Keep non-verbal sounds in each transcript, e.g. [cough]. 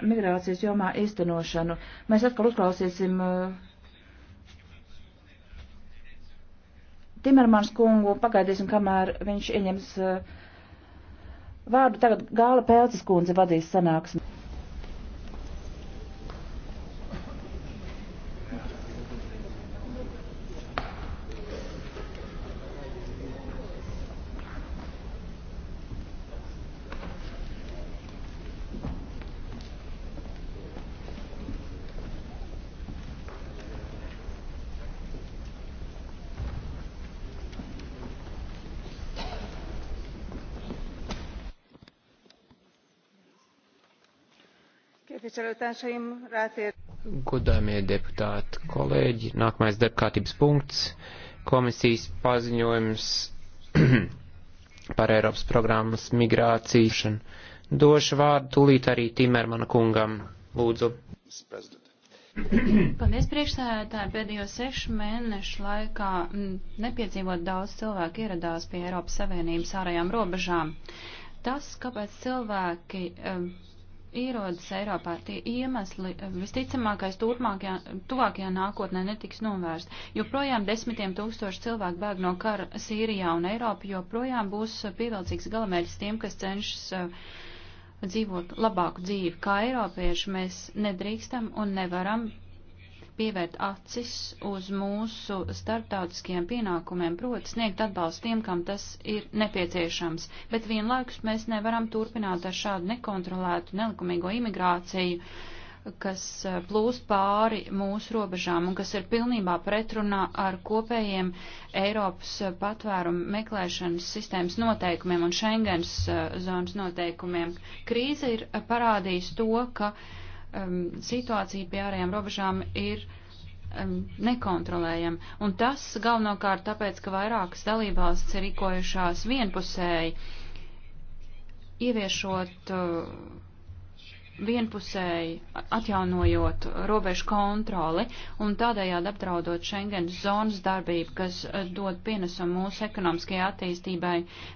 migrācijas jomā īstenošanu. Mēs atkal uzklausīsim eh, Timermans kungu, pagaidīsim, kamēr viņš ieņems eh, vārdu. Tagad Gāla Pēlcis kundze vadīs sanāksmi. Godājumie deputāti, kolēģi, nākamais deputātības punkts - komisijas paziņojums [clears throat] par Eiropas programmas migrāciju. Došu vārdu tūlīt arī Timermana kungam. Lūdzu. [clears throat] Paldies priekšsēdētāji. Pēdējo sešu mēnešu laikā m, mm, nepiedzīvot daudz cilvēku ieradās pie Eiropas Savienības ārējām robežām. Tas, kāpēc cilvēki m, mm, ierodas Eiropā, tie iemesli eh, visticamākais turpmākajā, tuvākajā nākotnē netiks novērst. Joprojām desmitiem tūkstoši cilvēku bēg no kara Sīrijā un Eiropa, joprojām būs eh, pievilcīgs galamērķis tiem, kas cenšas uh, dzīvot labāku dzīvi. Kā eiropieši mēs nedrīkstam un nevaram pievērt acis uz mūsu starptautiskajiem pienākumiem, proti sniegt atbalstu tiem, kam tas ir nepieciešams. Bet vienlaikus mēs nevaram turpināt ar šādu nekontrolētu, nelikumīgo imigrāciju, kas eh, plūst pāri mūsu robežām un kas ir pilnībā pretrunā ar kopējiem Eiropas patvērumu meklēšanas sistēmas noteikumiem un Schengens eh, zonas noteikumiem. Krīze ir parādījusi to, ka uh, um, situācija pie ārējām robežām ir um, nekontrolējama. Un tas galvenokārt tāpēc, ka vairākas dalībvalstis ir rīkojušās vienpusēji, ieviešot uh, vienpusēji atjaunojot robežu kontroli un tādējādi apdraudot Schengens zonas darbību, kas eh, dod pienesumu mūsu ekonomiskajai attīstībai,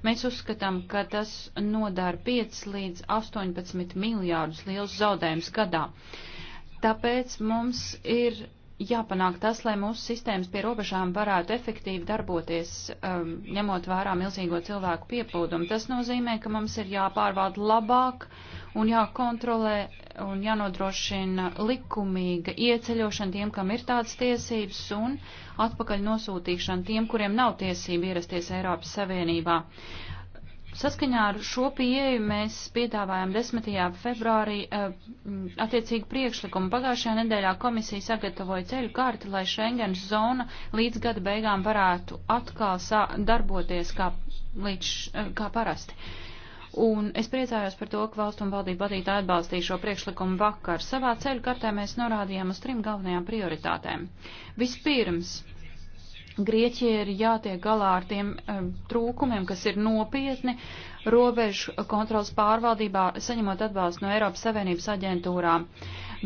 mēs uzskatām, ka tas nodara 5 līdz 18 miljārdus liels zaudējums gadā. Tāpēc mums ir jāpanāk tas, lai mūsu sistēmas pie robežām varētu efektīvi darboties, um, ņemot vērā milzīgo cilvēku pieplūdumu. Tas nozīmē, ka mums ir jāpārvalda labāk un jākontrolē un jānodrošina likumīga ieceļošana tiem, kam ir tādas tiesības, un atpakaļ nosūtīšana tiem, kuriem nav tiesība ierasties Eiropas Savienībā. Uh, Saskaņā ar šo pieeju mēs piedāvājam 10. februārī eh, attiecīgu priekšlikumu. Pagājušajā nedēļā komisija sagatavoja ceļu karti, lai Schengens zona līdz gada beigām varētu atkal darboties kā, līdz, eh, kā parasti. Un es priecājos par to, ka valstu un valdību vadītāji atbalstīja šo priekšlikumu vakar. Savā ceļu kartē mēs norādījām uz trim galvenajām prioritātēm. Vispirms Grieķija ir jātiek galā ar tiem um, trūkumiem, kas ir nopietni robežu kontrolas pārvaldībā, saņemot atbalstu no Eiropas Savienības aģentūrām.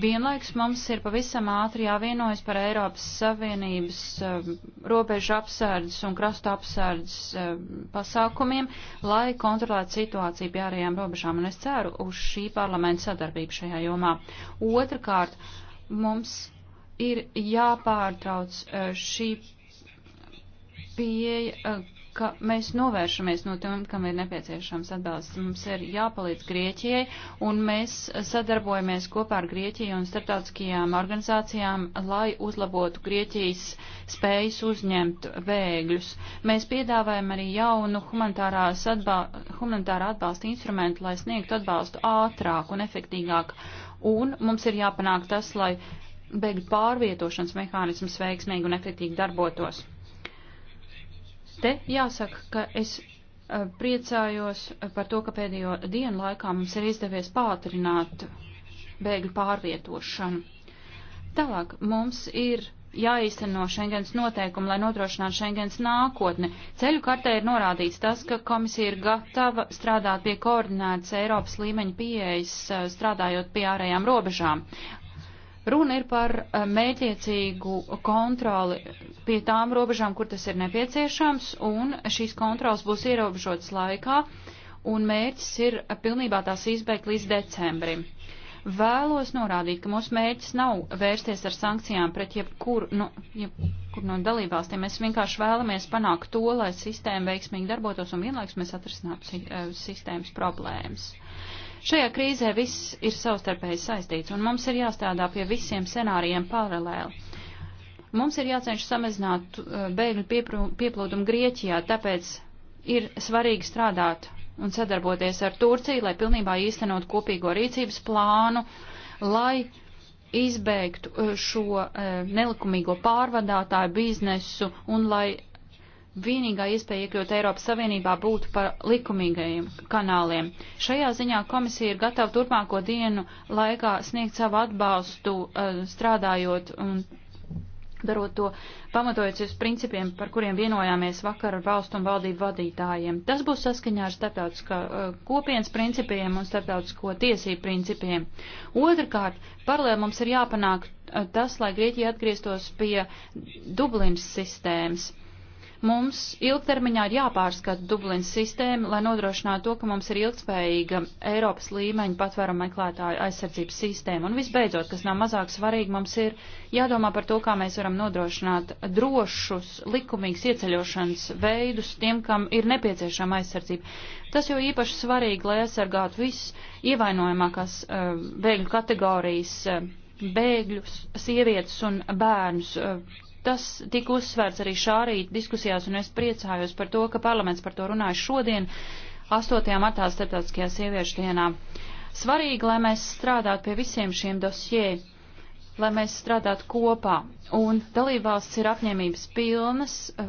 Vienlaiks mums ir pavisam ātri jāvienojas par Eiropas Savienības um, robežu apsardzes un krasta apsardzes um, pasākumiem, lai kontrolētu situāciju pie ārējām robežām, un es ceru uz šī parlamenta sadarbību šajā jomā. Otrakārt, mums ir jāpārtrauc uh, šī pieeja, eh, ka mēs novēršamies no tiem, kam ir nepieciešams atbalsts. Mums ir jāpalīdz Grieķijai, un mēs sadarbojamies kopā ar Grieķiju un starptautiskajām organizācijām, lai uzlabotu Grieķijas spējas uzņemt bēgļus. Mēs piedāvājam arī jaunu atbal humanitāra atbalsta instrumentu, lai sniegtu atbalstu ātrāk un efektīgāk. Un mums ir jāpanāk tas, lai bēgļu pārvietošanas mehānisms veiksmīgi un efektīgi darbotos. Te jāsaka, ka es e, priecājos par to, ka pēdējo dienu laikā mums ir izdevies pātrināt bēgļu pārvietošanu. Tālāk mums ir jāīsteno Schengens noteikumi, lai nodrošinātu Schengens nākotni. Ceļu kartē ir norādīts tas, ka komisija ir gatava strādāt pie koordinētas Eiropas līmeņa pieejas, e, strādājot pie ārējām robežām. Runa ir par eh, mētiecīgu kontroli pie tām robežām, kur tas ir nepieciešams, un šīs kontrols būs ierobežotas laikā, un mērķis ir eh, pilnībā tās izbeigt līdz decembrim. Vēlos norādīt, ka mūsu mērķis nav vērsties ar sankcijām pret jebkuru nu, jebkur no dalībvalstīm. Mēs vienkārši vēlamies panākt to, lai sistēma veiksmīgi darbotos un vienlaiks mēs atrisinātu eh, sistēmas problēmas. Uh, Šajā krīzē viss ir savstarpēji saistīts, un mums ir jāstrādā pie visiem scenārijiem paralēli. Mums ir jācenšas samazināt uh, bēgļu pieplūdumu Grieķijā, tāpēc ir svarīgi strādāt un sadarboties ar Turciju, lai pilnībā īstenot kopīgo rīcības plānu, lai izbēgtu uh, šo uh, nelikumīgo pārvadātāju biznesu un lai vienīgā iespēja iekļūt Eiropas Savienībā būtu par likumīgajiem kanāliem. Šajā ziņā komisija ir gatava turpmāko dienu laikā sniegt savu atbalstu eh, strādājot un darot to pamatojoties principiem, par kuriem vienojāmies vakar ar valstu un valdību vadītājiem. Tas būs saskaņā ar starptautiskā eh, kopienas principiem un starptautisko tiesību principiem. Otrakārt, paralēli mums ir jāpanāk eh, tas, lai Grieķija atgrieztos pie Dublinas sistēmas. Uh, Mums ilgtermiņā ir jāpārskata Dublinas sistēma, lai nodrošinātu to, ka mums ir ilgspējīga Eiropas līmeņa patvērumu meklētāju aizsardzības sistēma. Un visbeidzot, kas nav mazāk svarīgi, mums ir jādomā par to, kā mēs varam nodrošināt drošus, likumīgus ieceļošanas veidus tiem, kam ir nepieciešama aizsardzība. Tas jau īpaši svarīgi, lai aizsargātu visus ievainojamākās uh, bēgļu kategorijas. Uh, bēgļus, sievietes un bērnus, eh, Tas tika uzsvērts arī šā rīta diskusijās, un es priecājos par to, ka parlaments par to runāja šodien, 8. martā starptautiskajā sieviešu dienā. Svarīgi, lai mēs strādātu pie visiem šiem dosjē, lai mēs strādātu kopā, un dalībvalsts ir apņēmības pilnas, eh,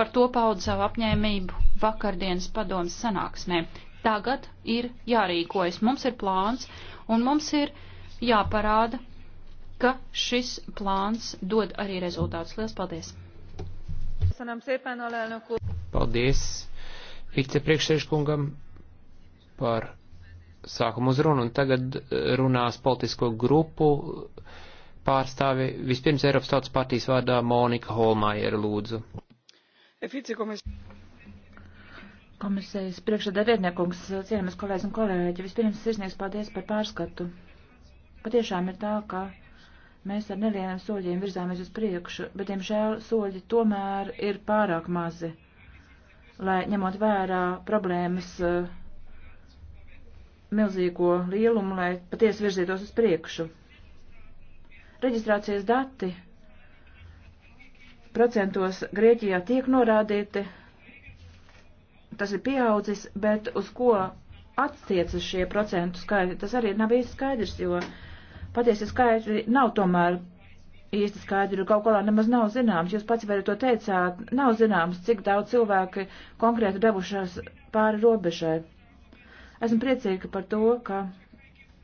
par to paudu savu apņēmību vakardienas padomas sanāksmē. Tagad ir jārīkojas, mums ir plāns, un mums ir jāparāda, ka šis plāns dod arī rezultātus. Lielas paldies! Paldies vicepriekšsēžkungam par sākumu uzrunu, un tagad eh, runās politisko grupu pārstāvi. Vispirms Eiropas Tautas partijas vārdā Monika Holmājera lūdzu. Komisijas priekšādā vietniekums, cienījamies kolēģis un kolēģi, vispirms sirsnieks paldies par pārskatu. Patiešām ir tā, ka Mēs ar nelieliem soļiem virzāmies uz priekšu, bet, diemžēl, soļi tomēr ir pārāk mazi, lai ņemot vērā problēmas uh, milzīgo lielumu, lai patiesi virzītos uz priekšu. Reģistrācijas dati procentos Grieķijā tiek norādīti, tas ir pieaudzis, bet uz ko attiecas šie procentu skaļi, tas arī nav īsti skaidrs, jo Patiesi skaidri nav tomēr īsti skaidri, kaut kādā nemaz nav zināms. Jūs pats varat to teicāt, nav zināms, cik daudz cilvēki konkrēti devušās pāri robežai. Esmu priecīga par to, ka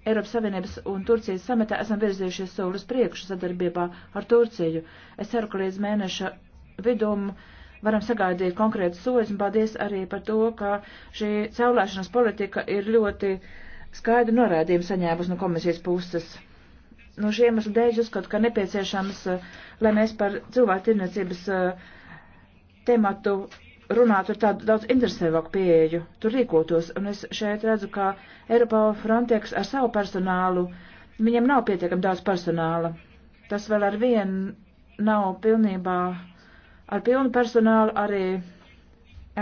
Eiropas Savienības un Turcijas sametā esam virzījušies soli uz priekšu sadarbībā ar Turciju. Es ceru, ka līdz mēneša vidum varam sagaidīt konkrētu soļus un paldies arī par to, ka šī caulēšanas politika ir ļoti skaidru norādījumu saņēmusi no komisijas puses no šiem iemeslu dēļ uzskatu, ka nepieciešams, eh, lai mēs par cilvēku tirniecības eh, tematu runātu ar tādu daudz interesēvāku pieeju, tur rīkotos, un es šeit redzu, ka Eiropā Frontex ar savu personālu, viņam nav pietiekam daudz personāla. Tas vēl ar vienu nav pilnībā ar pilnu personālu, arī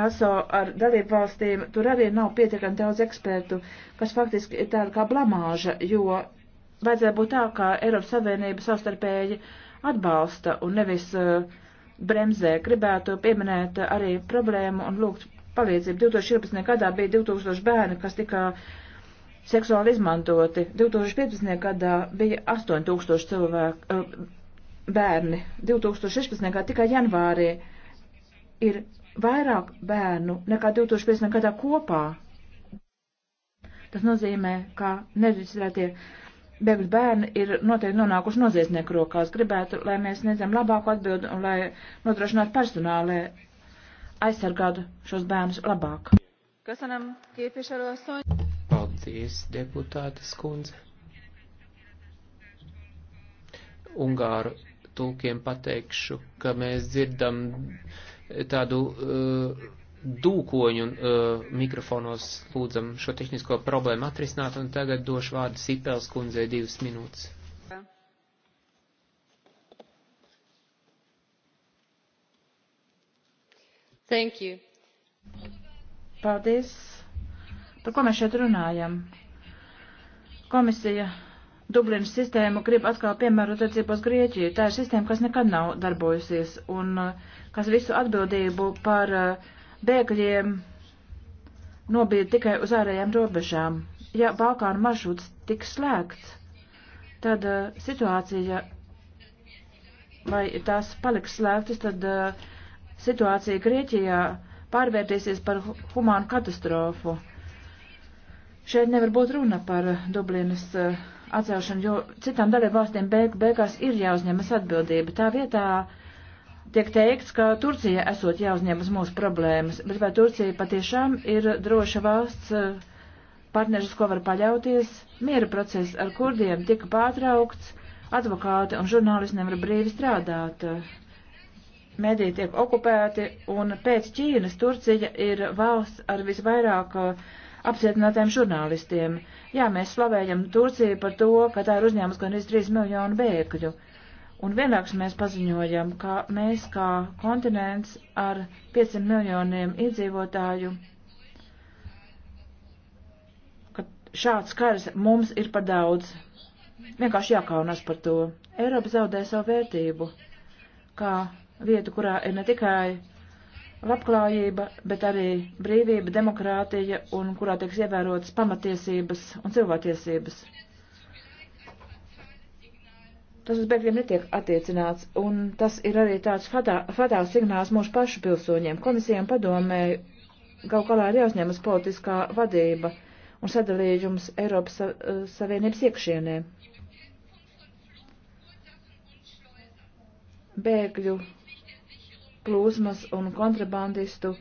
ESO ar dalību valstīm, tur arī nav pietiekami daudz ekspertu, kas faktiski ir tāda kā blamāža, jo vajadzētu būt tā, ka Eiropas Savienība savstarpēji atbalsta un nevis uh, bremzē. Gribētu pieminēt arī problēmu un lūgt palīdzību. 2014. gadā bija 2000 bērni, kas tika seksuāli izmantoti. 2015. gadā bija 8000 cilvēku uh, bērni. 2016. gadā tikai janvārī ir vairāk bērnu nekā 2015. gadā kopā. Tas nozīmē, ka nereģistrētie bēgļu bērni ir noteikti nonākuši noziedznieku rokās. Gribētu, lai mēs sniedzam labāku atbildi un lai nodrošinātu personālē aizsargātu šos bērnus labāk. Köszönöm, képviselő asszony. Paldies, deputātes kundze. Ungāru tulkiem pateikšu, ka mēs dzirdam tādu uh, dūkoņu un, uh, mikrofonos lūdzam šo tehnisko problēmu atrisināt, un tagad došu vārdu Sipels kundzei divas minūtes. Thank you. Paldies. Par ko mēs šeit runājam? Komisija Dublinas sistēmu grib atkal piemērot attiecībās Grieķiju. Tā ir sistēma, kas nekad nav darbojusies un uh, kas visu atbildību par uh, bēgļiem nobīda tikai uz ārējām robežām. Ja Balkānu maršruts tiks slēgts, tad uh, situācija, vai tās paliks slēgtas, tad uh, situācija Grieķijā pārvērtīsies par humānu katastrofu. Šeit nevar būt runa par eh, Dublinas uh, atcelšanu, jo citām dalībvalstīm beig beigās ir jāuzņemas atbildība. Tā vietā uh, tiek teikts, ka Turcija esot jāuzņemas mūsu problēmas, bet vai Turcija patiešām ir droša valsts eh, partneris, ko var paļauties? Miera process ar kurdiem tika pārtraukts, advokāti un žurnālisti nevar brīvi strādāt. Mediji tiek okupēti, un pēc Ķīnas Turcija ir valsts ar visvairāk eh, apcietinātiem žurnālistiem. Jā, mēs slavējam Turciju par to, ka tā ir uzņēmusi gan 3 miljonu bēgļu Un vienlaiks mēs paziņojam, ka mēs kā kontinents ar 500 miljoniem iedzīvotāju, ka šāds karas mums ir par daudz. Vienkārši jākaunas par to. Eiropa zaudē savu vērtību, kā vietu, kurā ir ne tikai labklājība, bet arī brīvība, demokrātija un kurā tiek ievērotas pamatiesības un cilvēktiesības tas uz bēgļiem netiek attiecināts, un tas ir arī tāds fatāls signāls mūsu pašu pilsoņiem. Komisijām padomēja, gal galā ir jāuzņemas politiskā vadība un sadalījums Eiropas eh, Savienības iekšienē. Bēgļu plūsmas un kontrabandistu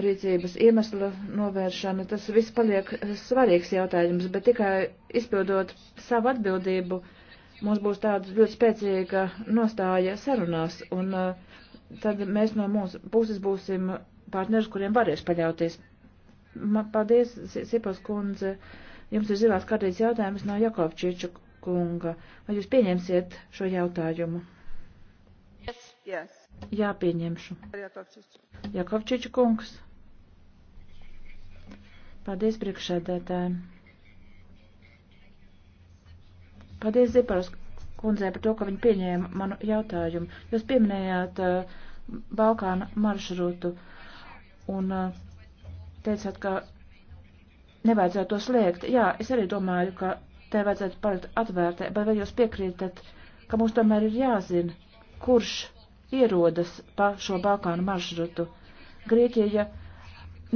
rīcības iemesla novēršana, tas viss paliek svarīgs jautājums, bet tikai izpildot savu atbildību, uh, mums būs tāda ļoti spēcīga nostāja sarunās, un uh, tad mēs no mūsu puses būsim partneri, kuriem varēs paļauties. Ma, paldies, Sipas kundze. Jums ir zilās kārtības jautājums no Jakovčiča kunga. Vai jūs pieņemsiet šo jautājumu? Yes. Yes. Jā, pieņemšu. Jakovčiča kungs. Paldies priekšsēdētājiem. Paldies Ziparas kundzē par to, ka viņi pieņēma manu jautājumu. Jūs pieminējāt uh, Balkāna maršrutu un uh, teicāt, ka nevajadzētu to slēgt. Jā, es arī domāju, ka tai vajadzētu palikt atvērtai, bet vai jūs piekrītat, ka mums tomēr ir jāzina, kurš ierodas pa šo Balkānu maršrutu? Grieķija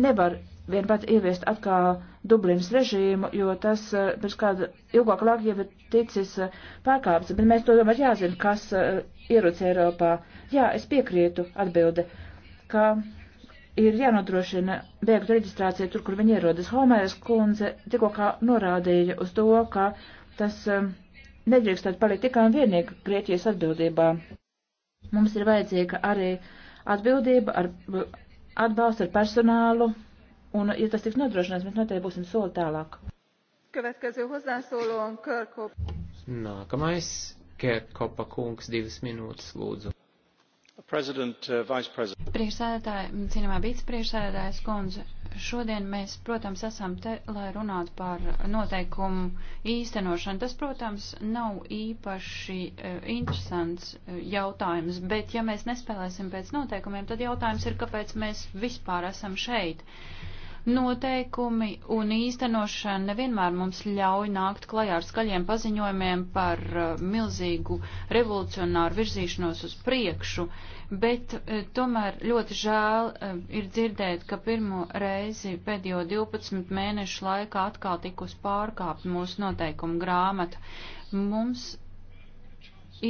nevar vienpat ieviest atkal Dublinas režīmu, jo tas eh, pirms kāda ilgāka laika jau ir ticis eh, pārkāpts, bet mēs to domāt jāzina, kas eh, ieroc Eiropā. Jā, es piekrītu atbildi, ka ir jānodrošina bēgļu reģistrācija tur, kur viņi ierodas. Homēras kundze tikko kā norādīja uz to, ka tas nedrīkstētu palikt tikai un vienīgi Grieķijas atbildībā. Mums ir vajadzīga arī atbildība ar atbalstu ar personālu, Un, ja tas tiks nodrošināts, mēs noteikti būsim soli tālāk. Nākamais Kerkopa kungs divas minūtes lūdzu. Uh, Priekšsēdētāji, cienījumā vicepriekšsēdētājas kundze, šodien mēs, protams, esam te, lai runātu par noteikumu īstenošanu. Tas, protams, nav īpaši uh, interesants uh, jautājums, bet ja mēs nespēlēsim pēc noteikumiem, tad jautājums ir, kāpēc mēs vispār esam šeit. Uh, Noteikumi un īstenošana nevienmēr mums ļauj nākt klajā ar skaļiem paziņojumiem par eh, milzīgu revolucionāru virzīšanos uz priekšu, bet eh, tomēr ļoti žēl eh, ir dzirdēt, ka pirmo reizi pēdējo 12 mēnešu laikā atkal tikus pārkāpt mūsu noteikumu grāmatu. Mums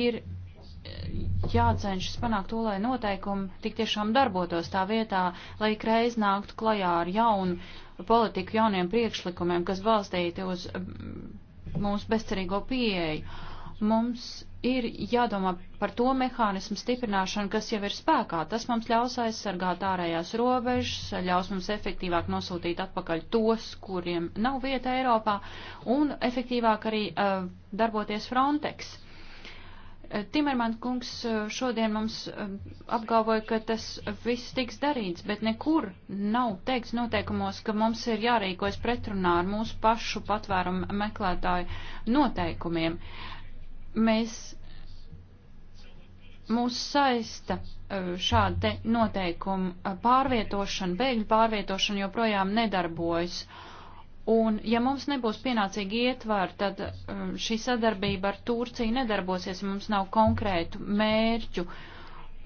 ir jācenšas panākt to, lai noteikumi tik tiešām darbotos tā vietā, lai ikreiz nāktu klajā ar jaunu politiku, jauniem priekšlikumiem, kas balstīti uz mūsu bezcerīgo pieeju. Mums ir jādomā par to mehānismu stiprināšanu, kas jau ir spēkā. Tas mums ļaus aizsargāt ārējās robežas, ļaus mums efektīvāk nosūtīt atpakaļ tos, kuriem nav vieta Eiropā, un efektīvāk arī uh, darboties Frontex. Uh, Timermans kungs eh, šodien mums eh, apgalvoja, ka tas viss tiks darīts, bet nekur nav teikts noteikumos, ka mums ir jārīkojas pretrunā ar mūsu pašu patvērumu meklētāju noteikumiem. Mēs mūs saista eh, šāda te noteikuma pārvietošana, bēgļu pārvietošana joprojām nedarbojas. Uh, Un ja mums nebūs pienācīgi ietvar, tad um, šī sadarbība ar Turciju nedarbosies, ja mums nav konkrētu mērķu,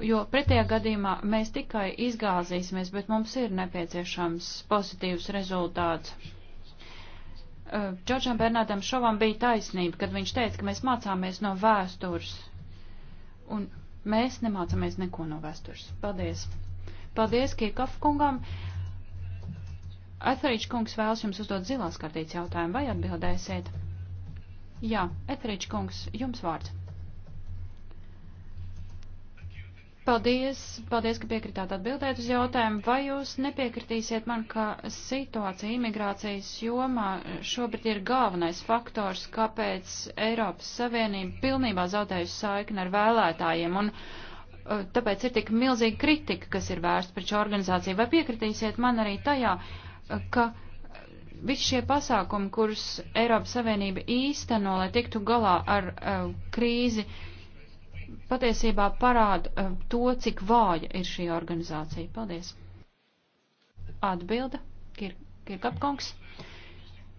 jo pretējā gadījumā mēs tikai izgāzīsimies, bet mums ir nepieciešams pozitīvs rezultāts. Uh, Džordžam Bernādam Šovam bija taisnība, kad viņš teica, ka mēs mācāmies no vēstures. Un mēs nemācāmies neko no vēstures. Paldies! Paldies Kiekaf kungam! Eteriča kungs vēlas jums uzdot zilās kartītes jautājumu, vai atbildēsiet? Jā, Eteriča kungs, jums vārds. Paldies, paldies, ka piekritāt atbildēt uz jautājumu. Vai jūs nepiekritīsiet man, ka situācija imigrācijas jomā šobrīd ir galvenais faktors, kāpēc Eiropas Savienība pilnībā zaudējusi saikni ar vēlētājiem? Un, uh, tāpēc ir tik milzīga kritika, kas ir vērsta pret šo organizāciju. Vai piekritīsiet man arī tajā, uh, ka visi šie pasākumi, kurus Eiropas Savienība īsteno, lai tiktu galā ar uh, krīzi, patiesībā parāda uh, to, cik vāja ir šī organizācija. Paldies. Atbilda Kir Kirkapkungs.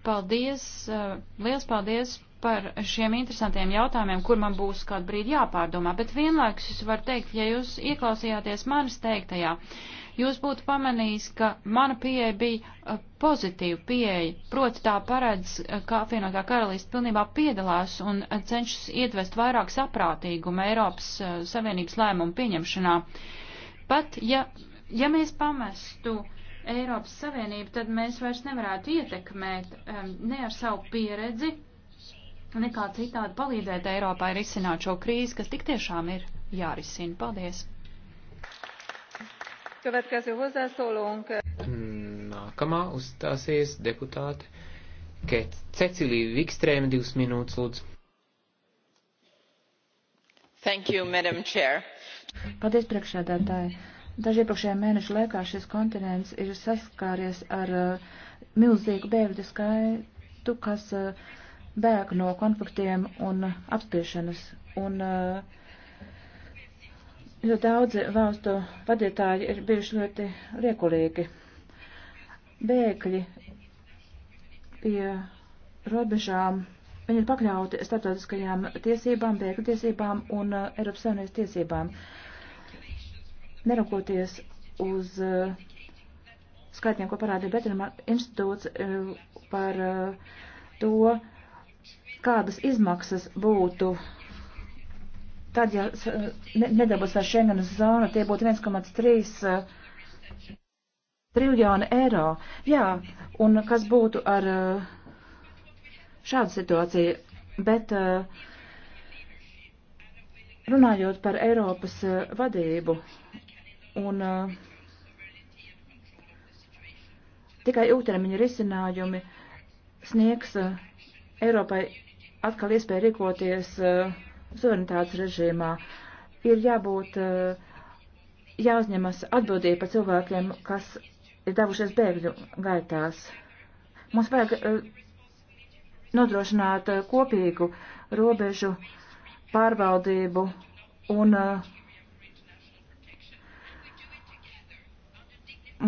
Paldies, uh, liels paldies par šiem interesantiem jautājumiem, kur man būs kādu brīdi jāpārdomā, bet vienlaikus es varu teikt, ja jūs ieklausījāties manis teiktajā, uh, jūs būtu pamanījis, ka mana pieeja bija uh, pozitīva pieeja, proti tā paredz, uh, ka apvienotā karalīste pilnībā piedalās un uh, cenšas iedvest vairāk saprātīgumu Eiropas Savienības lēmumu pieņemšanā. Pat ja, ja mēs pamestu Eiropas Savienību, tad mēs vairs nevarētu ietekmēt um, ne ar savu pieredzi, nekā citādi palīdzēt Eiropai risināt šo krīzi, kas tik tiešām ir jārisina. Paldies! Nākamā uzstāsies deputāte Ket Cecilija Vikstrēma, divas minūtes lūdzu. Thank you, Madam Chair. Paldies, priekšsēdētāji. Daži iepriekšējā mēneša laikā šis kontinents ir saskāries ar uh, milzīgu bēgļu skaitu, kas uh, bēg no konfliktiem un apspiešanas. Un, uh, jo daudzi valstu vadītāji ir bijuši ļoti liekulīgi. Bēgļi pie robežām, viņi ir pakļauti starptautiskajām tiesībām, bēgļu tiesībām un uh, Eiropas Savienības tiesībām. Neraugoties uz uh, skaitļiem, ko parādīja Betrama institūts uh, par uh, to, kādas izmaksas būtu uh, Tad, ja nedabūs ar Schengenas zonu, tie būtu 1,3 eh, triljoni eiro. Jā, un kas būtu ar eh, šādu situāciju? Bet eh, runājot par Eiropas vadību un tikai ilgtermiņa risinājumi sniegs Eiropai atkal iespēja rīkoties uh, suverenitātes režīmā. Ir jābūt, eh, jāuzņemas atbildība par cilvēkiem, kas ir devušies bēgļu gaitās. Mums vajag eh, nodrošināt eh, kopīgu robežu pārvaldību un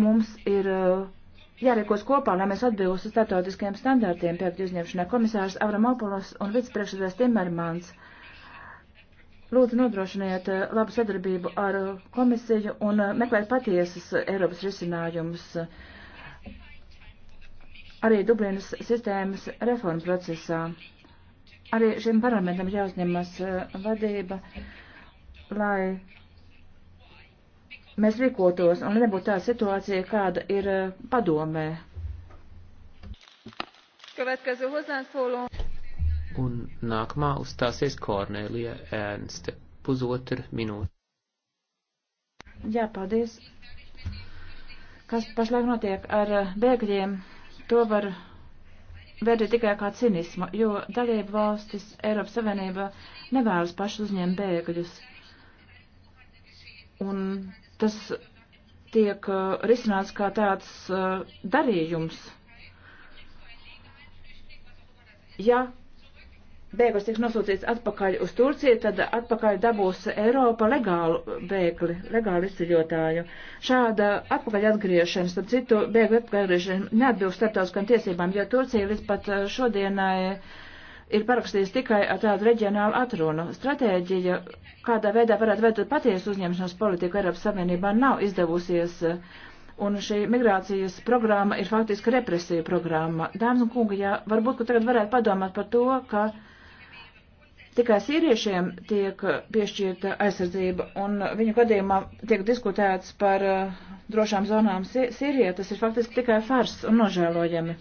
mums ir jārīkos kopā, lai mēs atbilstu starptautiskiem standārtiem pēkļu uzņemšanai. Komisārs Avramopulos un vicepriekšsēdētājs Timermans Lūdzu, nodrošiniet eh, labu sadarbību ar eh, komisiju un eh, meklēt patiesas Eiropas risinājumus arī Dublinas sistēmas reformu procesā. Arī šim parlamentam jāuzņemas vadība, lai mēs rīkotos un nebūtu tā situācija, kāda ir padomē. Un nākamā uzstāsies Kornelija Ernste. Pusotru minūti. Jā, paldies. Kas pašlaik notiek ar eh, bēgļiem, to var vērtēt tikai kā cinismu, jo dalība valstis Eiropas Savienība nevēlas paši uzņemt bēgļus. Un tas tiek uh, risināts kā tāds uh, darījums. Ja bēglis tiks nosūtīts atpakaļ uz Turciju, tad atpakaļ dabūs Eiropa legālu bēgli, legālu izceļotāju. Šāda atpakaļ atgriešana, starp citu, bēgļu atgriešana neatbilst starptautiskām tiesībām, jo Turcija līdz pat eh, šodienai ir parakstījis tikai ar tādu reģionālu atrunu. Stratēģija, kādā veidā varētu veidot patiesu uzņemšanas politiku Eiropas Savienībā, nav izdevusies. Eh, un šī migrācijas programma ir faktiski represija programma. Dāmas un kungi, jā, varbūt, ka tagad varētu padomāt par to, ka uh, Tikai sīriešiem tiek piešķirta aizsardzība, un viņu gadījumā tiek diskutēts par eh, drošām zonām Sīrijā. Tas ir faktiski tikai fars un nožēlojami.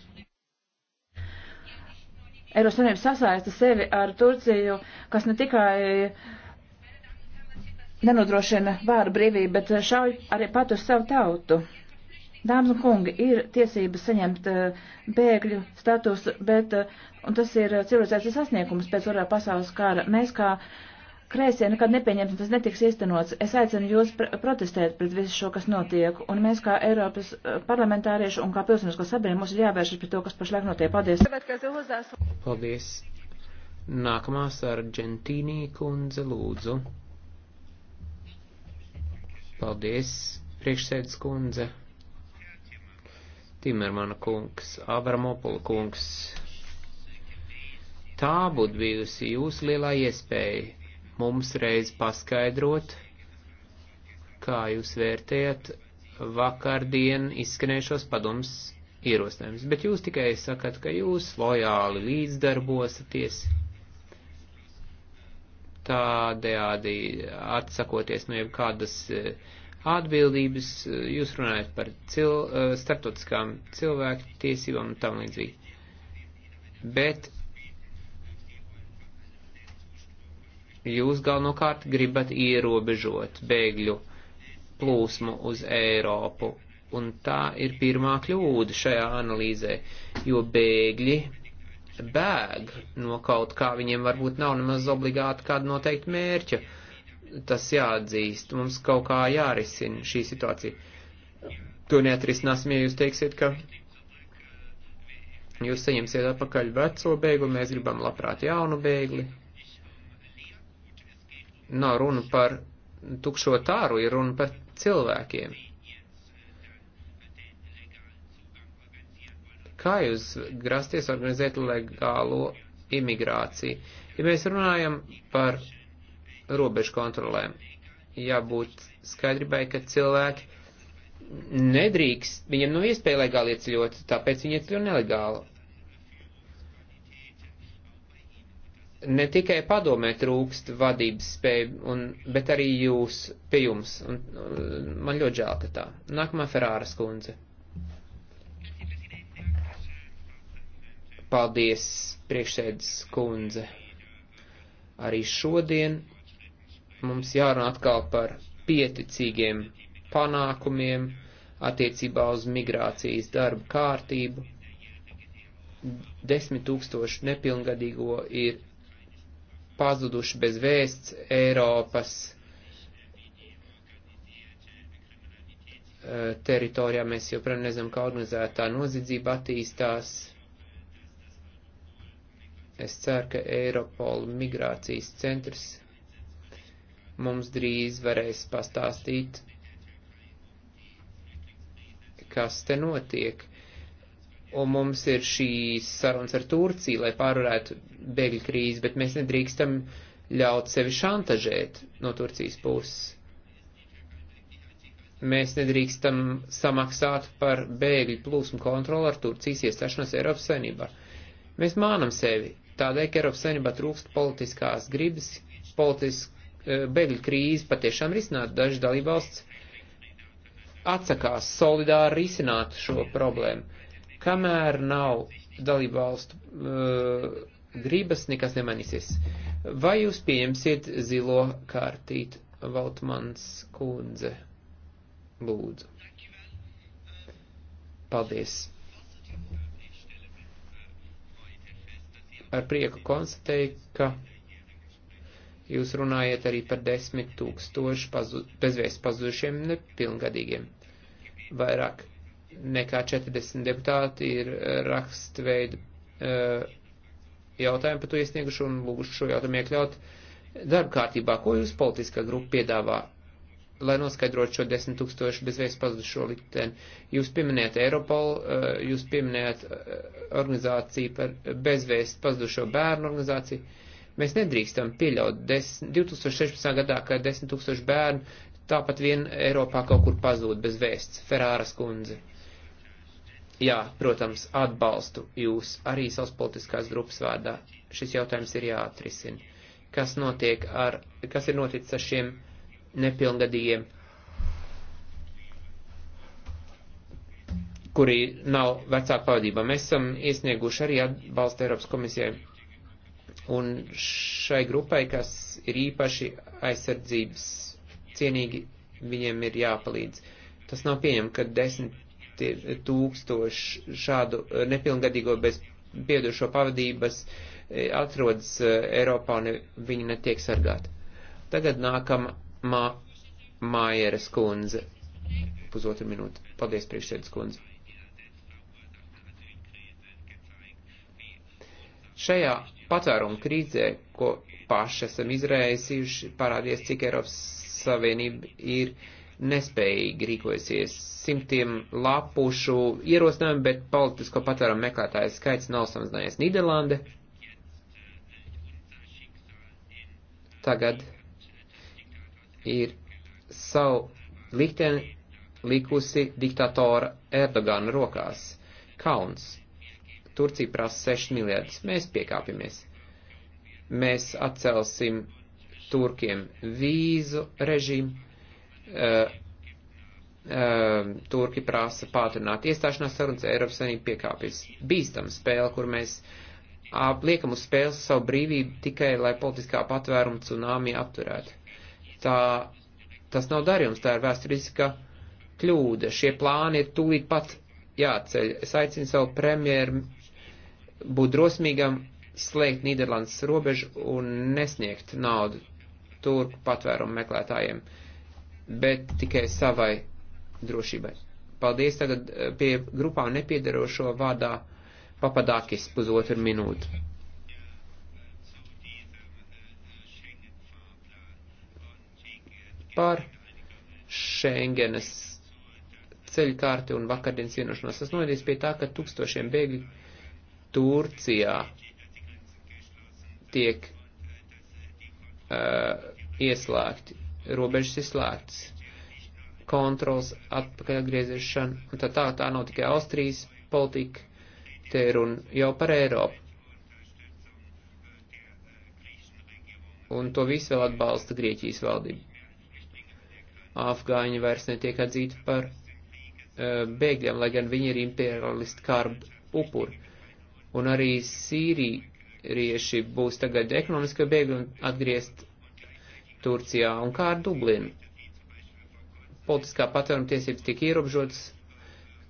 Eiropas Savienība sasaista sevi ar Turciju, kas ne tikai nenodrošina vāru brīvību, bet šauj arī pat uz savu tautu. Dāmas un kungi, ir tiesības saņemt eh, bēgļu statusu, bet eh, Un tas ir uh, civilizācijas sasniegums pēc otrā pasaules kara. Mēs kā kreisie nekad nepieņemsim, tas netiks īstenots. Es aicinu jūs pr protestēt pret visu šo, kas notiek. Un mēs kā Eiropas uh, parlamentārieši un kā pilsonisko sabiedrība mums ir jāvēršas pret to, kas pašlaik notiek. Paldies! Paldies! Nākamā ar Gentīnī kundze lūdzu. Paldies, priekšsēdus kundze. Timermana kungs, Avramopola kungs, Tā būtu bijusi jūsu lielā iespēja mums reiz paskaidrot, kā jūs vērtējat vakardien izskanējušos padomus ierosinājumus, bet jūs tikai sakat, ka jūs lojāli līdzdarbosieties, tādējādi atsakoties no jebkādas eh, atbildības, jūs runājat par cil, eh, starptautiskām cilvēku tiesībām un tam līdzīgi. Bet Jūs galvenokārt gribat ierobežot bēgļu plūsmu uz Eiropu, un tā ir pirmā kļūda šajā analīzē, jo bēgļi bēg no kaut kā, viņiem varbūt nav nemaz obligāti kāda noteikta mērķa. Tas jāatzīst, mums kaut kā jārisina šī situācija. To neatrisināsim, ja jūs teiksiet, ka jūs saņemsiet atpakaļ veco bēgli, mēs gribam labprāt jaunu bēgli nav runa par tukšo tāru, ir runa par cilvēkiem. Kā jūs grasties organizēt legālo imigrāciju? Ja mēs runājam par robežu kontrolēm, jābūt skaidrībai, ka cilvēki nedrīkst, viņiem nav iespēja legāli ieceļot, tāpēc viņi ieceļo nelegāli. ne tikai padomē trūkst vadības spēju, un, bet arī jūs pie jums. Un, un, man ļoti žēl, ka tā. Nākamā Ferāras kundze. Paldies, priekšsēdus kundze. Arī šodien mums jārunā atkal par pieticīgiem panākumiem attiecībā uz migrācijas darba kārtību. Desmit tūkstoši nepilngadīgo ir pazuduši bez vēsts Eiropas eh, teritorijā. Mēs joprojām nezinām, kā organizētā nozidzība attīstās. Es ceru, ka Eiropola migrācijas centrs mums drīz varēs pastāstīt, kas te notiek un mums ir šīs sarunas ar Turciju, lai pārvarētu bēgļu krīzi, bet mēs nedrīkstam ļaut sevi šantažēt no Turcijas puses. Mēs nedrīkstam samaksāt par bēgļu plūsmu kontroli ar Turcijas iestāšanos Eiropas saimnībā. Mēs mānam sevi, tādēļ, ka Eiropas saimnībā trūkst politiskās gribas, politisk, e, bēgļu krīzi patiešām risināt. Daži dalībvalsts atsakās solidāri risināt šo problēmu Kamēr nav dalību valstu uh, gribas, nekas nemanīsies. Vai jūs pieņemsiet zilo kārtīt, Valtmans kundze? Lūdzu. Paldies. Ar prieku konstatēju, ka jūs runājat arī par desmit tūkstošu pazu, bezvēs pazudušiem nepilngadīgiem. Vairāk nekā 40 deputāti ir eh, rakstveidu eh, jautājumu par to iesnieguši un lūguši šo jautājumu iekļaut darba kārtībā. Ko jūs politiskā grupa piedāvā, lai noskaidrotu šo 10 tūkstošu bezvēs pazudušo likteni? Jūs pieminējat Eiropolu, eh, jūs pieminējat organizāciju par bezvēs pazudušo bērnu organizāciju. Mēs nedrīkstam pieļaut 10, 2016. gadā, ka 10 tūkstoši bērnu tāpat vien Eiropā kaut kur pazūd bez vēsts. Ferāras kundze. Jā, protams, atbalstu jūs arī savas politiskās grupas vārdā. Šis jautājums ir jāatrisina. Kas notiek ar, kas ir noticis ar šiem nepilngadījiem, kuri nav vecāku pavadībā? Mēs esam iesnieguši arī atbalstu Eiropas komisijai un šai grupai, kas ir īpaši aizsardzības cienīgi, viņiem ir jāpalīdz. Tas nav pieņem, ka desmit noteikti ir tūkstoši šādu eh, nepilngadīgo bez piedušo pavadības eh, atrodas eh, Eiropā un viņi netiek sargāti. Tagad nākam mā, Mājeres kundze. Pusotru minūti. Paldies, priekšsēdus kundze. Šajā patvērumu krīzē, ko paši esam izraisījuši, parādies, cik Eiropas Savienība ir uh, nespējīgi rīkojasies. Simtiem lapušu ierosinājumu, bet politisko patvērumu meklētāju skaits nav samazinājies Nīderlande. Tagad ir savu likteni likusi diktatora Erdogana rokās. Kauns. Turcija prasa 6 miljardus. Mēs piekāpjamies. Mēs atcelsim turkiem vīzu režīmu Eh, eh, turki prasa pātrināt iestāšanās sarunas, Eiropas Savienība piekāpjas. Bīstama spēle, kur mēs liekam uz spēles savu brīvību tikai, lai politiskā patvēruma cunāmi apturētu. Tā, tas nav darījums, tā ir vēsturiska kļūda. Šie plāni ir tūlīt pat jāceļ. Es aicinu savu premjeru būt drosmīgam, slēgt Nīderlandes robežu un nesniegt naudu turku patvērumu meklētājiem. Uh, bet tikai savai drošībai. Paldies tagad eh, pie grupām nepiedarošo vārdā papadākis pusotru minūtu. Par Schengenas ceļkārti un vakardienas vienošanos. Tas novedīs pie tā, ka tūkstošiem bēgļu Turcijā tiek uh, ieslēgti robežas ir slēgts. Kontrols, atpakaļ atgrieziešana, un tā tā, tā nav tikai Austrijas politika, te ir un jau par Eiropu. Un to visu vēl atbalsta Grieķijas valdība. Afgāņi vairs netiek atzīti par uh, bēgļiem, lai gan viņi ir imperialistu kārbu upuri. Un arī sīrieši būs tagad ekonomiski bēgļi un atgriezt Turcijā un kā ar Dublinu. Politiskā patvēruma tiesības tika ierobežotas,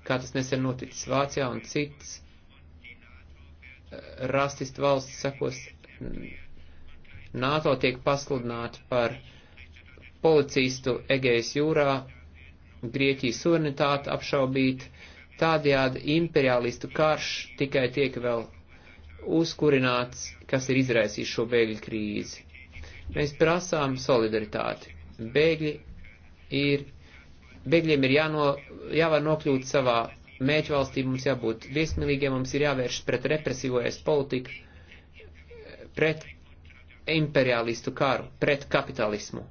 kā tas nesen noticis Vācijā un cits rasistu valsts sakos. NATO tiek pasludināta par policistu Egejas jūrā, Grieķijas suverenitāte apšaubīt, tādējādi imperialistu karš tikai tiek vēl uzkurināts, kas ir izraisījis šo bēgļu krīzi. Mēs prasām solidaritāti. Bēgļi ir, bēgļiem ir jāno, jāvar nokļūt savā mēķu valstī, mums jābūt viesmīlīgiem, mums ir jāvēršas pret represīvojas politiku, pret imperialistu karu, pret kapitalismu.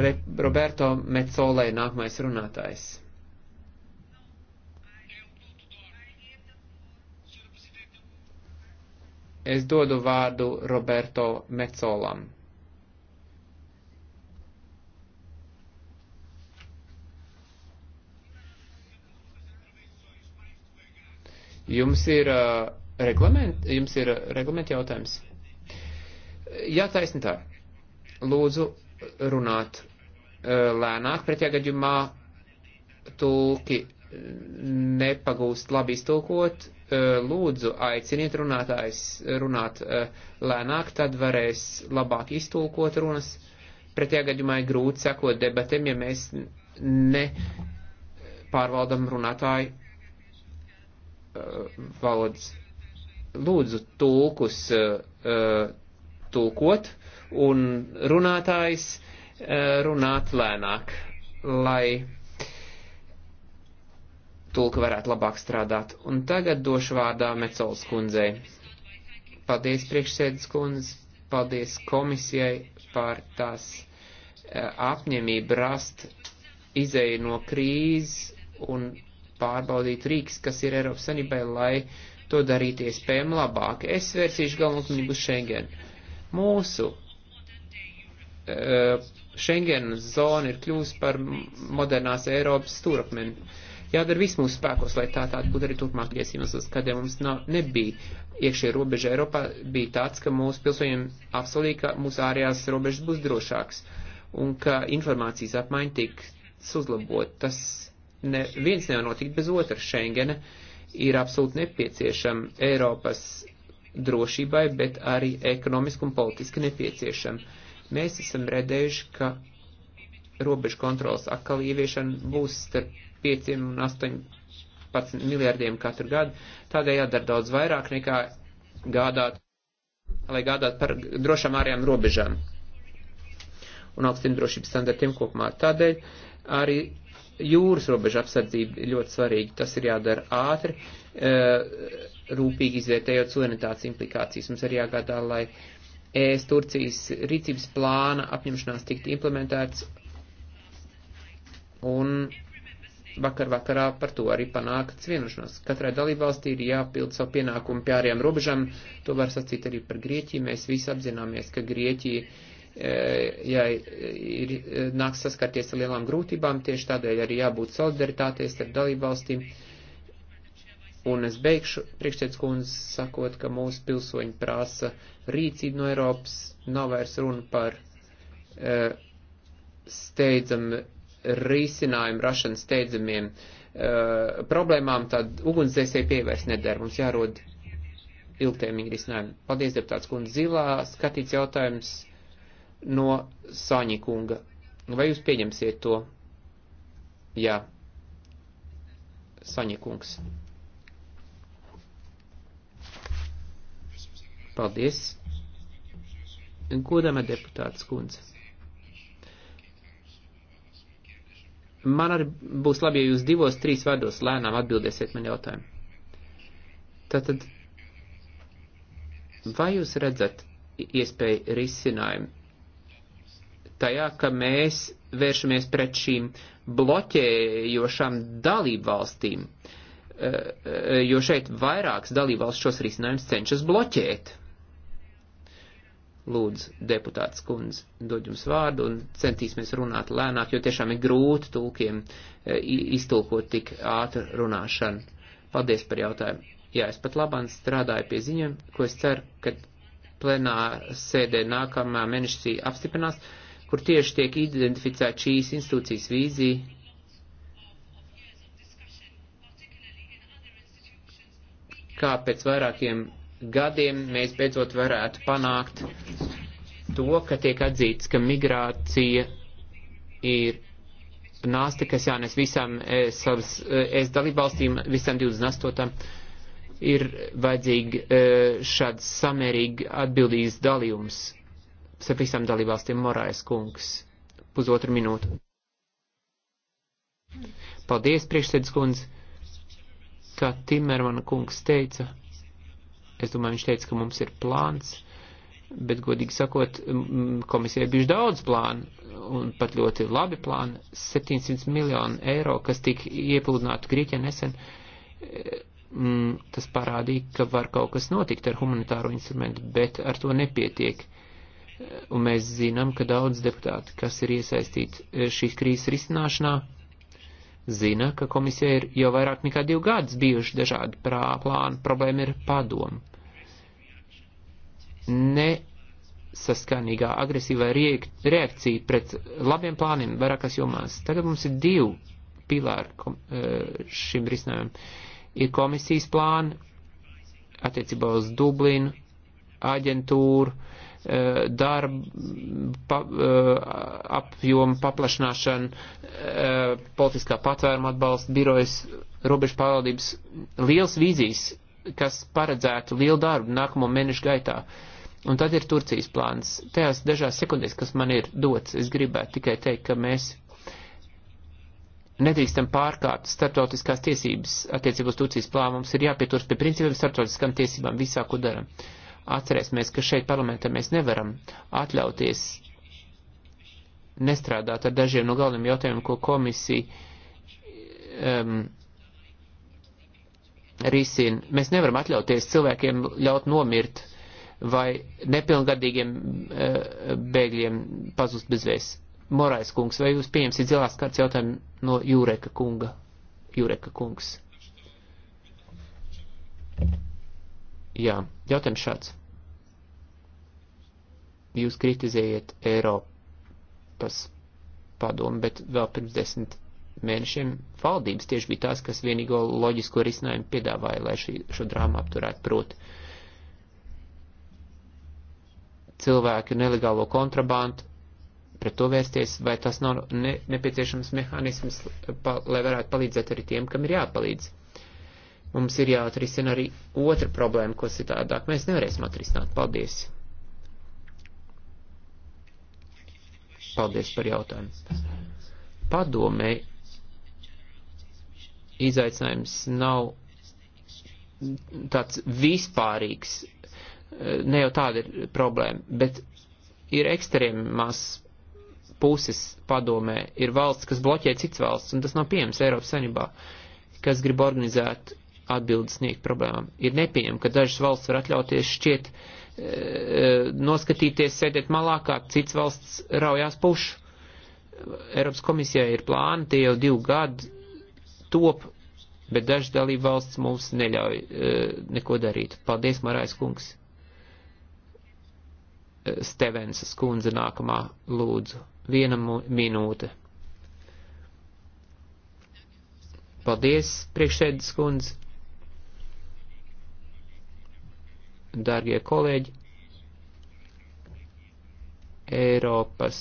Re, Roberto Metsolē nākamais runātājs. Es dodu vārdu Roberto Mecolam. Jums ir uh, reglament, jums ir uh, reglament jautājums. Jā, taisni tā. Lūdzu runāt uh, lēnāk, pretējā gadījumā tulki nepagūst labi iztulkot, lūdzu aiciniet runātājs runāt lēnāk, tad varēs labāk iztulkot runas. Pretējā gadījumā ir grūti sekot debatēm, ja mēs ne pārvaldam runātāju valodas. Lūdzu tulkus tulkot un runātājs runāt lēnāk, lai tulka varētu labāk strādāt. Un tagad došu vārdā Mecols kundzei. Paldies priekšsēdus kundze, paldies komisijai par tās e, apņemību rast izēju no krīzes un pārbaudīt rīks, kas ir Eiropas Sanībai, lai to darītu iespējami labāk. Es vērsīšu galvenokunību Schengen. Mūsu e, Schengen zona ir kļūst par modernās Eiropas stūrakmeni Jādara viss mūsu spēkos, lai tā tāda būtu arī turpmāk iesīmeslis, kad ja mums nav, nebija iekšē robeža Eiropā, bija tāds, ka mūsu pilsoņiem apsolīja, ka mūsu ārējās robežas būs drošāks un ka informācijas apmaiņa tiks uzlabot. Tas ne, viens nevar notikt bez otra. Schengene ir absolūti nepieciešama Eiropas drošībai, bet arī ekonomiski un politiski nepieciešama. Mēs esam redzējuši, ka robežu kontrolas atkal ieviešana būs starp 5 un 18 miljardiem katru gadu. Tādēļ jādara daudz vairāk nekā gādāt, lai gādāt par drošām ārējām robežām un augstiem drošības standartiem kopumā. Tādēļ arī jūras robeža apsardzība ir ļoti svarīga. Tas ir jādara ātri, eh, rūpīgi izvērtējot suverenitātes implikācijas. Mums arī jāgādā, lai ES Turcijas rīcības plāna apņemšanās tiktu implementēts un vakar vakarā par to arī panākts vienošanos. Katrai dalībvalstī ir jāpild savu pienākumu pie ārējām robežām. To var sacīt arī par Grieķiju. Mēs visi apzināmies, ka Grieķija e, ja ir, e, nāks saskarties ar lielām grūtībām, tieši tādēļ arī jābūt solidaritāties ar dalībvalstīm. Un es beigšu priekšsēdus kundzi sakot, ka mūsu pilsoņi prasa rīcību no Eiropas, nav vairs runa par e, steidzam risinājumu rašanas steidzamiem uh, problēmām, tad ugunsdzēsēji pievairs nedara. Mums jārod ilgtermiņa risinājumi. Paldies, deputāts kundze. Zilā skatīts jautājums no Saņi kunga. Vai jūs pieņemsiet to? Jā. Saņi kungs. Paldies. Godama deputāts kundze. Man arī būs labi, ja jūs divos, trīs vārdos lēnām atbildēsiet man jautājumu. Tātad, vai jūs redzat iespēju risinājumu tajā, ka mēs vēršamies pret šīm bloķējošām dalību valstīm, eh, eh, jo šeit vairākas dalību valsts šos risinājumus cenšas bloķēt? Lūdzu, deputāts kundze, dod jums vārdu un centīsimies runāt lēnāk, jo tiešām ir grūti tulkiem e, iztulkot tik ātru runāšanu. Paldies par jautājumu. Jā, es pat labāk strādāju pie ziņām, ko es ceru, ka plenā sēdē nākamā mēnesī apstiprinās, kur tieši tiek identificēta šīs institūcijas vīzija. Kā pēc vairākiem gadiem mēs beidzot varētu panākt to, ka tiek atzīts, ka migrācija ir nāste, kas jānes visām e, savas e, es dalībvalstīm, visām 28. ir vajadzīgi e, šāds samērīgi atbildīgs dalījums ar visām dalībvalstīm Morais kungs. Pusotru minūtu. Paldies, priekšsēdus kundze, kā Timermana kungs teica Es domāju, viņš teica, ka mums ir plāns, bet, godīgi sakot, komisijai bija daudz plānu, un pat ļoti labi plāni - 700 miljonu eiro, kas tika iepludināti Grieķijā nesen. Tas parādīja, ka var kaut kas notikt ar humanitāro instrumentu, bet ar to nepietiek. Un mēs zinām, ka daudz deputāti, kas ir iesaistīti e, šīs krīzes risināšanā, zina, ka komisija ir jau vairāk nekā divu gadus bijuši dažādi plāni, problēma ir padomu. Nesaskanīgā agresīvā reakcija pret labiem plāniem vairākās jomās. Tagad mums ir divi pilāri e, šim risinājumam. Ir komisijas plāni attiecībā uz Dublinu, aģentūru, E, darba pa, e, apjoma paplašināšana, e, politiskā patvēruma atbalsta, birojas, robežu pārvaldības, liels vīzijas, kas paredzētu lielu darbu nākamo mēnešu gaitā. Un tad ir Turcijas plāns. Tajās dažās sekundēs, kas man ir dots, es gribētu tikai teikt, ka mēs nedrīkstam pārkāpt starptautiskās tiesības attiecībā uz Turcijas plānu. Mums ir jāpieturas pie principiem starptautiskām tiesībām visā, ko daram. Uh, Atcerēsimies, ka šeit parlamentā mēs nevaram atļauties nestrādāt ar dažiem no galveniem jautājumiem, ko komisija um, risina. Mēs nevaram atļauties cilvēkiem ļaut nomirt vai nepilngadīgiem uh, bēgļiem pazust bezvēs. Morais kungs, vai jūs pieņemsiet zilās kārtas jautājumu no Jūreka kunga? Jūreka kungs. Jā, jautājums šāds. Jūs kritizējat Eiropas padomu, bet vēl pirms desmit mēnešiem valdības tieši bija tās, kas vienīgo loģisko risinājumu piedāvāja, lai šī, šo drāmu apturētu proti. Cilvēku nelegālo kontrabandu, pret to vērsties, vai tas nav ne, nepieciešams mehānisms, pa, lai varētu palīdzēt arī tiem, kam ir jāpalīdz. Mums ir jāatrisina arī otra problēma, ko citādāk mēs nevarēsim atrisināt. Paldies! Paldies par jautājumu. Padomē izaicinājums nav tāds vispārīgs, ne jau tāda ir problēma, bet ir ekstrēmās puses padomē, ir valsts, kas bloķē cits valsts, un tas nav pieejams Eiropas saimnībā, kas grib organizēt atbildes sniegt problēmām. Ir nepieņem, ka dažas valsts var atļauties šķiet e, e, noskatīties, sēdēt malā, kā cits valsts raujās pušu. Eiropas komisijai ir plāni, tie jau divu gadu top, bet dažas dalība valsts mums neļauj e, neko darīt. Paldies, Marais kungs. E, Stevensas kundze nākamā lūdzu. Viena minūte. Paldies, priekšsēdus kundze. dārgie kolēģi, Eiropas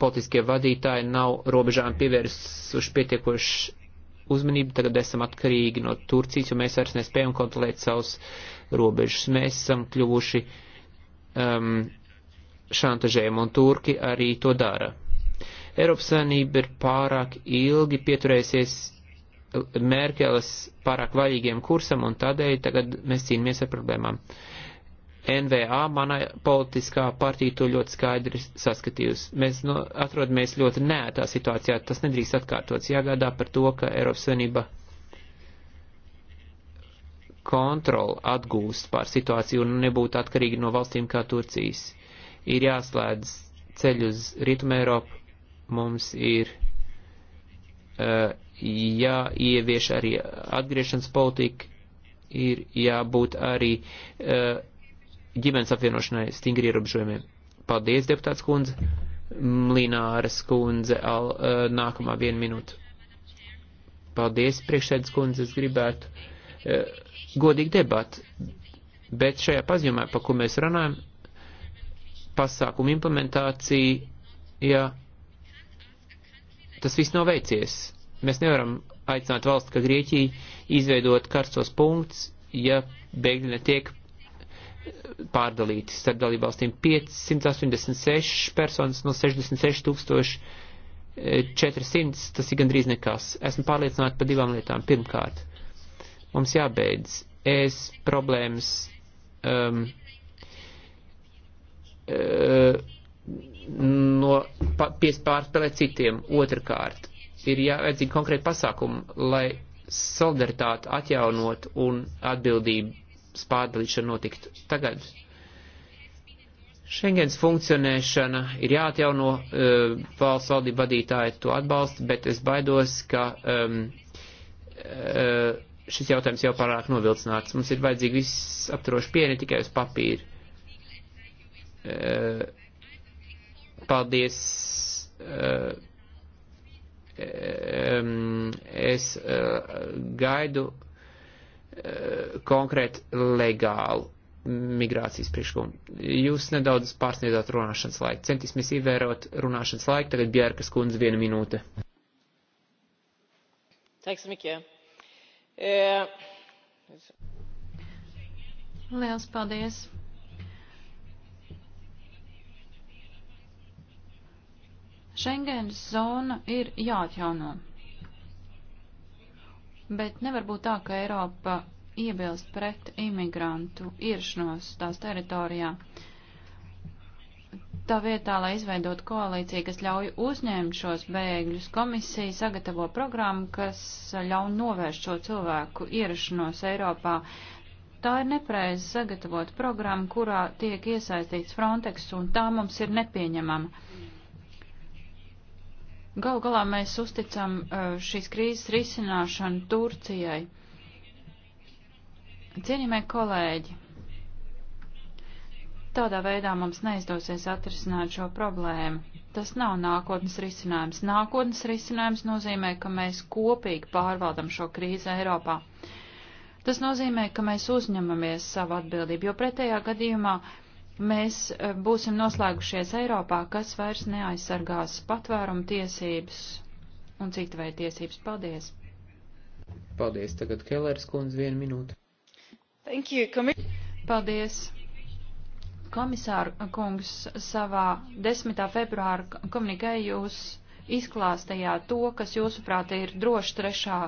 politiskie vadītāji nav robežām pievērsuši pietiekoši uzmanību, tagad esam atkarīgi no Turcijas, jo mēs vairs nespējam kontrolēt savus robežus. Mēs esam kļuvuši um, šantažējumi, un Turki arī to dara. Eiropas Savienība ir pārāk ilgi pieturējusies Merkeles pārāk vaļīgiem kursam, un tādēļ tagad mēs cīnāmies ar problēmām. NVA, mana politiskā partija, to ļoti skaidri saskatījusi. Mēs no, nu, atrodamies ļoti nētā situācijā, tas nedrīkst atkārtots. Jāgādā par to, ka Eiropas Savienība kontroli atgūst pār situāciju un nebūtu atkarīgi no valstīm kā Turcijas. Ir jāslēdz ceļu uz Rietumē Eiropu, mums ir uh, jāievieš arī atgriešanas politika, ir jābūt arī eh, ģimenes apvienošanai stingri ierobežojumiem. Paldies, deputāts kundze. Mlināras kundze, al, eh, nākamā viena minūte. Paldies, priekšsēdus kundze, es gribētu eh, godīgi debatu, bet šajā paziņumā, pa ko mēs runājam, pasākumu implementācija, ja tas viss nav veicies. Mēs nevaram aicināt valsts, ka Grieķija izveidot karstos punktus, ja bēgļi netiek pārdalīti starp dalībvalstīm 586 personas no 66 tūkstoši 400, e, tas ir gandrīz nekas. Esmu pārliecināta par divām lietām. Pirmkārt, mums jābeidz es problēmas um, uh, no piespārspēlēt citiem. Otrakārt, ir jāveidzīgi konkrēti pasākumi, lai solidaritāti atjaunot un atbildības pārdalīšana notiktu tagad. Šengens funkcionēšana ir jāatjauno, eh, valsts valdība vadītāji to atbalsta, bet es baidos, ka um, šis jautājums jau pārāk novilcināts. Mums ir vajadzīgi viss aptroši pie, ne tikai uz papīru. Eh, paldies es eh, gaidu eh, konkrēti legālu migrācijas priekšlikumu. Jūs nedaudz pārsniedzāt runāšanas laiku. Centīsimies ievērot runāšanas laiku. Tagad Bjērkas kundze viena minūte. Eh, Liels paldies! Schengens zona ir jāatjauno. Bet nevar būt tā, ka Eiropa iebilst pret imigrantu ierašanos tās teritorijā. Tā vietā, lai izveidot koalīciju, kas ļauj uzņemt šos bēgļus, komisija sagatavo programmu, kas ļauj novērst šo cilvēku ierašanos Eiropā. Tā ir nepreiz sagatavot programmu, kurā tiek iesaistīts Frontex, un tā mums ir nepieņemama. Galu galā mēs uzticam uh, šīs krīzes risināšanu Turcijai. Cienījamie kolēģi, tādā veidā mums neizdosies atrisināt šo problēmu. Tas nav nākotnes risinājums. Nākotnes risinājums nozīmē, ka mēs kopīgi pārvaldam šo krīzi Eiropā. Tas nozīmē, ka mēs uzņemamies savu atbildību, jo pretējā gadījumā uh, mēs eh, būsim noslēgušies Eiropā, kas vairs neaizsargās patvērumu tiesības un citu vai tiesības. Paldies! Paldies! Tagad Kellers kundze vienu minūtu. Thank you, komis Paldies! Komisāra kungs savā 10. februāra komunikē jūs izklāstījāt to, kas jūsuprāt ir droši trešā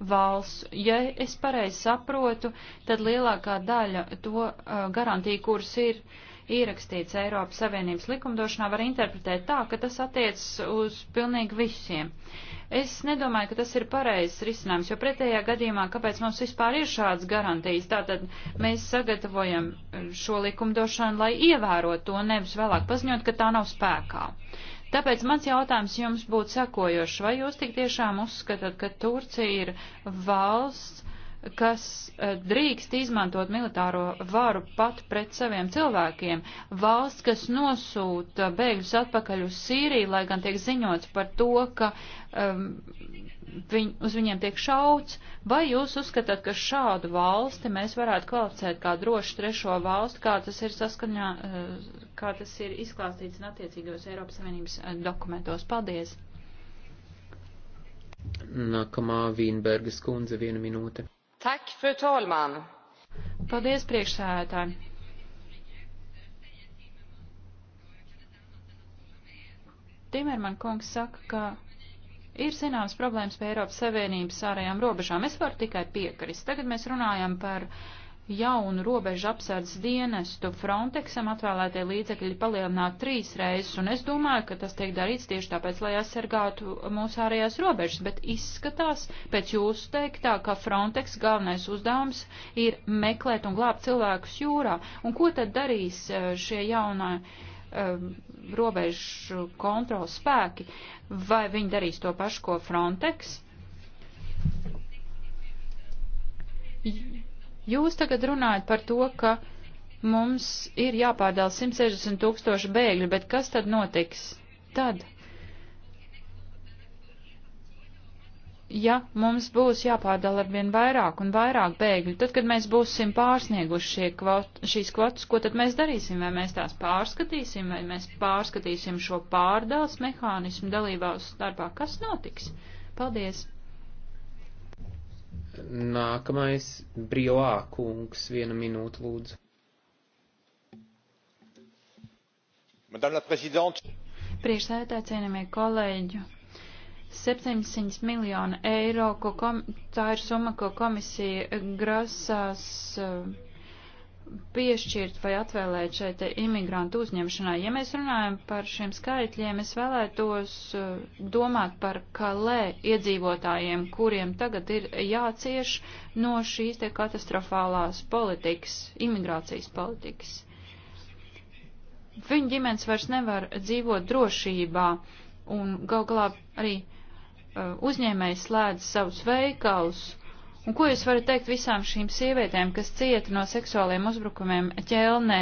valsts. Ja es pareizi saprotu, tad lielākā daļa to uh, garantiju, kuras ir ierakstīts Eiropas Savienības likumdošanā, var interpretēt tā, ka tas attiec uz pilnīgi visiem. Es nedomāju, ka tas ir pareizs risinājums, jo pretējā gadījumā, kāpēc mums vispār ir šāds garantijas, tātad mēs sagatavojam šo likumdošanu, lai ievērotu to, nevis vēlāk paziņot, ka tā nav spēkā. Uh, Tāpēc mans jautājums jums būtu sekojošs. Vai jūs tik tiešām uzskatāt, ka Turcija ir valsts, kas eh, drīkst izmantot militāro varu pat pret saviem cilvēkiem? Valsts, kas nosūta bēgļus atpakaļ uz Sīriju, lai gan tiek ziņots par to, ka um, viņ, uz viņiem tiek šauts, vai jūs uzskatāt, ka šādu valsti mēs varētu kvalificēt kā drošu trešo valstu, kā tas ir saskaņā, eh, kā tas ir izklāstīts un attiecīgajos Eiropas Savienības eh, dokumentos? Paldies! Nākamā Vīnbergas kundze viena minūte. Tak, fru talman! Paldies, priekšsēdētāji! Timerman kungs saka, ka Ir zināmas problēmas pie Eiropas Savienības ārējām robežām. Es varu tikai piekrist. Tagad mēs runājam par jaunu robežu apsardzes dienestu Frontexam atvēlētie līdzekļi palielināt trīs reizes, un es domāju, ka tas tiek darīts tieši tāpēc, lai aizsargātu mūsu ārējās robežas, bet izskatās pēc jūsu teiktā, ka Frontex galvenais uzdevums ir meklēt un glābt cilvēkus jūrā. Un ko tad darīs eh, šie jaunā um, robežu kontrols spēki, vai viņi darīs to pašu, ko Frontex? Jūs tagad runājat par to, ka mums ir jāpārdala 160 tūkstoši bēgļu, bet kas tad notiks tad? ja mums būs jāpārdala ar vien vairāk un vairāk bēgļu, tad, kad mēs būsim pārsnieguši kvot, šīs kvotas, ko tad mēs darīsim? Vai mēs tās pārskatīsim, vai mēs pārskatīsim šo pārdals mehānismu dalībās starpā? Kas notiks? Paldies! Nākamais Brioā kungs, viena minūte lūdzu. Priekšsēdētāji, cienījamie kolēģi, 700 miljonu eiro, ko kom, tā ir summa, ko komisija grasās eh, piešķirt vai atvēlēt šeit imigrantu uzņemšanai. Ja mēs runājam par šiem skaitļiem, es vēlētos eh, domāt par kalē iedzīvotājiem, kuriem tagad ir jācieš no šīs te katastrofālās politikas, imigrācijas politikas. Viņu ģimenes vairs nevar dzīvot drošībā un gal galā arī Uh, uzņēmējs slēdz savus veikalus. Un ko jūs varat teikt visām šīm sievietēm, kas cieta no seksuāliem uzbrukumiem ķelnē?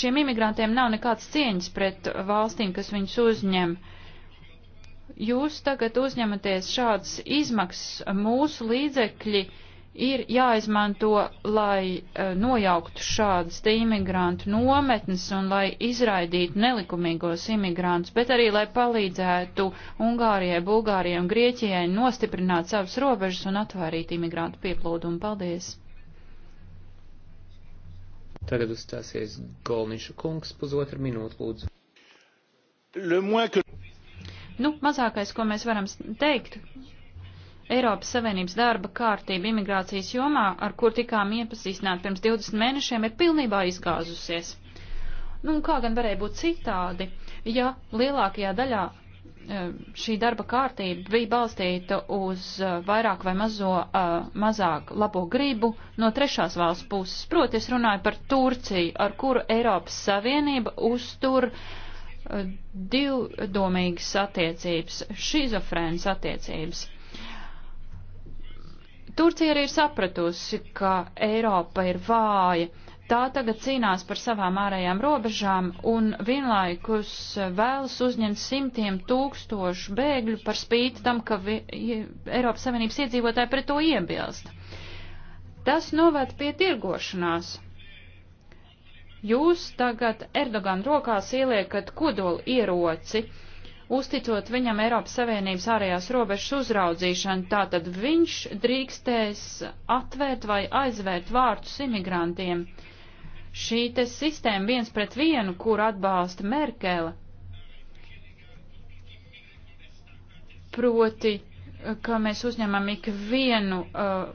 Šiem imigrantiem nav nekāds cieņas pret valstīm, kas viņus uzņem. Jūs tagad uzņematies šādas izmaksas mūsu līdzekļi ir jāizmanto, lai uh, nojauktu šādas te imigrantu nometnes un lai izraidītu nelikumīgos imigrantus, bet arī lai palīdzētu Ungārijai, Bulgārijai un Grieķijai nostiprināt savas robežas un atvairīt imigrantu pieplūdumu. Paldies! Tagad uzstāsies Golniša kungs, pusotru minūtu lūdzu. Nu, mazākais, ko mēs varam teikt, Eiropas Savienības darba kārtība imigrācijas jomā, ar kur tikām iepazīstināti pirms 20 mēnešiem, ir pilnībā izgāzusies. Nu, kā gan varēja būt citādi, ja lielākajā daļā e, šī darba kārtība bija balstīta uz e, vairāk vai mazo, e, mazāk labo gribu no trešās valsts puses. Proti, es runāju par Turciju, ar kuru Eiropas Savienība uztur divdomīgas attiecības, šizofrēnas attiecības. Turcija arī ir sapratusi, ka Eiropa ir vāja. Tā tagad cīnās par savām ārējām robežām un vienlaikus vēlas uzņemt simtiem tūkstošu bēgļu par spīti tam, ka vi, Eiropas Savienības iedzīvotāji pret to iebilst. Tas novērt pie tirgošanās. Jūs tagad Erdogan rokās ieliekat kodoli ieroci uzticot viņam Eiropas Savienības ārējās robežas uzraudzīšanu, tātad viņš drīkstēs atvērt vai aizvērt vārtus imigrantiem. Šī te sistēma viens pret vienu, kur atbalsta Merkele, proti, ka mēs uzņemam ikvienu uh,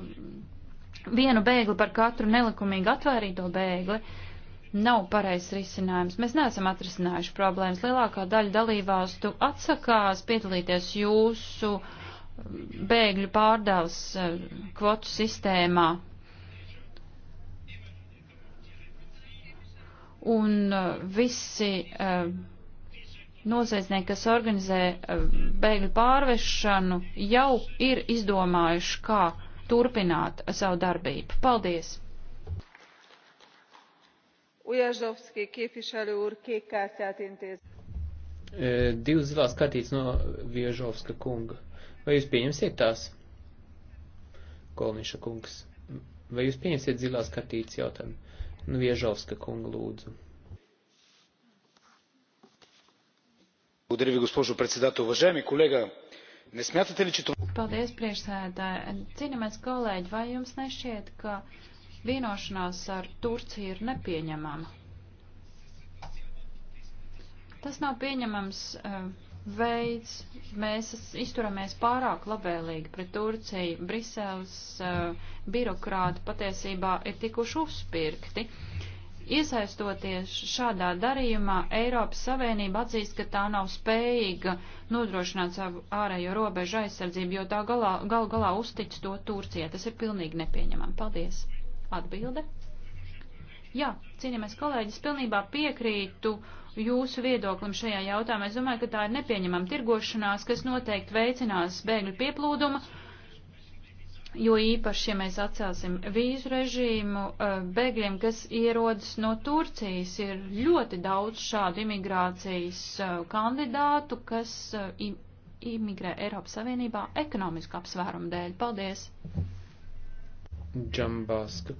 vienu bēgli par katru nelikumīgi atvērīto bēgli, uh, nav pareizs risinājums. Mēs neesam atrisinājuši problēmas. Lielākā daļa dalībvalstu atsakās piedalīties jūsu um, bēgļu pārdevas uh, kvotu sistēmā. Un uh, visi uh, noziedznieki, kas organizē uh, bēgļu pārvešanu, jau ir izdomājuši, kā turpināt savu darbību. Paldies! Ujazdovski képviselő úr kék kártyát intéz. Divas zilās kartītes no Viežovska kunga. Vai jūs pieņemsiet tās? Kolniša kungs. Vai jūs pieņemsiet zilās kartītes jautājumu? Nu, Viežovska kunga lūdzu. Благодаря ви, госпожо председател. Уважаеми колега, не смятате ли, че това... Paldies, priekšsēdētāji. Cienījamais kolēģi, vai jums nešķiet, ka uh, Vienošanās ar Turciju ir nepieņemama. Tas nav pieņemams uh, veids. Mēs izturamies pārāk labvēlīgi pret Turciju. Briseles uh, birokrāti patiesībā ir tikuši uzspirkti. Iesaistoties šādā darījumā, Eiropas Savienība atzīst, ka tā nav spējīga nodrošināt savu ārējo robežu aizsardzību, jo tā galā, gal galā uztic to Turcijai. Tas ir pilnīgi nepieņemami. Paldies! Atbilde. Jā, cienījamais kolēģis, pilnībā piekrītu jūsu viedoklim šajā jautājumā. Es domāju, ka tā ir nepieņemama tirgošanās, kas noteikti veicinās bēgļu pieplūdumu, jo īpaši, ja mēs atcelsim vīzu režīmu, eh, bēgļiem, kas ierodas no Turcijas, ir ļoti daudz šādu imigrācijas eh, kandidātu, kas eh, imigrē Eiropas Savienībā ekonomiska apsvēruma dēļ. Paldies! Džambaska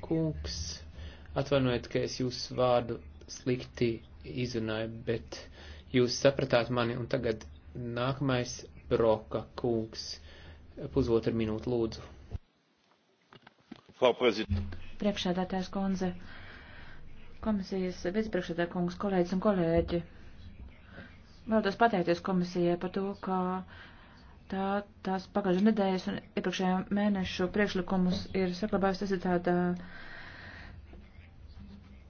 kungs. Atvainojiet, ka es jūsu vārdu slikti izrunāju, bet jūs sapratāt mani, un tagad nākamais Broka kungs. Pusotru minūtu lūdzu. Priekšsēdētājs kundze, komisijas vicepriekšsēdētājs kungs, kolēģis un kolēģi. Vēlos pateikties komisijai par to, ka tā, tās pagājušā nedēļas un iepriekšējā mēnešu priekšlikumus ir saglabājis, tas ir tāda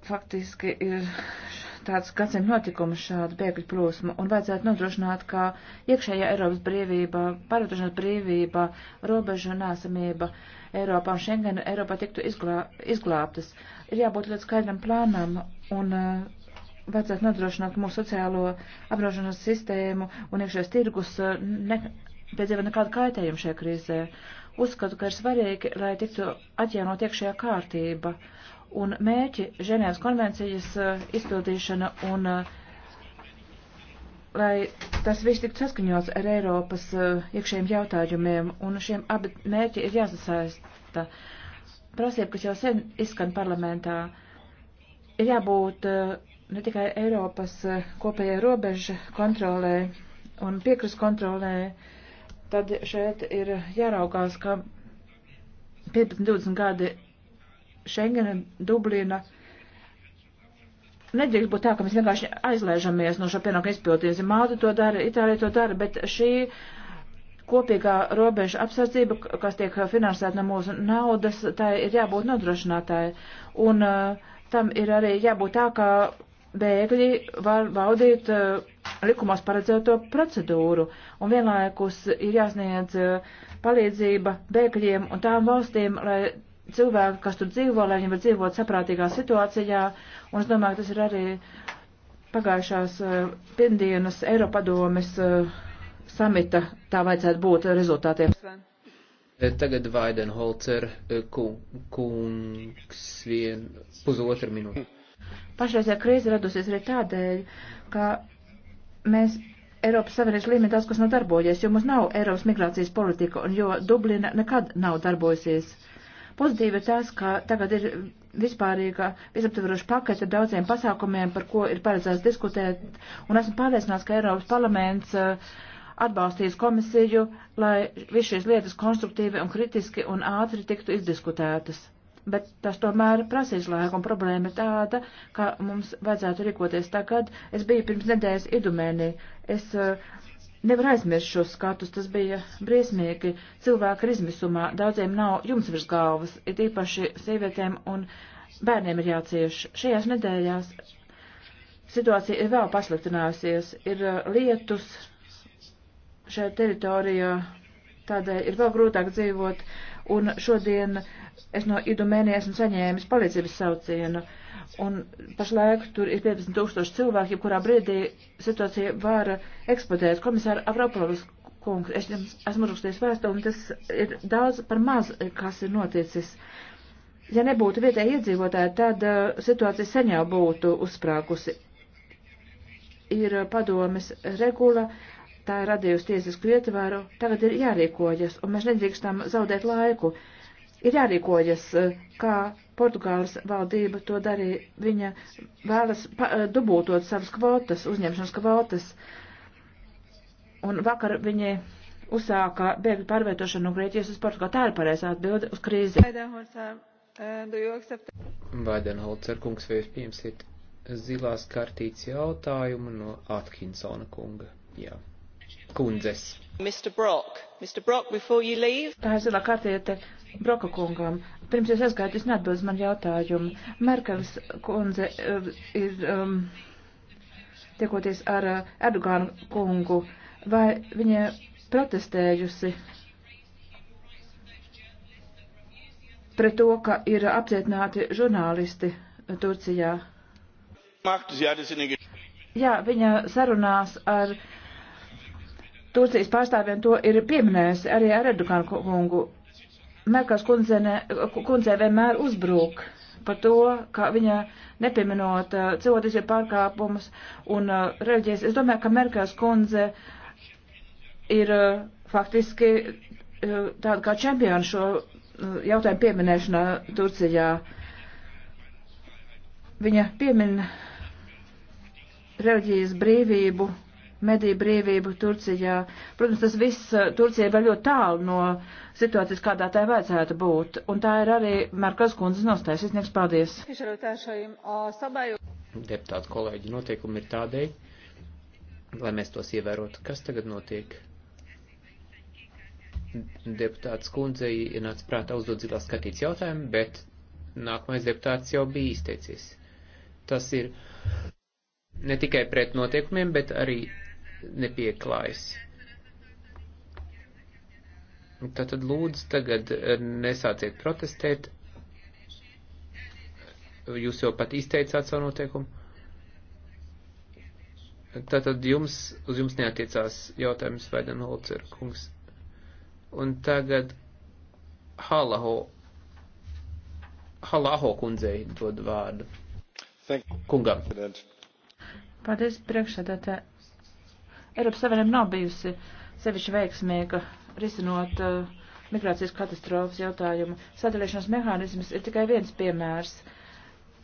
faktiski ir tāds gadsimt notikums šāda bēgļu plūsma un vajadzētu nodrošināt, ka iekšējā Eiropas brīvība, pārvietošanās brīvība, robežu nāsamība Eiropā un Schengenu Eiropā tiktu izglā, izglābtas. Ir jābūt ļoti skaidram plānam un uh, vajadzētu nodrošināt mūsu sociālo apdrošināšanas sistēmu un iekšējais tirgus uh, ne, piedzīvo nekādu kaitējumu šajā krīzē. Uzskatu, ka ir svarīgi, lai tiktu atjaunot iekšējā kārtība un mērķi Ženēvas konvencijas eh, izpildīšana un eh, lai tas viss tiktu saskaņots ar Eiropas eh, iekšējiem jautājumiem un šiem abi mērķi ir jāsasaista. Prasība, kas jau sen izskan parlamentā, ir jābūt ne tikai Eiropas kopējai robeža kontrolē un piekras kontrolē, uh, tad šeit ir jāraugās, ka 15-20 gadi Schengena, Dublina. Nedrīkst būt tā, ka mēs vienkārši aizlēžamies no šā pienākuma izpildījuma. Māte to dara, Itālija to dara, bet šī kopīgā robeža apsardzība, kas tiek finansēta no mūsu naudas, tai ir jābūt nodrošinātāji. Un uh, tam ir arī jābūt tā, ka bēgļi var baudīt uh, likumos paredzēto procedūru, un vienlaikus ir jāsniedz uh, palīdzība bēgļiem un tām valstīm, lai cilvēki, kas tur dzīvo, lai viņi var dzīvot saprātīgā situācijā, un es domāju, tas ir arī pagājušās uh, pirmdienas Eiropadomes samita tā vajadzētu būt rezultātiem. Tagad Vaidenholzer kungs vien pusotru minūti. Pašreizē krīze radusies arī tādēļ, ka mēs Eiropas Savienības līmenī daudz kas nav darbojies, jo mums nav Eiropas migrācijas politika un jo Dublina nekad nav darbojusies. Pozitīvi ir tas, ka tagad ir vispārīga visaptveroša pakete ar daudziem pasākumiem, par ko ir paredzēts diskutēt, un esmu pārliecināts, ka Eiropas parlaments uh, atbalstīs komisiju, lai viss šīs lietas konstruktīvi un kritiski un ātri tiktu izdiskutētas bet tas tomēr prasīs laiku, un problēma ir tāda, ka mums vajadzētu rīkoties tagad. Es biju pirms nedēļas idumēnī. Es uh, eh, nevaru aizmirst šos skatus, tas bija briesmīgi. Cilvēki ir izmisumā, daudziem nav jums virs galvas, ir īpaši sievietēm un bērniem ir jācieš. Šajās nedēļās situācija ir vēl pasliktinājusies, ir uh, lietus šajā teritorijā, tādēļ ir vēl grūtāk dzīvot. Uh, un šodien es no Idumēnija esmu saņēmis palīdzības saucienu, un pašlaik tur ir 15 tūkstoši cilvēki, kurā brīdī situācija var eksplodēt. Komisāra Avropolis kungs, es jums esmu rakstījis vēstuli, un tas ir daudz par maz, kas ir noticis. Ja nebūtu vietēji iedzīvotāji, tad uh, situācija sen jau būtu uzsprākusi. Ir padomes regula, uh, tā ir radījusi tiesisku ietvaru, tagad ir jārīkojas, un mēs nedrīkstam zaudēt laiku. Ir jārīkojas, eh, kā Portugāles valdība to darīja. Viņa vēlas eh, dubultot savas kvotas, uzņemšanas kvotas. Un vakar viņi uzsāka bēgļu pārvietošanu no Grieķijas uz Portugālu. Tā ir pareizā atbilde uz krīzi. Vaidenholzer kungs, vai jūs pieņemsiet zilās kartītes jautājumu no Atkinsona kunga? Jā kundzes. Mr. Brock, Mr. Brock, before you leave. Tā ir zilā kartiete Broka kungam. Pirms jūs aizgājat, jūs neatbildat man jautājumu. Merkels kundze eh, ir um, tiekoties ar eh, Erdogānu kungu. Vai viņa protestējusi pret to, ka ir apcietināti žurnālisti eh, Turcijā? Jā, viņa sarunās ar. Uh, Turcijas pārstāvjiem to ir pieminējis arī ar Erdoganu kungu. Merkās kundzei vienmēr uzbrūk par to, ka viņa nepieminot uh, cilvēciskie pārkāpumus un uh, reliģijas. Es domāju, ka Merkās kundze ir uh, faktiski uh, tāda kā čempiona šo uh, jautājumu pieminēšanā Turcijā. Viņa piemin reliģijas brīvību mediju brīvību Turcijā. Protams, tas viss eh, Turcija vēl ļoti tālu no situācijas, kādā tai vajadzētu būt. Un tā ir arī Merkels kundzes nostājas. Es nieks paldies. Deputāti kolēģi, noteikumi ir tādēļ, lai mēs tos ievērotu. Kas tagad notiek? Deputāts kundzei ir nāc prātā uzdot zilā skatīts jautājumu, bet nākamais deputāts jau bija izteicies. Tas ir ne tikai pret notiekumiem, bet arī nepieklājas. Tātad lūdzu tagad eh, nesāciet protestēt. Jūs jau pat izteicāt savu noteikumu. Tātad jums, uz jums neatiecās jautājums Vaidena Holcer kungs. Un tagad Halaho, Halaho kundzei dod vārdu. Kungam. Paldies priekšsēdētāji. Eiropas Savienība nav bijusi sevišķi veiksmīga risinot uh, migrācijas katastrofas jautājumu. Sadalīšanās mehānisms ir tikai viens piemērs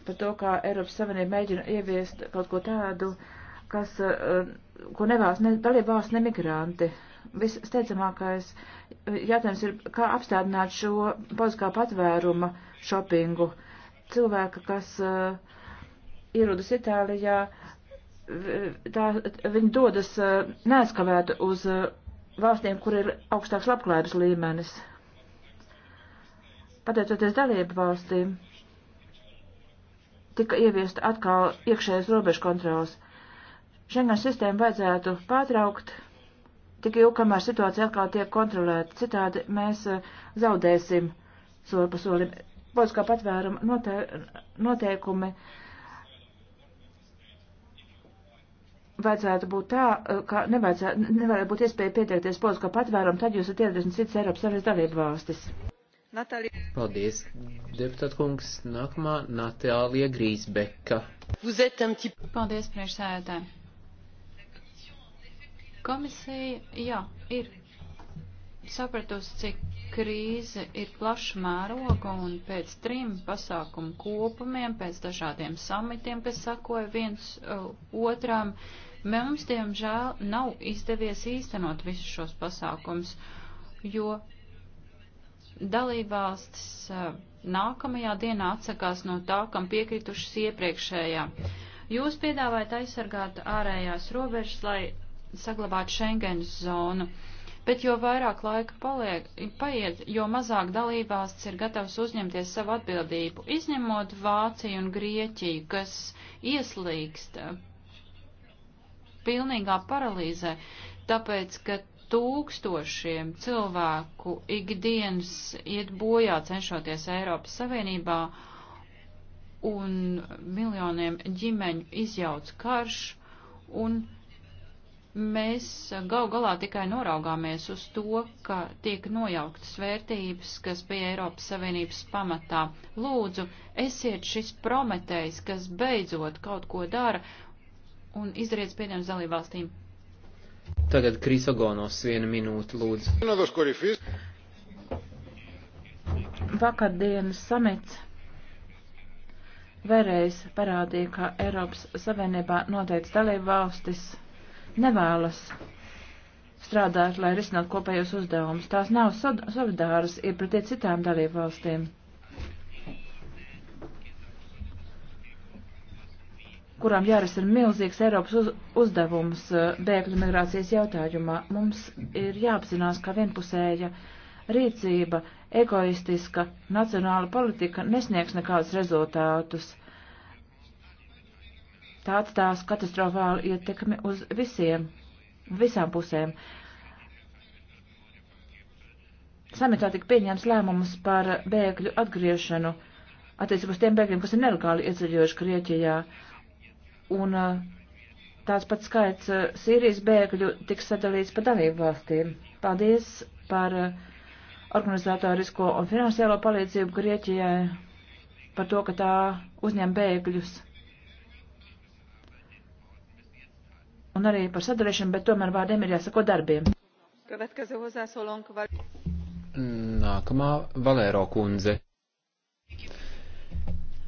par to, kā Eiropas Savienība mēģina ieviest kaut ko tādu, kas, uh, ko nevēlas ne dalībās, ne migranti. Vissteidzamākais uh, jautājums ir, kā apstādināt šo pozitīvā patvēruma šopingu. Cilvēka, kas uh, ierodas Itālijā, uh, tā, viņi dodas neaizskavēt uz valstīm, kur ir augstāks labklājības līmenis. Pateicoties dalību valstīm, tika ieviesta atkal iekšējas robežu kontrols. Šengen sistēmu vajadzētu pārtraukt, tik ilgi, kamēr situācija atkal tiek kontrolēta. Citādi mēs zaudēsim soli pa solim. Politiskā patvēruma note, noteikumi. Uh, vajadzētu būt tā, eh, ka nevajadzētu būt iespēja pieteikties politiskā patvērumu, tad jūs esat 27 Eiropas Savienības dalību valstis. Natālija. Paldies, deputāt kungs. Nākamā Natālija Grīsbeka. Paldies, priekšsēdētāji. Komisija, jā, ir sapratusi, cik krīze ir plaša mēroga un pēc trim pasākumu kopumiem, pēc dažādiem samitiem, kas sakoja viens uh, otram, uh, Mums, diemžēl, nav izdevies īstenot visus šos pasākums, jo dalībvalstis eh, nākamajā dienā atsakās no tā, kam piekritušas iepriekšējā. Jūs piedāvājat aizsargāt ārējās robežas, lai saglabātu Schengens zonu, bet jo vairāk laika paliek, paiet, jo mazāk dalībvalsts ir gatavs uzņemties savu atbildību, izņemot Vāciju un Grieķiju, kas ieslīgst pilnīgā paralīzē, tāpēc, ka tūkstošiem cilvēku ikdienas iet bojā cenšoties Eiropas Savienībā un miljoniem ģimeņu izjauc karš un mēs gau galā tikai noraugāmies uz to, ka tiek nojauktas vērtības, kas bija Eiropas Savienības pamatā. Lūdzu, esiet šis prometējs, kas beidzot kaut ko dara un izdariet spiedienus dalībvalstīm. Tagad Krisogonos viena minūte, lūdzu. Vakardienas samits vēlreiz parādīja, ka Eiropas Savienībā noteikti dalībvalstis nevēlas strādāt, lai risinātu kopējos uzdevumus. Tās nav solidāras ir pretie citām dalībvalstīm. valstīm. kurām jārisina milzīgs Eiropas uz, uzdevums eh, bēgļu migrācijas jautājumā. Mums ir jāapzinās, ka vienpusēja rīcība, egoistiska nacionāla politika nesniegs nekādus rezultātus. Tā atstās katastrofālu ietekmi uz visiem, visām pusēm. Samitā tika pieņēms lēmumus par bēgļu atgriešanu attiecībā uz tiem bēgļiem, kas ir nelegāli ieceļojuši Grieķijā. Uh, un tāds pats skaits Sīrijas bēgļu tiks sadalīts pa dalību valstīm. Paldies par organizatorisko un finansiālo palīdzību Grieķijai, par to, ka tā uzņem bēgļus. Un arī par sadalīšanu, bet tomēr vārdiem ir jāsako darbiem. Nākamā Valēro kundze.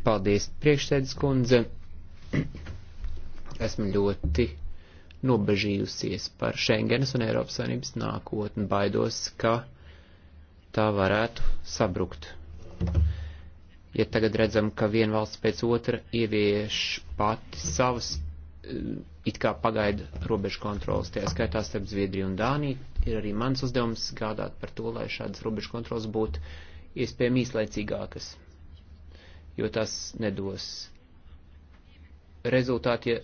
Paldies, priekšsēdus kundze esmu ļoti nobežījusies par Schengenas un Eiropas Savienības nākotni, baidos, ka tā varētu sabrukt. Ja tagad redzam, ka viena valsts pēc otra ievieš pati savas eh, it kā pagaida robežu kontrolas, tajā skaitā starp Zviedriju un Dāniju, ir arī mans uzdevums gādāt par to, lai šādas robežu kontrolas būtu iespējami īslaicīgākas, jo tas nedos rezultāti, ja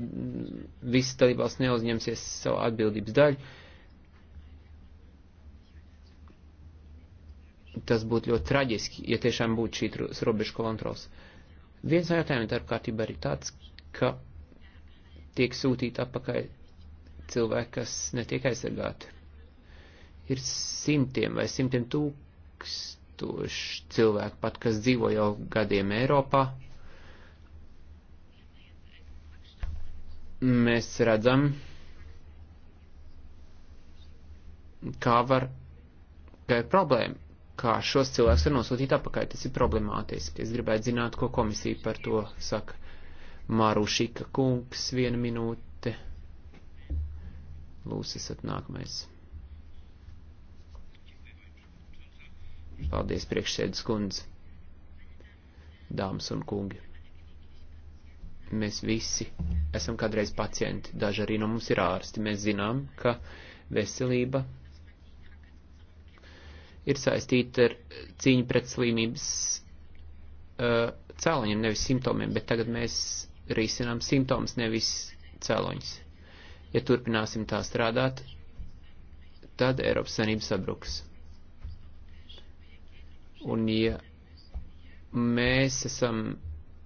mm, visas dalībvalsts neuzņemsies savu atbildības daļu. Tas būtu ļoti traģiski, ja tiešām būtu šī robežu kontrols. Viens no jautājumiem ar kārtību arī tāds, ka tiek sūtīti atpakaļ cilvēki, kas netiek aizsargāti. Ir simtiem vai simtiem tūkstoši cilvēku pat, kas dzīvo jau gadiem Eiropā, mēs redzam, kā var, ka ir problēma, kā šos cilvēkus var nosūtīt apakaļ. Tas ir problemātiski. Es gribētu zināt, ko komisija par to saka. Marušika kungs, viena minūte. Lūs, esat nākamais. Paldies, priekšsēdus kundze, dāmas un kungi. Mēs visi esam kādreiz pacienti, daži arī no mums ir ārsti. Mēs zinām, ka veselība ir saistīta ar cīņu pret slimības uh, cēloņiem, nevis simptomiem, bet tagad mēs risinām simptomus, nevis cēloņus. Ja turpināsim tā strādāt, tad Eiropas Savienība sabruks. Un ja mēs esam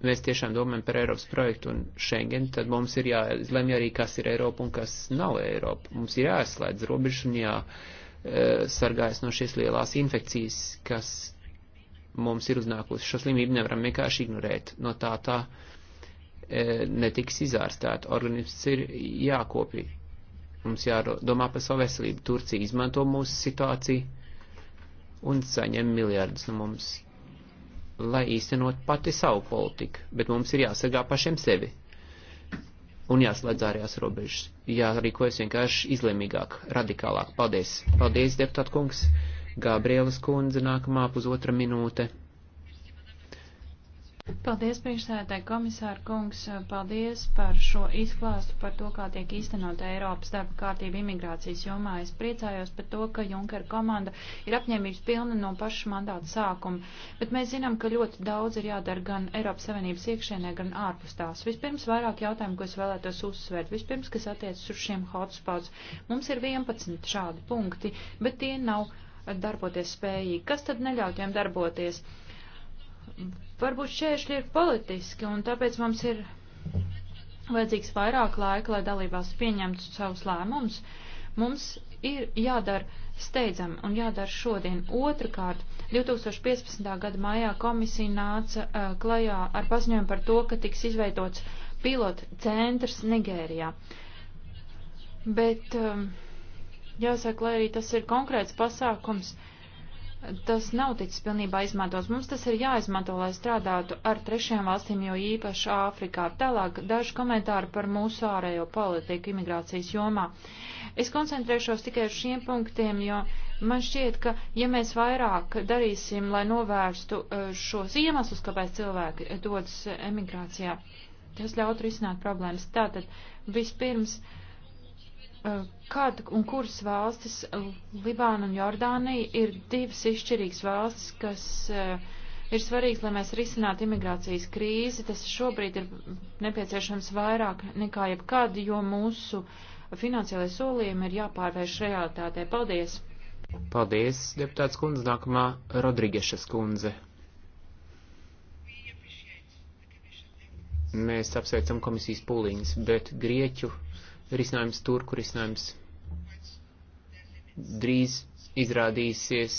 mēs tiešām domājam par Eiropas projektu un Schengen, tad mums ir jāizlemj arī, kas ir Eiropa un kas nav Eiropa. Mums ir jāizslēdz robežas un jāsargājas e, no šīs lielās infekcijas, kas mums ir uznākusi. Šo slimību nevaram vienkārši ignorēt. No tā tā e, netiks izārstēta. Organisms ir jākopja. Mums jādomā par savu veselību. Turcija izmanto mūsu situāciju un saņem miljardus no mums lai īstenot pati savu politiku, bet mums ir jāsargā pašiem sevi un jāslēdz ārējās robežas. Jārīkojas vienkārši izlēmīgāk, radikālāk. Paldies! Paldies, deputāt kungs! Gabrielas kundze nākamā pusotra minūte. Paldies, priekšsēdētāji komisāra kungs, paldies par šo izklāstu par to, kā tiek īstenot Eiropas darba kārtība imigrācijas jomā. Es priecājos par to, ka Junkera komanda ir apņēmības pilna no paša mandāta sākuma, bet mēs zinām, ka ļoti daudz ir jādara gan Eiropas Savienības iekšēnē, gan ārpus tās. Vispirms vairāk jautājumu, ko es vēlētos uzsvērt. Vispirms, kas attiecas uz šiem hotspots. Mums ir 11 šādi punkti, bet tie nav darboties spējīgi. Kas tad neļauj tiem darboties? Varbūt šķēršļi ir politiski, un tāpēc mums ir vajadzīgs vairāk laika, lai dalībās pieņemtu savus lēmumus. Mums ir jādara steidzami un jādara šodien. Otrakārt, 2015. gada maijā komisija nāca uh, klajā ar paziņojumu par to, ka tiks izveidots pilota centrs Nigērijā. Bet um, jāsaka, lai arī tas ir konkrēts pasākums, uh, tas nav ticis pilnībā izmantots. Mums tas ir jāizmanto, lai strādātu ar trešajām valstīm, jo īpaši Āfrikā. Tālāk daži komentāri par mūsu ārējo politiku imigrācijas jomā. Es koncentrēšos tikai uz šiem punktiem, jo man šķiet, ka ja mēs vairāk darīsim, lai novērstu uh, šos iemeslus, kāpēc cilvēki dodas emigrācijā, tas ļautu risināt problēmas. Tātad vispirms. Uh, Eh, kad un kuras valstis, eh, Libāna un Jordānija, ir divas izšķirīgas valstis, kas eh, ir svarīgas, lai mēs risinātu imigrācijas krīzi. Tas šobrīd ir nepieciešams vairāk nekā jebkad, jo mūsu finansiālai solījumi ir jāpārvērš realitātē. Paldies! Paldies, deputāts kundze. Nākamā Rodrīgešas kundze. Mēs apsveicam komisijas pūliņas, bet Grieķu risinājums tur, kur risinājums drīz izrādīsies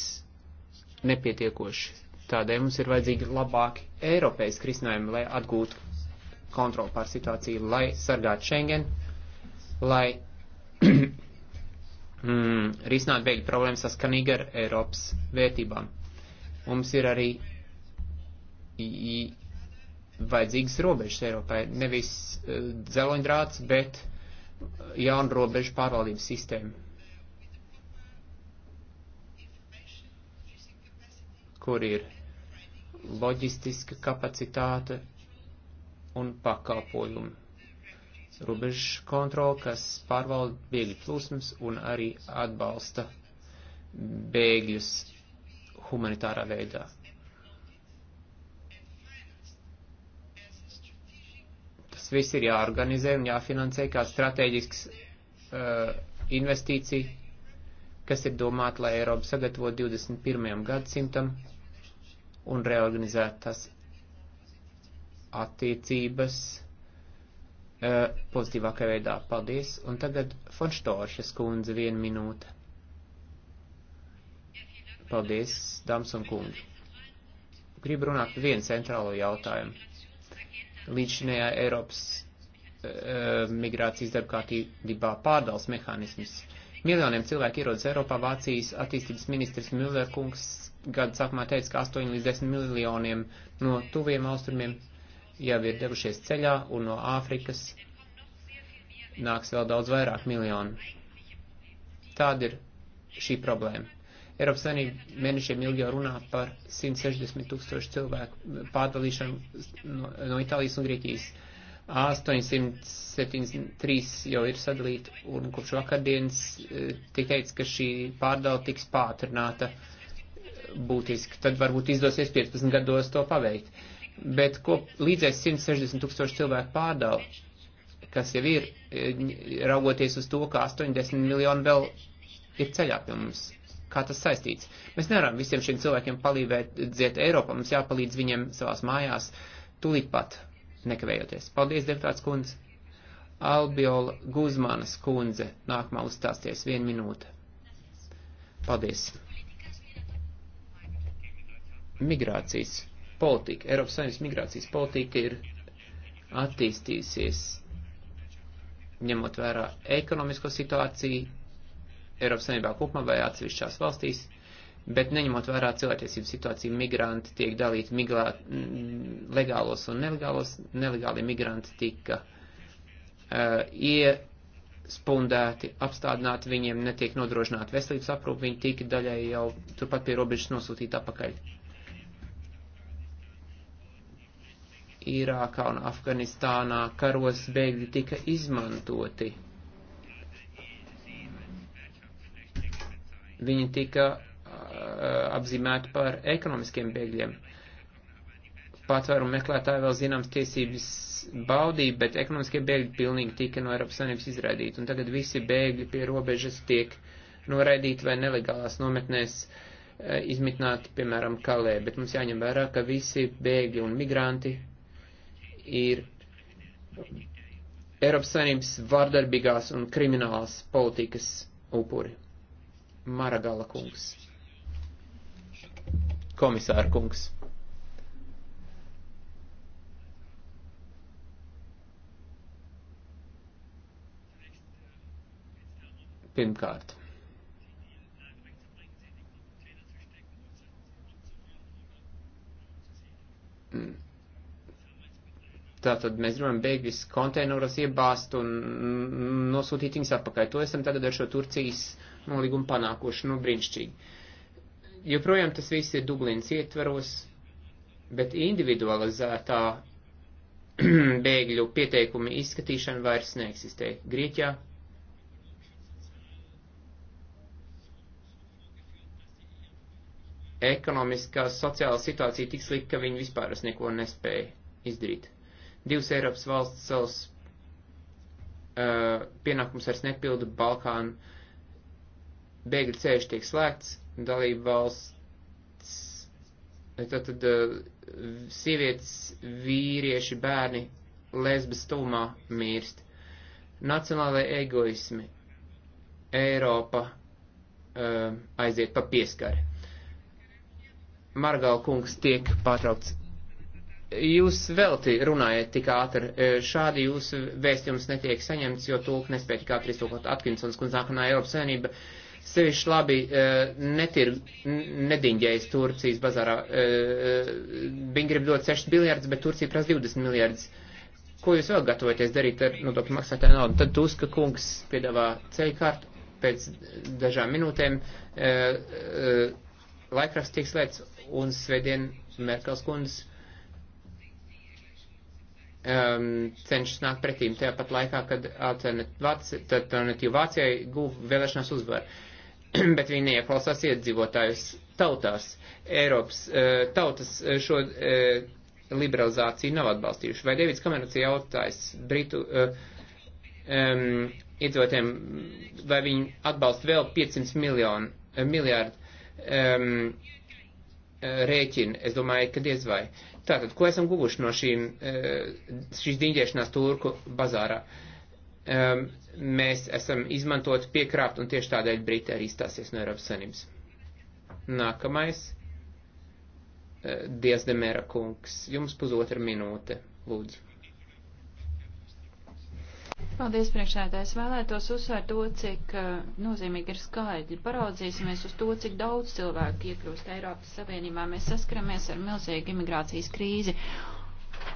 nepietiekoši. Tādēļ mums ir vajadzīgi labāki eiropeiski risinājumi, lai atgūtu kontroli pār situāciju, lai sargātu Schengen, lai [clears throat] mm, risinātu bēgļu problēmas saskanīgi ar Eiropas vērtībām. Mums ir arī vajadzīgas robežas Eiropai, nevis uh, dzeloņdrāts, bet jaunu robežu pārvaldības sistēmu, kur ir loģistiska kapacitāte un pakalpojumi. Robežu kontrola, kas pārvalda bēgļu plūsmas un arī atbalsta bēgļus humanitārā veidā. viss ir jāorganizē un jāfinansē kā strateģisks uh, investīcija, kas ir domāta, lai Eiropa sagatavo 21. gadsimtam un reorganizētu tās attiecības uh, pozitīvākā veidā. Paldies! Un tagad Fonštoršas kundze viena minūte. Paldies, dāmas un kungi! Gribu runāt par vienu centrālo jautājumu līdzinējā Eiropas uh, migrācijas darbkārtībā pārdals mehānismus. Miljoniem cilvēku ierodas Eiropā, Vācijas attīstības ministrs Müllerkungs gada sākumā teica, ka 8 līdz 10 miljoniem no tuviem austrumiem jau ir devušies ceļā un no Āfrikas nāks vēl daudz vairāk miljonu. Tāda ir šī problēma. Eiropas Savienība mēnešiem ilgi jau runā par 160 tūkstošu cilvēku eh, pārdalīšanu no, no Itālijas un Grieķijas. 873 jau ir sadalīti, un kopš vakardienas eh, tik teica, ka šī pārdala tiks pātrināta eh, būtiski. Tad varbūt izdosies 15 gados to paveikt. Bet ko līdzēs 160 tūkstoši cilvēku pārdala, kas jau ir, raugoties uz to, ka 80 miljoni vēl ir ceļā pie mums kā tas saistīts. Mēs nevaram visiem šiem cilvēkiem palīdzēt dziet Eiropā, mums jāpalīdz viņiem savās mājās, tūlīt pat, nekavējoties. Paldies, deputāts kundze. Albiola Guzmanas kundze nākamā uzstāsties vienu minūte. Paldies. Migrācijas politika, Eiropas Savienības migrācijas politika ir attīstījusies ņemot vērā ekonomisko situāciju, Eiropas Savienībā kopumā vai atsevišķās valstīs, bet neņemot vērā cilvēktiesību situāciju, migranti tiek dalīti miglā, mm, legālos un nelegālos, nelegāli migranti tika uh, iespundēti, apstādināti, viņiem netiek nodrošināta veselības aprūpe, viņi tika daļai jau turpat pie robežas nosūtīti apakaļ. Irākā un Afganistānā karos bēgļi tika izmantoti Viņi tika apzīmēti par ekonomiskiem bēgļiem. Patvērumu meklētāji vēl zināms tiesības baudīja, bet ekonomiskie bēgļi pilnīgi tika no Eiropas Savienības izraidīti. Un tagad visi bēgļi pie robežas tiek noraidīti vai nelegālās nometnēs izmitināti, piemēram, Kalē. Bet mums jāņem vērā, ka visi bēgļi un migranti ir Eiropas Savienības vardarbīgās un kriminālās politikas upuri. Maragala kungs. Komisāra kungs. Pirmkārt. Tātad mēs gribam bēgļus konteineros iebāzt un nosūtīt viņus atpakaļ. To esam tagad ar šo Turcijas uh, nolīgumu panākošu, nu brīnišķīgi. Joprojām tas viss ir Dublins ietveros, bet individualizētā [clears throat] bēgļu pieteikumi izskatīšana vairs neeksistē. Grieķijā ekonomiskā sociāla situācija tik slikta, ka viņi vispār es neko nespēja izdarīt. Divas Eiropas valsts savus uh, pienākums vairs nepildu, Balkānu bēgļu ceļš tiek slēgts, dalība valsts, eh, tad, tad eh, sievietes, vīrieši, bērni, lesbas tumā mirst. Nacionālajie egoismi, Eiropa uh, aiziet pa pieskari. Margāla kungs tiek pārtraukts. Jūs velti runājat tik ātri, šādi jūsu vēstījums netiek saņemts, jo tulk nespēja tik ātri iztulkot Atkinsons, kundz nākamā Eiropas savienība. Uh, Sevišķi labi eh, netir, nediņģējas Turcijas bazārā. Eh, eh, viņi grib dot 6 miljardus, bet Turcija prasa 20 miljardus. Ko jūs vēl gatavoties darīt ar nodokļu maksātāju naudu? Tad Tuska kungs piedāvā ceļkārtu pēc dažām minūtēm. Laikraksts tiks lēts un svētdien Merkels kundze um, cenšas nākt pretīm tajā pat laikā, kad alternatīva Vācijai guva vēlēšanās uzvaru. [clears throat] bet viņi neieklausās iedzīvotājus tautās. Eiropas eh, tautas eh, šo eh, liberalizāciju nav atbalstījuši. Vai Deivids Kamerats ir jautājis Britu um, iedzīvotiem, vai viņi atbalsta vēl 500 miljonu, miljārdu um, rēķinu? Es domāju, ka diez vai. Tātad, ko esam guvuši no šīm, šīs diņģēšanās turku bazārā? Um, mēs esam izmantot piekrāpt un tieši tādēļ Briti arī izstāsies no Eiropas Sanības. Nākamais. Eh, Dievs Demēra kungs, jums pusotra minūte, lūdzu. Paldies, priekšsēdājs. Vēlētos uzsvērt to, cik eh, nozīmīgi ir skaidri. Paraudzīsimies uz to, cik daudz cilvēku iekļūst Eiropas Savienībā. Mēs saskaramies ar milzīgu imigrācijas krīzi.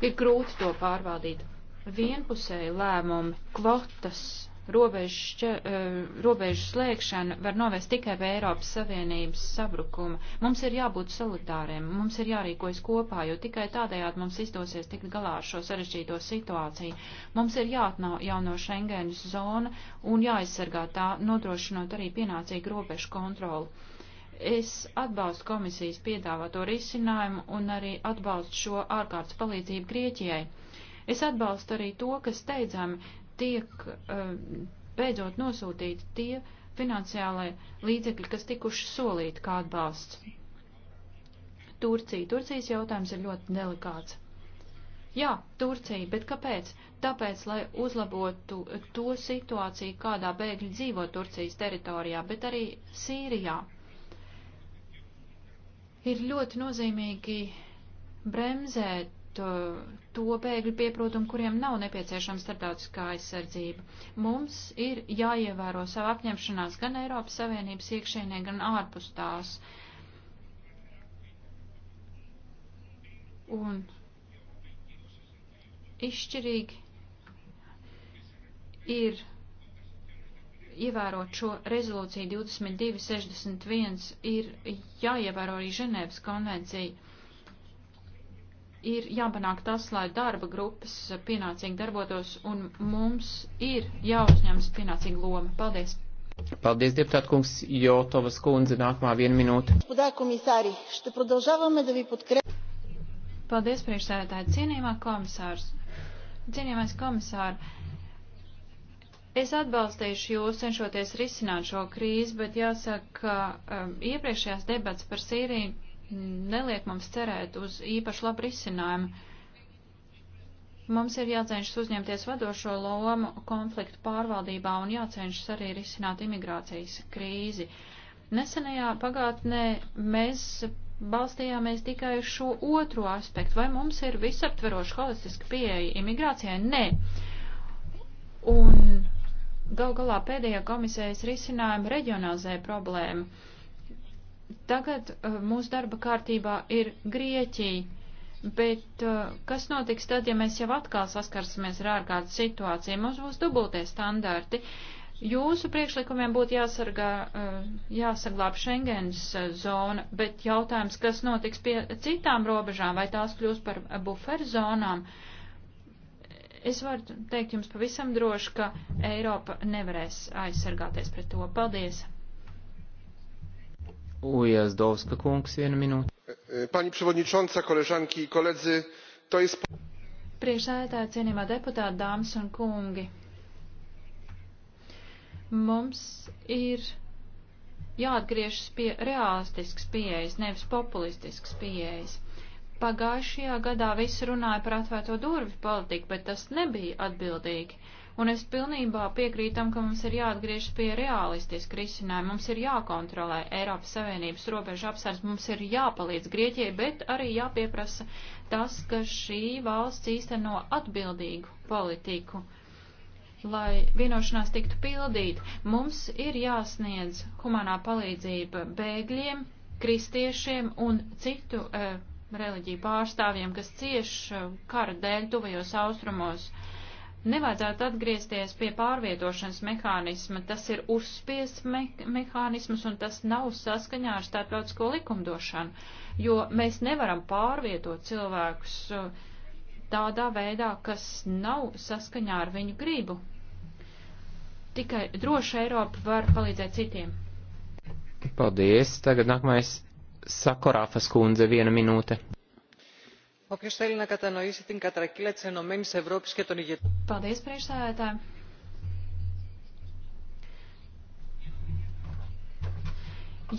Ir grūti to pārvaldīt. Vienpusēji lēmumi, kvotas, robežu, eh, robežu slēgšana var novest tikai pie Eiropas Savienības sabrukuma. Mums ir jābūt solidāriem, mums ir jārīkojas kopā, jo tikai tādējādi mums izdosies tikt galā ar šo sarežģīto situāciju. Mums ir jāatjauno Schengenas zona un jāaizsargā tā, nodrošinot arī pienācīgu robežu kontroli. Es atbalstu komisijas piedāvāto risinājumu un arī atbalstu šo ārkārtas palīdzību Grieķijai. Es atbalstu arī to, ka steidzami tiek um, beidzot nosūtīti tie finansiālai līdzekļi, kas tikuši solīti kā atbalsts. Turcija. Turcijas jautājums ir ļoti delikāts. Jā, Turcija, bet kāpēc? Tāpēc, lai uzlabotu to situāciju, kādā bēgļi dzīvo Turcijas teritorijā, bet arī Sīrijā. Ir ļoti nozīmīgi bremzēt Uh, to bēgļu pieprotumu, kuriem nav nepieciešama starptautiskā aizsardzība. Mums ir jāievēro savu apņemšanās gan Eiropas Savienības iekšēnē, gan ārpus tās. Un izšķirīgi ir ievērot šo rezolūciju 2261, ir jāievēro arī Ženēvas konvencija ir jāpanāk tas, lai darba grupas pienācīgi darbotos, un mums ir jāuzņemas pienācīga loma. Paldies! Paldies, deputāt kungs Jotovas kundze, nākamā viena minūte. Paldies, priekšsēdētāji, cienījumā komisārs. Cienījamais komisār, es atbalstīšu jūs cenšoties risināt šo krīzi, bet jāsaka, ka um, iepriekšējās debats par Sīriju neliek mums cerēt uz īpaši labu risinājumu. Mums ir jācenšas uzņemties vadošo lomu konfliktu pārvaldībā un jācenšas arī risināt imigrācijas krīzi. Nesenajā pagātnē mēs balstījāmies tikai uz šo otro aspektu. Vai mums ir visaptveroša holistiska pieeja imigrācijai? Nē. Un gal galā pēdējā komisijas risinājuma reģionalizēja problēmu Tagad uh, mūsu darba kārtībā ir Grieķija, bet uh, kas notiks tad, ja mēs jau atkal saskarsimies ar ārkārtas situāciju? Mums būs dubultie standarti. Jūsu priekšlikumiem būtu jāsargā, uh, jāsaglāb Schengens uh, zona, bet jautājums, kas notiks pie citām robežām, vai tās kļūs par buferu zonām? Es varu teikt jums pavisam droši, ka Eiropa nevarēs aizsargāties pret to. Paldies! Ujazdowska kungs, viena minūte. E, e, pani przewodnicząca, koleżanki i koledzy, to jest. Priekšsēdētāji, cienījumā deputāti, dāmas un kungi. Mums ir jāatgriežas pie realistisks pieejas, nevis populistisks pieejas. Pagājušajā gadā visi runāja par atvērto durvju politiku, bet tas nebija atbildīgi. Un es pilnībā piekrītam, ka mums ir jāatgriež pie realistiska risinājuma. Mums ir jākontrolē Eiropas Savienības robežu apsardzes, mums ir jāpalīdz Grieķijai, bet arī jāpieprasa tas, ka šī valsts īsteno atbildīgu politiku lai vienošanās tiktu pildīta, mums ir jāsniedz humanā palīdzība bēgļiem, kristiešiem un citu e, reliģiju pārstāvjiem, kas cieš eh, kara dēļ tuvajos austrumos. E, Nevajadzētu atgriezties pie pārvietošanas mehānisma. Tas ir uzspies me mehānisms un tas nav saskaņā ar starptautisko likumdošanu, jo mēs nevaram pārvietot cilvēkus uh, tādā veidā, kas nav saskaņā ar viņu gribu. Tikai droša Eiropa var palīdzēt citiem. Paldies. Tagad nākamais Sakorāfas kundze viena minūte. Όποιος θέλει να κατανοήσει την κατρακύλα της Ενωμένης Ευρώπης και των ηγετών. Paldies, priekšsēdētāji.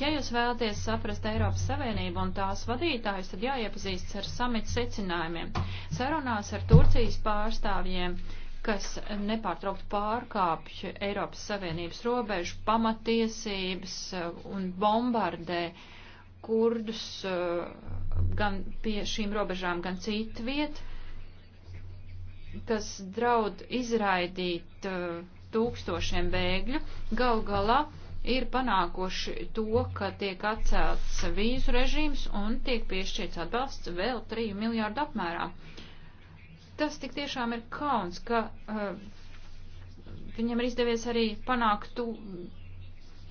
Ja jūs vēlaties saprast Eiropas Savienību un tās vadītājus, tad jāiepazīstas ar samita secinājumiem. Sarunās ar Turcijas pārstāvjiem, kas nepārtraukt pārkāpj Eiropas Savienības robežu pamatiesības un bombardē kurdus uh, gan pie šīm robežām, gan citu vietu, kas draud izraidīt uh, tūkstošiem bēgļu, gal galā ir panākoši to, ka tiek atcelts vīzu režīms un tiek piešķirts atbalsts vēl 3 miljārdu apmērā. Tas tik tiešām ir kauns, ka uh, viņam ir izdevies arī panākt tu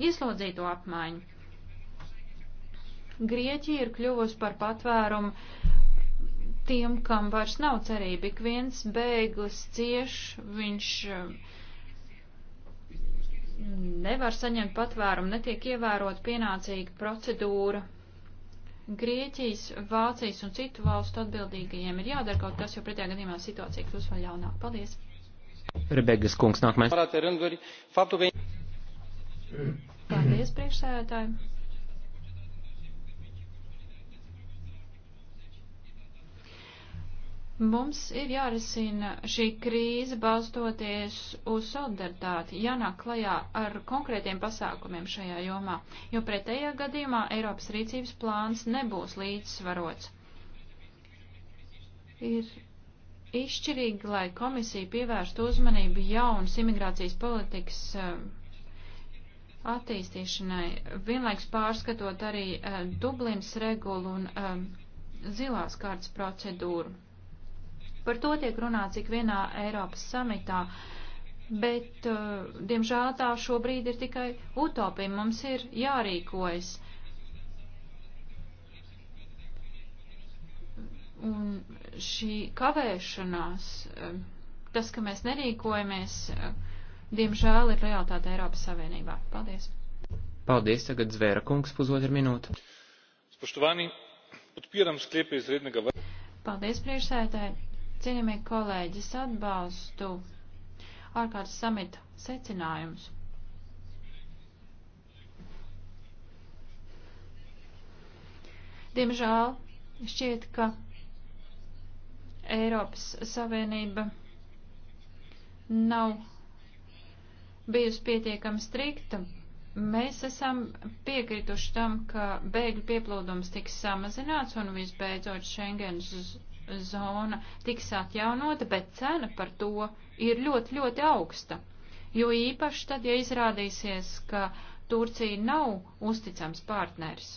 ieslodzīto apmaiņu. Grieķija ir kļuvusi par patvērumu tiem, kam vairs nav cerība. Ik viens bēglis cieš, viņš mm, nevar saņemt patvērumu, netiek ievērot pienācīga procedūra. Grieķijas, Vācijas un citu valstu atbildīgajiem ir jādara kaut kas, jo pretējā gadījumā situācija kļūs vēl jaunāk. Paldies! Rebegas kungs nākamais. Paldies, priekšsēdētāji! Mums ir jārisina šī krīze balstoties uz solidaritāti, jānāk klajā ar konkrētiem pasākumiem šajā jomā, jo pretējā gadījumā Eiropas rīcības plāns nebūs līdzsvarots. Ir izšķirīgi, lai komisija pievērstu uzmanību jaunas imigrācijas politikas eh, attīstīšanai, vienlaiks pārskatot arī eh, Dublinas regulu un eh, zilās kārtas procedūru. Par to tiek runāts ik vienā Eiropas samitā. Bet, uh, diemžēl, tā šobrīd ir tikai utopija. Mums ir jārīkojas. Un šī kavēšanās, uh, tas, ka mēs nerīkojamies, uh, diemžēl ir realitāte Eiropas Savienībā. Paldies! Paldies, tagad Zvēra kungs, pusotru minūtu. Spoštovani, podpiram sklepe izrednega vārda. Paldies, priekšsēdētāji. Cienījamie kolēģi, es atbalstu ārkārtas samita secinājumus. Diemžēl šķiet, ka Eiropas Savienība nav bijusi pietiekami strikta. Mēs esam piekrituši tam, ka bēgļu pieplūdums tiks samazināts un visbeidzot Schengens zona tiks atjaunota, bet cena par to ir ļoti, ļoti augsta. Jo īpaši tad, ja izrādīsies, ka Turcija nav uzticams partneris.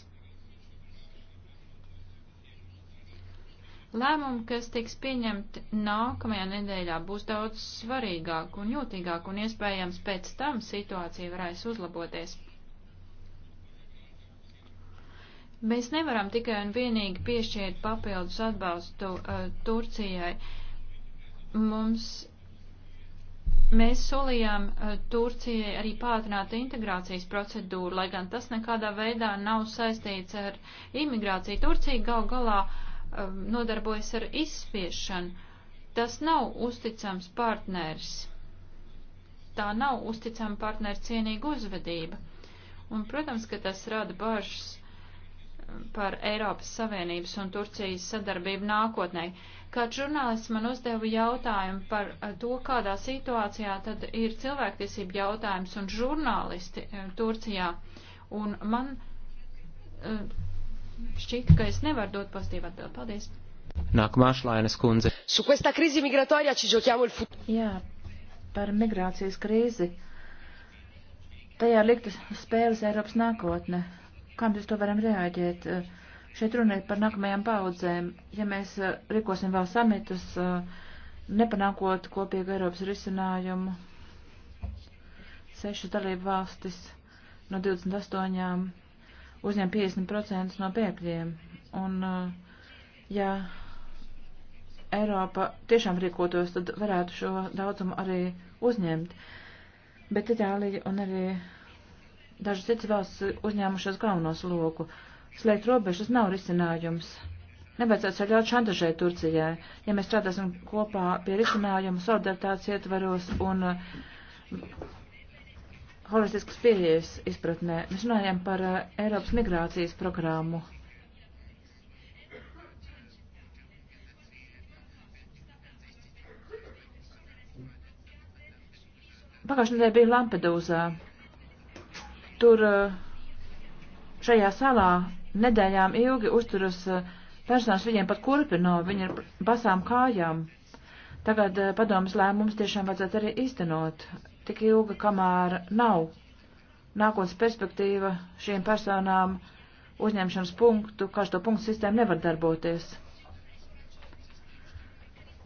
Lēmumi, kas tiks pieņemti nākamajā nedēļā, būs daudz svarīgāk un jūtīgāk, un iespējams pēc tam situācija varēs uzlaboties. Mēs nevaram tikai un vienīgi piešķirt papildus atbalstu uh, Turcijai. Mums, mēs solījām uh, Turcijai arī pātrināt integrācijas procedūru, lai gan tas nekādā veidā nav saistīts ar imigrāciju. Turcija gal galā uh, nodarbojas ar izspiešanu. Tas nav uzticams partners. Tā nav uzticama partneru cienīga uzvedība. Un, protams, ka tas rada bažas par Eiropas Savienības un Turcijas sadarbību nākotnē. Kāds žurnālists man uzdeva jautājumu par eh, to, kādā situācijā tad ir cilvēktiesība jautājums un žurnālisti eh, Turcijā. Un man eh, šķiet, ka es nevaru dot pozitīvu atbildi. Paldies. Nākamā šlainas kundze. Su questa crisi migratoria ci giochiamo il futuro. Jā, par migrācijas krīzi. Tajā liktas spēles Eiropas nākotne kā mēs to varam reaģēt. Eh, šeit runēt par nākamajām paudzēm, ja mēs eh, rīkosim vēl samitus, eh, nepanākot kopīgu Eiropas risinājumu, sešas dalību valstis no 28 uzņem 50% no bēgļiem. Un, ja Eiropa tiešām rīkotos, tad varētu šo daudzumu arī uzņemt. Bet Itālija un arī Dažas citas valsts uzņēmušas galvenos loku. Slēgt robežas nav risinājums. Nevajadzētu ļaut šantažēt Turcijai, ja mēs strādāsim kopā pie risinājuma solidaritātes ietvaros un uh, holistiskas pieejas izpratnē. Mēs runājam par uh, Eiropas migrācijas programmu. Pagājušajā nedēļā biju Lampedūzā. Tur eh, šajā salā nedēļām ilgi uzturas eh, personas, viņiem pat kurpi nav, viņi ir basām kājām. Tagad eh, padomas lēmums tiešām vajadzētu arī iztenot, tik ilgi, kamēr nav nākotnes perspektīva šīm personām uzņemšanas punktu, kā šo punktu sistēmu nevar darboties.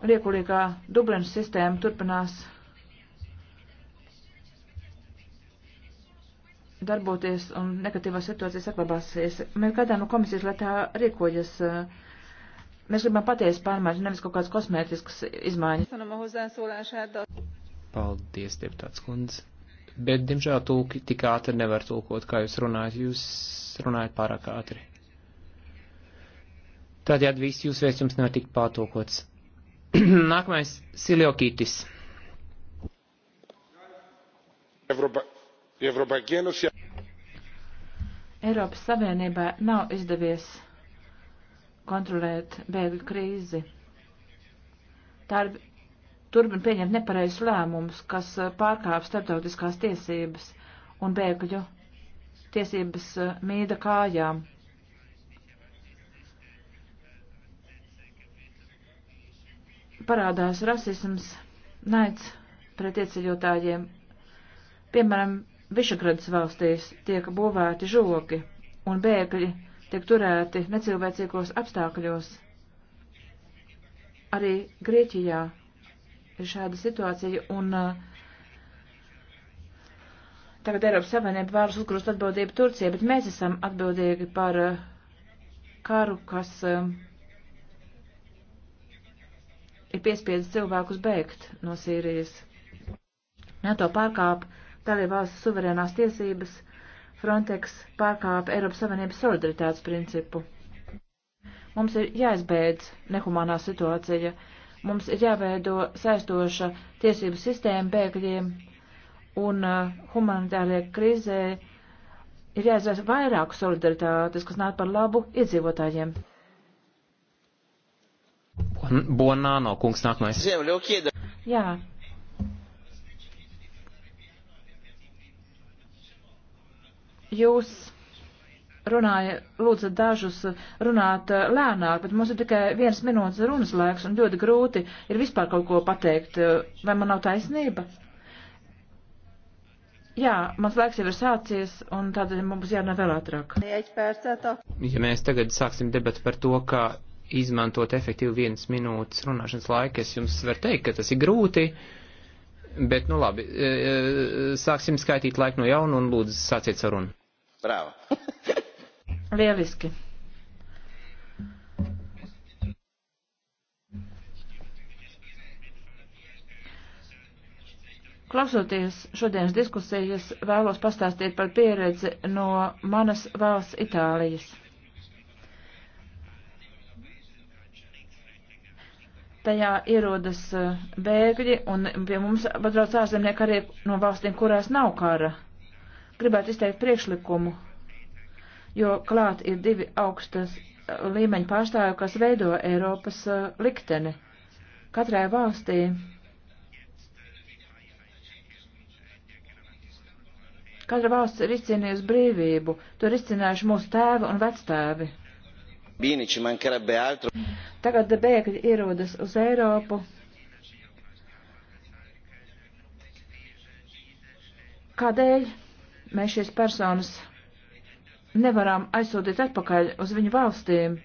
Liekulīgā Dublinas sistēma turpinās darboties un negatīvās situācijas saglabāsies. Mēs gaidām no komisijas, lai tā rīkojas. Mēs gribam patiesu pārmaiņu, nevis kaut kādas kosmētiskas izmaiņas. Paldies, deputāts kundze. Bet, diemžēl, tulki tik ātri nevar tulkot, kā jūs runājat. Jūs runājat pārāk ātri. Tādējādi viss jūsu vēstījums nevar tikt pārtulkots. [clears throat] Nākamais - Siljokītis. Europa. Eiropas Savienībai nav izdevies kontrolēt bēgļu krīzi. Tā ir turpin pieņemt nepareizus lēmumus, kas pārkāp starptautiskās tiesības un bēgļu tiesības eh, mīda kājām. Parādās rasisms, naids pret ieceļotājiem. Piemēram, Višagradas valstīs tiek būvēti žoki un bēgļi tiek turēti necilvēcīgos apstākļos. Arī Grieķijā ir šāda situācija un uh, tagad Eiropas Savienība vēlas uzgrūst atbildību Turcijai, bet mēs esam atbildīgi par uh, karu, kas uh, ir piespiedis cilvēkus bēgt no Sīrijas. NATO pārkāp dalībvalsts suverēnās tiesības Frontex pārkāpa Eiropas Savienības solidaritātes principu. Mums ir jāizbeidz nehumānā situācija, mums ir jāveido saistoša tiesību sistēma bēgļiem un uh, humanitārie krīzē ir jāizvērs vairāk solidaritātes, kas nāk par labu iedzīvotājiem. Bonāno kungs nākamais. Jā, Jūs runāja, lūdzu dažus runāt eh, lēnāk, bet mums ir tikai viens minūtes runas laiks un ļoti grūti ir vispār kaut ko pateikt. Eh, vai man nav taisnība? Jā, mans laiks jau ir sācies, un tādēļ mums jārunā vēl ātrāk. Ja mēs tagad sāksim debatu par to, kā izmantot efektīvi vienas minūtes runāšanas laiku, es jums varu teikt, ka tas ir grūti, bet, nu labi, eh, sāksim skaitīt laiku no jauna un lūdzu sāciet sarunu. Bravo! [laughs] Lieliski! Klausoties šodienas diskusijas, vēlos pastāstīt par pieredzi no manas valsts Itālijas. Tajā ierodas eh, bēgļi un pie mums padrauc ārzemnieki arī no valstīm, kurās nav kara gribētu izteikt priekšlikumu, jo klāt ir divi augstas uh, līmeņa pārstāvju, kas veido Eiropas uh, likteni. Katrai valstī Katra valsts ir izcīnījusi brīvību, to ir izcīnījuši mūsu tēvi un vectēvi. Tagad bēgļi ierodas uz Eiropu. Kādēļ? mēs šīs personas nevaram aizsūtīt atpakaļ uz viņu valstīm,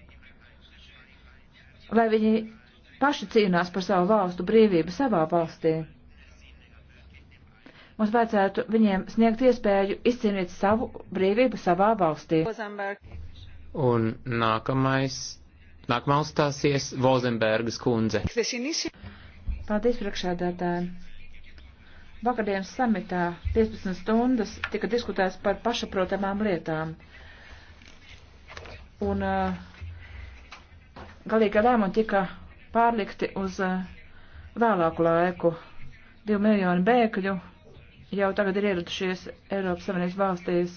lai viņi paši cīnās par savu valstu brīvību savā valstī. Mums vajadzētu viņiem sniegt iespēju izcīnīt savu brīvību savā valstī. Un nākamais, nākamā uzstāsies Vozenbergas kundze. Paldies, priekšādātāji. Vakardienas samitā 15 stundas tika diskutēts par pašaprotamām lietām. Un uh, galīgā lēmuma tika pārlikti uz uh, vēlāku laiku. Divi miljoni bēgļu jau tagad ir ieradušies Eiropas Savienības valstīs,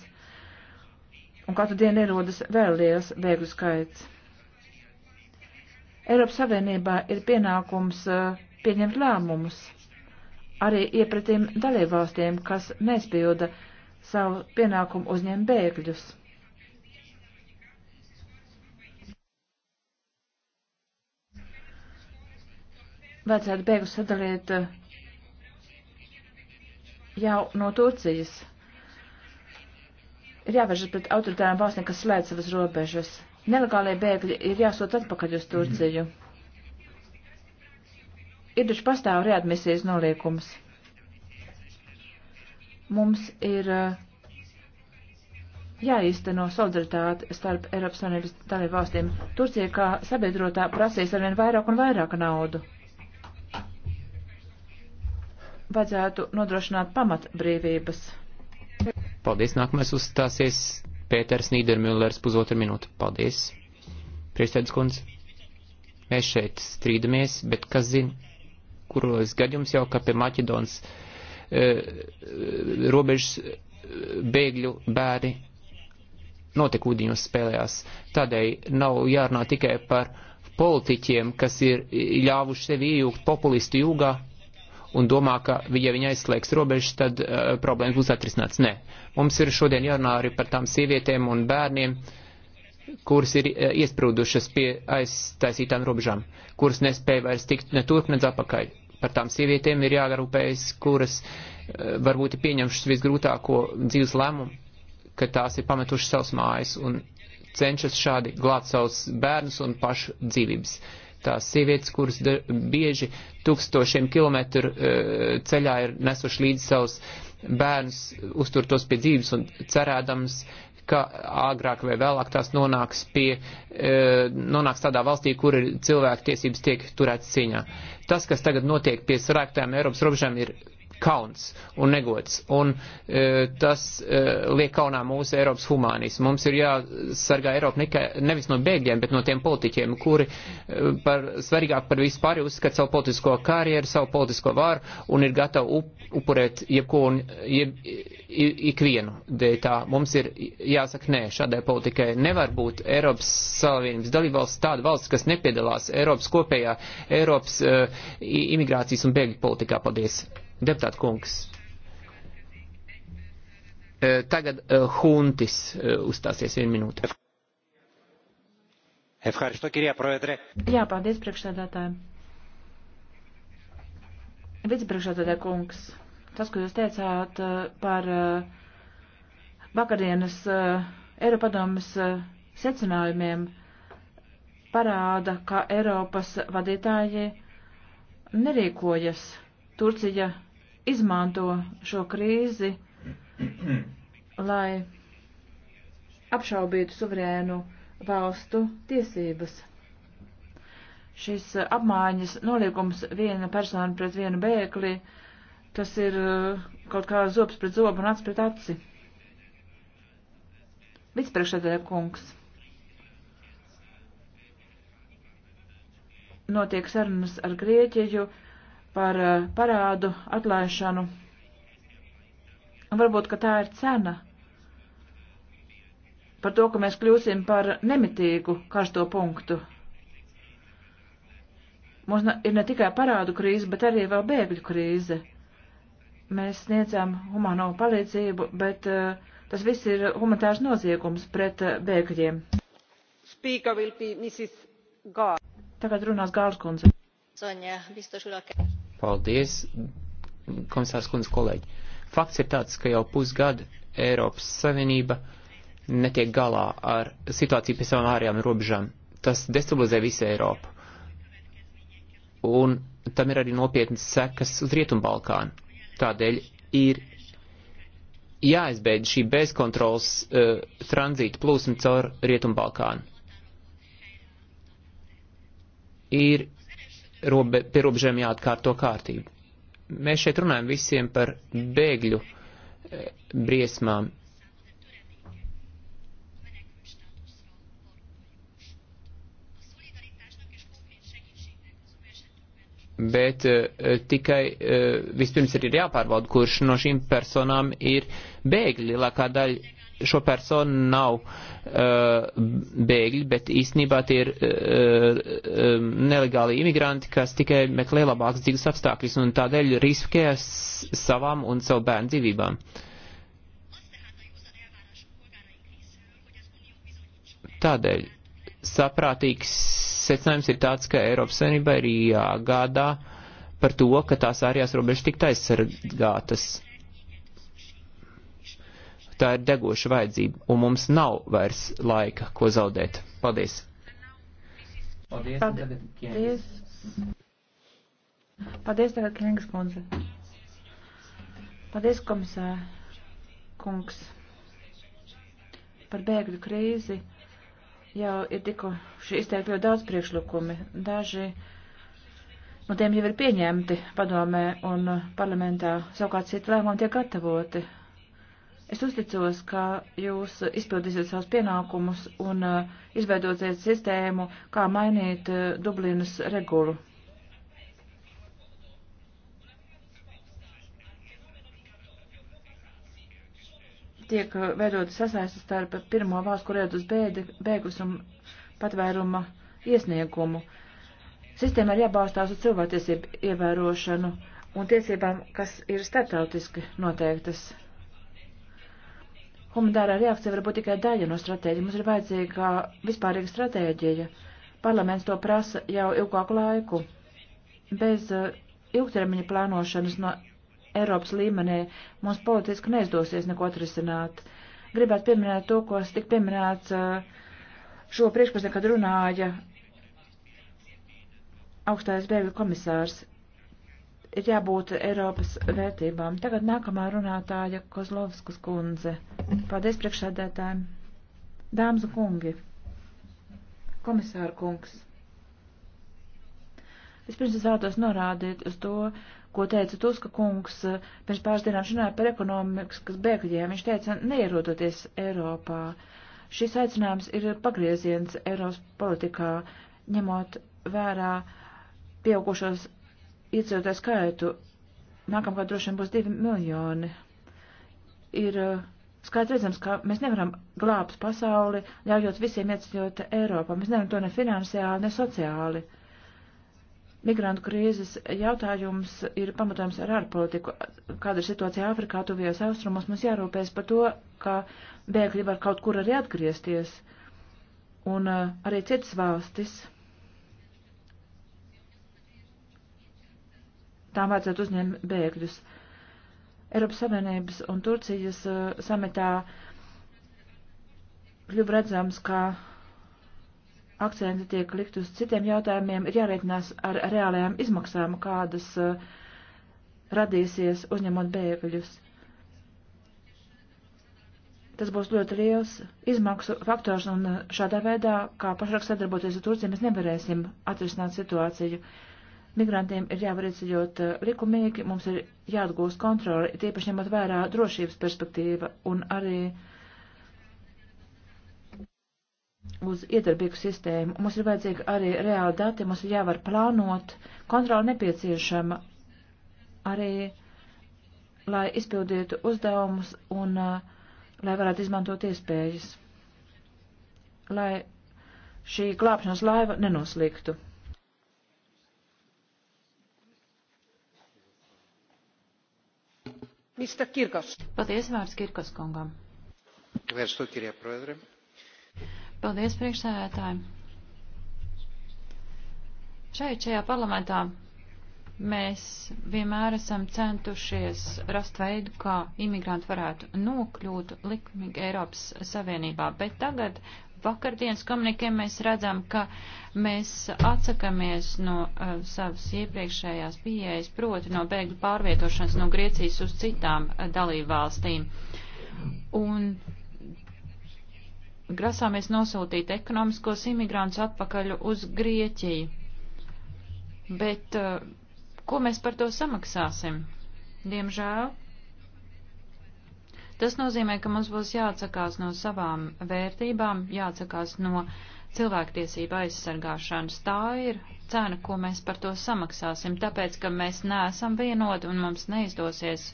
un katru dienu ierodas vēl liels bēgļu skaits. Eiropas Savienībā ir pienākums uh, pieņemt lēmumus arī iepratīm dalībvalstīm, kas nespilda savu pienākumu uzņem bēgļus. Vajadzētu bēgus sadalīt eh, jau no Turcijas. Ir jāvēršas pret autoritārām valstīm, kas slēdz savas robežas. Nelegālie bēgļi ir jāsūt atpakaļ uz Turciju. Mm ir taču pastāv readmisijas noliekums. Mums ir eh, jāīsteno solidaritāte starp Eiropas Savienības dalību valstīm. Turcija kā sabiedrotā prasīs arvien vairāk un vairāk naudu. Vajadzētu nodrošināt pamatbrīvības. Paldies, nākamais uzstāsies Pēters Nīdermüllers pusotru minūtu. Paldies. Priekšsēdus kundze, mēs šeit strīdamies, bet kas zina, kuros gadījums jau, ka pie Maķedonas e, e, robežas e, bēgļu bērni notiek ūdiņos spēlējās. Tādēļ nav jārunā tikai par politiķiem, kas ir ļāvuši sevi iejūgt populistu jūgā un domā, ka, ja viņi aizslēgs robežas, tad uh, problēmas būs atrisināts. Nē. Mums ir šodien jārunā arī par tām sievietēm un bērniem, kuras ir uh, iesprūdušas pie aiztaisītām robežām, kuras nespēja vairs tikt ne turp, ne atpakaļ par tām sievietēm ir jāgarūpējas, kuras eh, varbūt ir pieņemšas visgrūtāko dzīves lēmumu, ka tās ir pametušas savus mājas un cenšas šādi glābt savus bērnus un pašu dzīvības. Tās sievietes, kuras bieži tūkstošiem kilometru eh, ceļā ir nesuši līdzi savus bērnus, uztur tos pie dzīves un cerēdams, ka agrāk vai vēlāk tās nonāks, pie, e, nonāks tādā valstī, kur cilvēku tiesības tiek turētas ciņā. Tas, kas tagad notiek pie sarēktām Eiropas robežām, ir kauns un negods. Un e, tas e, liek kaunā mūsu Eiropas humānismu. Mums ir jāsargā Eiropa nekā, nevis no bēgļiem, bet no tiem politiķiem, kuri e, par, svarīgāk par vispār uzskata savu politisko karjeru, savu politisko varu un ir gatavi up, upurēt jebko un jeb, ikvienu dēļ tā. Mums ir jāsaka nē šādai politikai. Nevar būt Eiropas Savienības dalībvalsts tāda valsts, kas nepiedalās Eiropas kopējā Eiropas uh, imigrācijas un bēgļu politikā. Paldies! deputāt kungs. Eh, tagad eh, Huntis eh, uzstāsies vienu minūti. Jā, paldies priekšsēdētājiem. Vicepriekšsēdētāja kungs, tas, ko jūs teicāt par vakardienas Eiropadomas secinājumiem, parāda, ka Eiropas vadītāji nerīkojas. Turcija izmanto šo krīzi, lai apšaubītu suverēnu valstu tiesības. Šis apmaiņas noliekums viena persona pret vienu bēgli, tas ir uh, kaut kā zobs pret zobu un acs pret aci. Vicepriekšsēdētāja kungs. Notiek sarunas ar Grieķiju par eh, parādu atlaišanu. Un varbūt, ka tā ir cena par to, ka mēs kļūsim par nemitīgu karsto punktu. Mums ir ne tikai parādu krīze, bet arī vēl bēgļu krīze. Mēs sniedzām humano palīdzību, bet uh, tas viss ir humanitārs noziegums pret uh, bēgļiem. Tagad runās Gārs kundze. Soņa, Paldies, komisārs kundze kolēģi. Fakts ir tāds, ka jau pusgadu Eiropas Savienība netiek galā ar situāciju pie savām ārējām robežām. Tas destabilizē visu Eiropu. Un tam ir arī nopietnas sekas uz Rietumbalkānu. Tādēļ ir jāizbeidz šī bezkontrols uh, tranzīta plūsma caur Rietumbalkānu. Ir robe, pie robežiem jāatkārto kārtību. Mēs šeit runājam visiem par bēgļu e, briesmām. Bet uh, tikai uh, vispirms ir jāpārbauda, kurš no šīm personām ir bēgļi. Lielākā daļa šo personu nav uh, bēgļi, bet īstenībā tie ir uh, uh, nelegāli imigranti, kas tikai meklē labākas dzīves apstākļus un tādēļ riskē savām un savu bērnu dzīvībām. Tādēļ saprātīgs secinājums ir tāds, ka Eiropas Savienībai ir jāgādā par to, ka tās ārējās robežas tiktu aizsargātas Tā ir degoša vajadzība, un mums nav vairs laika, ko zaudēt. Paldies! Paldies! Paldies! Paldies, tagad Klingas kundze. Paldies, komisār kungs, par bēgļu krīzi. Jau ir tikko izteikti ļoti daudz priekšlikumi. Daži no tiem jau ir pieņemti padomē un parlamentā. Savukārt citi lēmumi tiek gatavoti. Es uzticos, ka jūs izpildīsiet savus pienākumus un uh, izveidosiet sistēmu, kā mainīt uh, Dublinas regulu. Tiek uh, veidota sasaistas starp pirmo valstu, kur iet uz bēdi, bēgus un patvēruma iesniegumu. Sistēma ir jābalstās uz cilvēktiesību ievērošanu un tiesībām, kas ir starptautiski noteiktas Humanitārā reakcija var būt tikai daļa no stratēģija. Mums ir vajadzīga vispārīga stratēģija. Parlaments to prasa jau ilgāku laiku. Bez eh, ilgtermiņa plānošanas no Eiropas līmenī mums politiski neizdosies neko atrisināt. Gribētu pieminēt to, ko es tik pieminēts eh, šo priekšpusdienu, kad runāja augstais bēgļu komisārs ir jābūt Eiropas vērtībām. Tagad nākamā runātāja Kozlovskas kundze. Paldies priekšsēdētājiem. Dāmas un kungi. Komisāra kungs. Vispirms es vēlētos norādīt uz to, ko teica Tuska kungs pirms pāris dienām runāja par ekonomikas bēgļiem. Viņš teica, neierodoties Eiropā. Šis aicinājums ir pagrieziens Eiropas politikā, ņemot vērā pieaugušos iedzīvotāju skaitu, nākamgad droši vien būs divi miljoni, ir uh, skaidrs redzams, ka mēs nevaram glābt pasauli, ļaujot visiem iedzīvot Eiropā. Mēs nevaram to ne finansiāli, ne sociāli. Migrantu krīzes jautājums ir pamatojums ar ārpolitiku. Kāda ir situācija Āfrikā, tuvijos austrumos, mums jārūpēs par to, ka bēgļi var kaut kur arī atgriezties. Un uh, arī citas valstis tām vajadzētu uzņemt bēgļus. Eiropas Savienības un Turcijas uh, sametā kļuva redzams, ka akcenti tiek likt uz citiem jautājumiem, ir jārēķinās ar reālajām izmaksām, kādas uh, radīsies uzņemot bēgļus. Tas būs ļoti liels izmaksu faktors, un uh, šādā veidā, kā pašlaik sadarboties ar Turciju, mēs nevarēsim atrisināt situāciju. Uh, Migrantiem ir jāvar izceļot eh, likumīgi, mums ir jāatgūst kontroli, tīpaši ņemot vērā drošības perspektīva un arī uz iedarbīgu sistēmu. Mums ir vajadzīgi arī reāli dati, mums ir jāvar plānot, kontroli nepieciešama arī, lai izpildītu uzdevumus un uh, lai varētu izmantot iespējas, lai šī glābšanas laiva nenosliktu. Paldies, vārds Kirkos kungam. Paldies, priekšsēdētāji. Šeit, šajā parlamentā, mēs vienmēr esam centušies rast veidu, kā imigranti varētu nokļūt likmīgi Eiropas Savienībā, bet tagad vakardienas komunikē mēs redzam, ka mēs atsakamies no uh, savas iepriekšējās pieejas, proti no bēgļu pārvietošanas no Griecijas uz citām uh, eh, dalībvalstīm. Un grasāmies nosūtīt ekonomiskos imigrantus atpakaļ uz Grieķiju. Bet uh, ko mēs par to samaksāsim? Diemžēl Tas nozīmē, ka mums būs jāatsakās no savām vērtībām, jāatsakās no cilvēktiesība aizsargāšanas. Tā ir cena, ko mēs par to samaksāsim, tāpēc, ka mēs neesam vienoti un mums neizdosies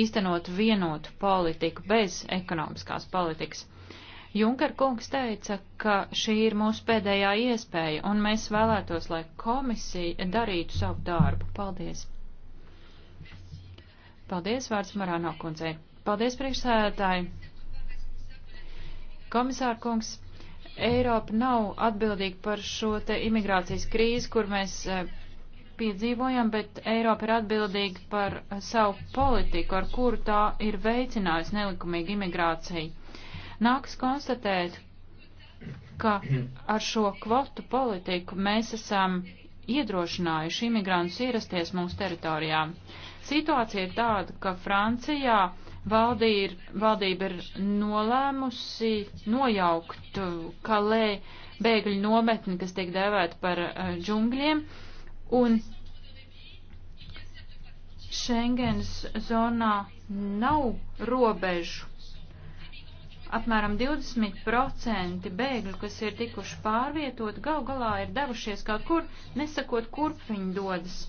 īstenot vienotu politiku bez ekonomiskās politikas. Junker kungs teica, ka šī ir mūsu pēdējā iespēja, un mēs vēlētos, lai komisija darītu savu darbu. Paldies! Paldies, vārds Marāno kundzei! Paldies, priekšsēdētāji. Komisāra kungs, Eiropa nav atbildīga par šo te imigrācijas krīzi, kur mēs eh, piedzīvojam, bet Eiropa ir atbildīga par eh, savu politiku, ar kuru tā ir veicinājusi nelikumīgu imigrāciju. Nāks konstatēt, ka ar šo kvotu politiku mēs esam iedrošinājuši imigrantus ierasties mūsu teritorijā. Situācija ir tāda, ka Francijā Valdība ir, valdība ir nolēmusi nojaukt kalē bēgļu nometni, kas tiek dēvēta par eh, džungļiem, un Schengens zonā nav robežu apmēram 20% bēgļu, kas ir tikuši pārvietot, gal galā ir devušies kaut kur, nesakot, kurp viņi dodas.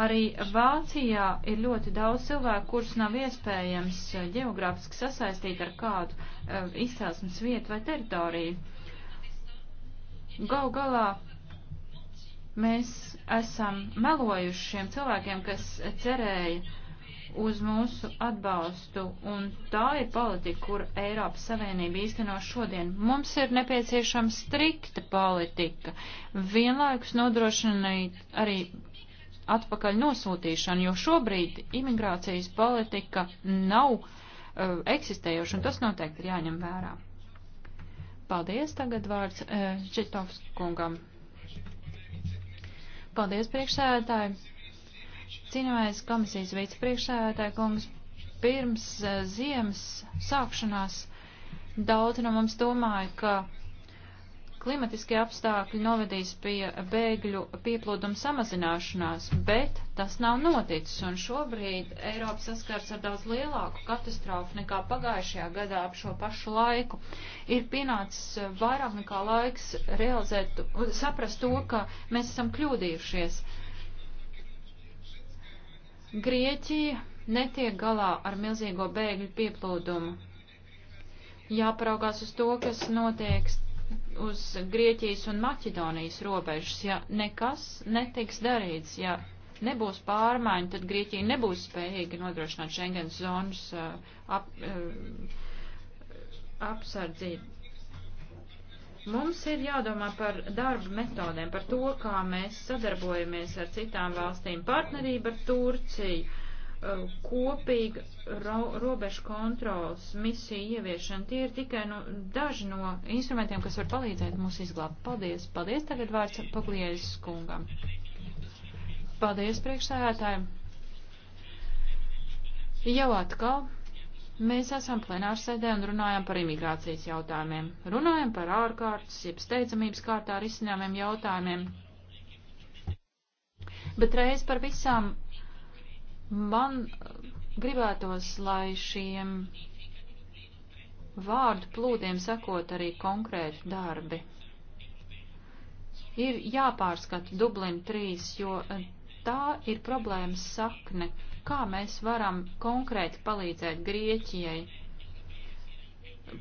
Arī Vācijā ir ļoti daudz cilvēku, kurus nav iespējams eh, geogrāfiski sasaistīt ar kādu uh, izcelsmes vietu vai teritoriju. Gau galā mēs esam melojuši šiem cilvēkiem, kas cerēja uz mūsu atbalstu, un tā ir politika, kur Eiropas Savienība īsteno šodien. Mums ir nepieciešama strikta politika, vienlaikus nodrošināt arī atpakaļ nosūtīšanu, jo šobrīd imigrācijas politika nav uh, eksistējoša, un tas noteikti ir jāņem vērā. Paldies, tagad vārds uh, eh, Žitovs kungam. Paldies, priekšsēdētāji. Cīnāmais komisijas vicepriekšsēdētāji kungs, pirms uh, ziemas sākšanās daudz no mums domāja, ka Klimatiskie apstākļi novedīs pie bēgļu pieplūduma samazināšanās, bet tas nav noticis, un šobrīd Eiropa saskars ar daudz lielāku katastrofu nekā pagājušajā gadā ap šo pašu laiku. Ir pienācis eh, vairāk nekā laiks realizēt, saprast to, ka mēs esam kļūdījušies. Grieķija netiek galā ar milzīgo bēgļu pieplūdumu. Jāparaugās uz to, kas notiek uz Grieķijas un Maķedonijas robežas. Ja nekas netiks darīts, ja nebūs pārmaiņu, tad Grieķija nebūs spējīga nodrošināt Schengens zonas uh, ap, uh, apsardzību. Mums ir jādomā par darba metodēm, par to, kā mēs sadarbojamies ar citām valstīm, partnerība ar Turciju Uh, kopīga robežu kontrols misija ieviešana. Tie ir tikai nu, daži no instrumentiem, kas var palīdzēt mums izglābt. Paldies! Paldies! Tagad vārds pagliežas kungam. Paldies priekšsēdētājiem! Jau atkal mēs esam plenārsēdē un runājam par imigrācijas jautājumiem. Runājam par ārkārtas, jeb steidzamības kārtā risinājumiem jautājumiem. Bet reiz par visām Man gribētos, lai šiem vārdu plūdiem sekot arī konkrēti darbi. Ir jāpārskata Dublin 3, jo e, tā ir problēmas sakne, kā mēs varam konkrēti palīdzēt Grieķijai.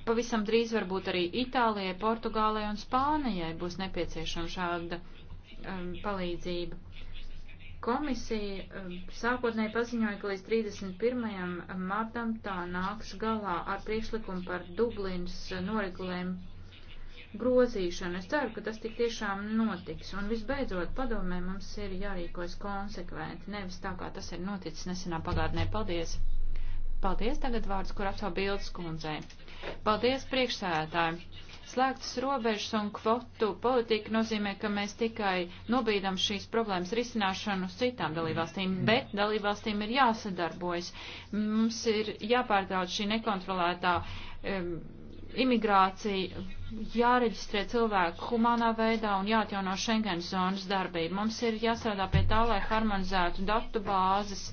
Pavisam drīz varbūt arī Itālijai, Portugālei un Spānijai būs nepieciešama šāda um, palīdzība. Komisija um, sākotnēji paziņoja, ka līdz 31. martam tā nāks galā ar priekšlikumu par Dublinas noregulējumu grozīšanu. Es ceru, ka tas tik tiešām notiks. Un visbeidzot, padomē mums ir jārīkojas konsekventi, nevis tā, kā tas ir noticis nesenā pagātnē. Paldies! Paldies tagad vārds, kur apsaubildes kundzei. Paldies priekšsēdētāji! Slēgtas robežas un kvotu politika nozīmē, ka mēs tikai nobīdam šīs problēmas risināšanu uz citām dalībvalstīm, bet dalībvalstīm ir jāsadarbojas. Mums ir jāpārtrauc šī nekontrolētā um, imigrācija, jāreģistrē cilvēku humānā veidā un jāatjauno Schengen zonas darbība. Mums ir jāsādā pie tā, lai harmonizētu datu bāzes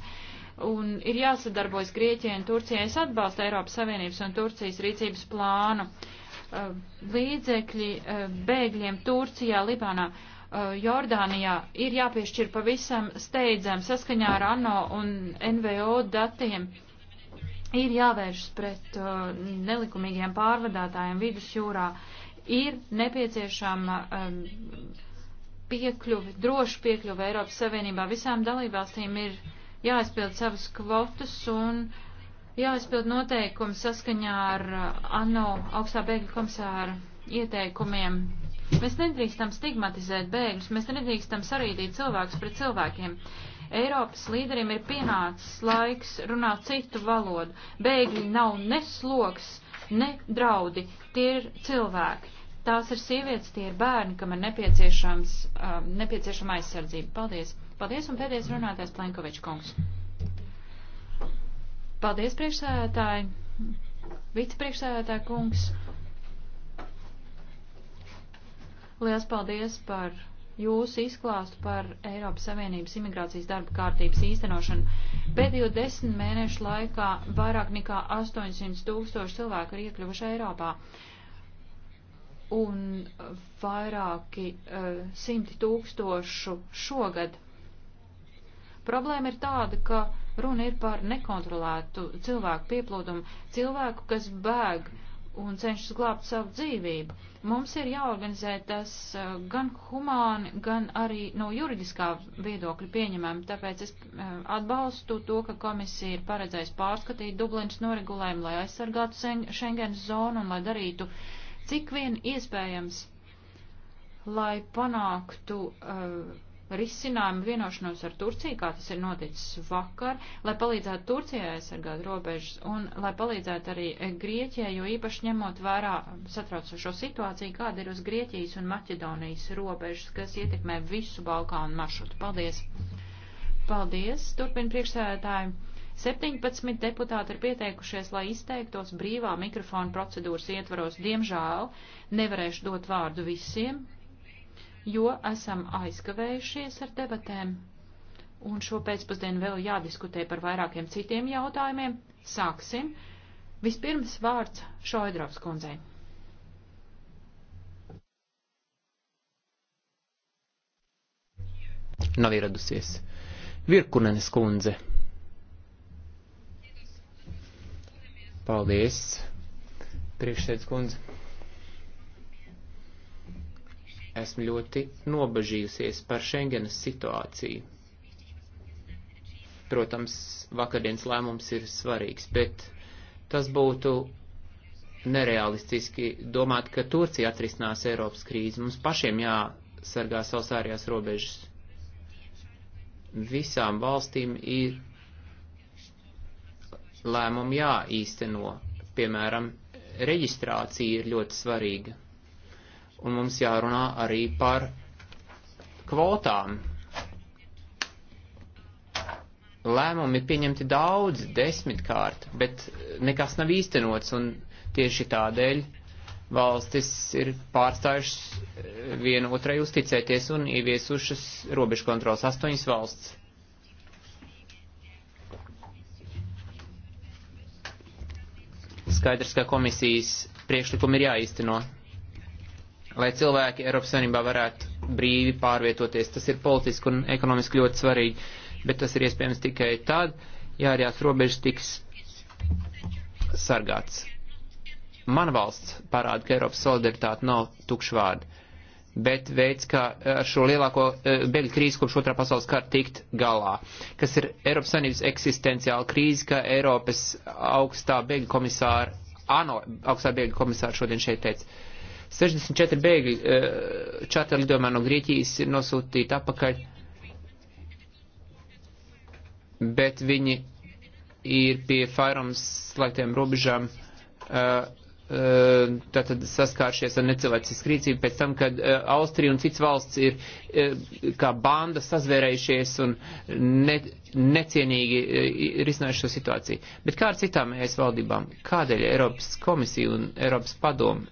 un ir jāsadarbojas Grieķijai un Turcijai. Es atbalstu Eiropas Savienības un Turcijas rīcības plānu. Uh, Eh, līdzekļi eh, bēgļiem Turcijā, Libānā, eh, Jordānijā ir jāpiešķir pavisam steidzam saskaņā ar ANO un NVO datiem. Ir jāvēršas pret nelikumīgiem pārvadātājiem vidusjūrā. Ir nepieciešama piekļuvi, droši piekļuvi Eiropas Savienībā. Visām dalībvalstīm ir jāizpild savas kvotas un uh, jāizpild noteikumi saskaņā ar uh, ANO augstā bēgļu komisāra ieteikumiem. Mēs nedrīkstam stigmatizēt bēgļus, mēs nedrīkstam sarīdīt cilvēkus pret cilvēkiem. Eiropas līderiem ir pienācis laiks runāt citu valodu. Bēgļi nav ne sloks, ne draudi, tie ir cilvēki. Tās ir sievietes, tie ir bērni, kam ir nepieciešams, um, nepieciešama aizsardzība. Paldies! Paldies un pēdējais runātais Plenkovičs kungs. Paldies, priekšsēdētāji, vicepriekšsēdētāji kungs. Liels paldies par jūsu izklāstu par Eiropas Savienības imigrācijas darba kārtības īstenošanu. Pēdējo desmit mēnešu laikā vairāk nekā 800 tūkstoši cilvēku ir iekļuvuši Eiropā un vairāki uh, simti tūkstošu šogad. Problēma ir tāda, ka Runa ir par nekontrolētu cilvēku pieplūdumu, cilvēku, kas bēg un cenšas glābt savu dzīvību. Mums ir jāorganizē tas eh, gan humāni, gan arī no juridiskā viedokļa pieņemami, tāpēc es eh, atbalstu to, ka komisija ir paredzējis pārskatīt Dublinas noregulējumu, lai aizsargātu Schengenas zonu un lai darītu cik vien iespējams, lai panāktu uh, risinājumu vienošanos ar Turciju, kā tas ir noticis vakar, lai palīdzētu Turcijai aizsargāt robežas un lai palīdzētu arī Grieķijai, jo īpaši ņemot vērā satraucošo situāciju, kāda ir uz Grieķijas un Maķedonijas robežas, kas ietekmē visu Balkānu maršrutu. Paldies! Paldies! Turpin priekšsēdētāji! 17 deputāti ir pieteikušies, lai izteiktos brīvā mikrofona procedūras ietvaros. Diemžēl nevarēšu dot vārdu visiem, jo esam aizkavējušies ar debatēm. Un šo pēcpusdienu vēl jādiskutē par vairākiem citiem jautājumiem. Sāksim. Vispirms vārds Šoidrovs kundzei. Nav ieradusies. Virkunenes kundze. Paldies, priekšsēdz kundze. Esmu ļoti nobažījusies par Schengenas situāciju. Protams, vakardienas lēmums ir svarīgs, bet tas būtu nerealistiski domāt, ka Turcija atrisinās Eiropas krīzi. Mums pašiem jāsargā savas ārējās robežas. Visām valstīm ir lēmumi jāīsteno. Piemēram, reģistrācija ir ļoti svarīga un mums jārunā arī par kvotām. Lēmumi ir pieņemti daudz, desmitkārt, bet nekas nav īstenots, un tieši tādēļ valstis ir pārstājušas eh, vienu otrai uzticēties un ieviesušas robežu kontrols astoņas valsts. Skaidrs, ka komisijas priekšlikumi ir jāīsteno lai cilvēki Eiropas Savienībā varētu brīvi pārvietoties. Tas ir politiski un ekonomiski ļoti svarīgi, bet tas ir iespējams tikai tad, ja arī tās robežas tiks sargāts. Mana valsts parāda, ka Eiropas solidaritāte nav tukšvārdi, bet veids, kā eh, ar šo lielāko eh, bēgļu krīzi kopš otrā pasaules kara tikt galā, kas ir Eiropas Savienības eksistenciāla krīze, kā Eiropas augstā bēgļu komisāra, ANO augstā bēgļu komisāra šodien šeit teica 64 bēgļi eh, čatā lidojumā no Grieķijas ir nosūtīti apakaļ, bet viņi ir pie Fairums slēgtiem robežām eh, eh, tātad saskāršies ar necilvēcisku rīcību pēc tam, kad Austrija un cits valsts ir kā banda sazvērējušies un ne, necienīgi risinājuši šo situāciju. Bet kā ar citām ES valdībām? Kādēļ Eiropas komisija un Eiropas padomu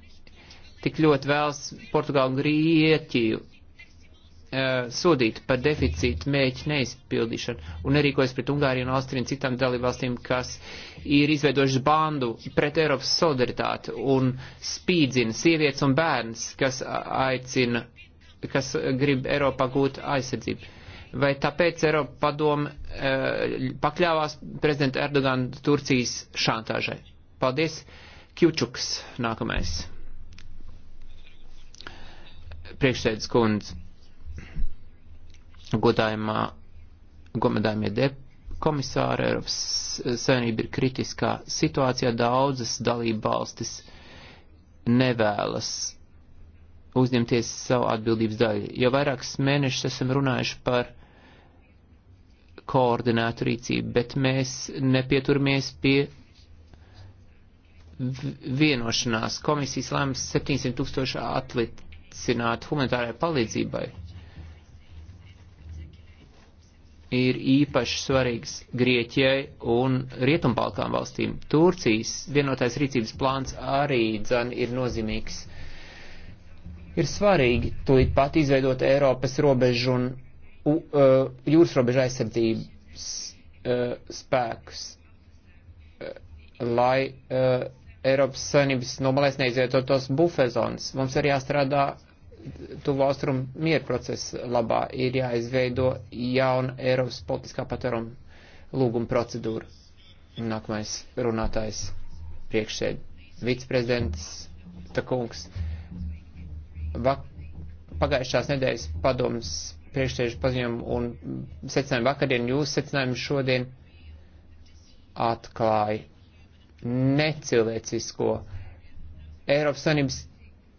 tik ļoti vēlas Portugālu un Grieķiju uh, sodīt par deficītu mēķu neizpildīšanu un nerīkojas pret Ungāriju un Austriju un citām dalībvalstīm, kas ir izveidojuši bandu pret Eiropas solidaritāti un spīdzina sievietes un bērns, kas aicina, kas grib Eiropā gūt aizsardzību. Vai tāpēc Eiropa padoma uh, e, pakļāvās prezidenta Erdogana Turcijas šantāžai? Paldies! Kjučuks nākamais priekšsēdus kundz, godājumā, godājumie dep komisāri, Eiropas Savienība ir kritiskā situācijā, daudzas dalība valstis nevēlas uzņemties savu atbildības daļu. Jau vairākas mēnešas esam runājuši par koordinētu rīcību, bet mēs nepieturamies pie vienošanās. Komisijas lēmums 700 tūkstoši atlikt veicināt humanitārai palīdzībai, ir īpaši svarīgs Grieķijai un Rietumbalkām valstīm. Turcijas vienotais rīcības plāns arī dzan ir nozīmīgs. Ir svarīgi tūlīt pat izveidot Eiropas robežu un u, uh, jūras robežu aizsardzības uh, spēkus, uh, lai uh, Eiropas Savienības nomalēs nu, neizvietotos buferzonas. Mums ir jāstrādā tuvu austrumu mieru procesu labā, ir jāizveido jauna Eiropas politiskā patvēruma lūguma procedūra. Nākamais runātājs priekšsēd, viceprezidents Takungs. Vak pagājušās nedēļas padomas priekšsēžu paziņojumu un secinājumu vakardien, jūsu secinājumu šodien atklāja necilvēcisko Eiropas Savienības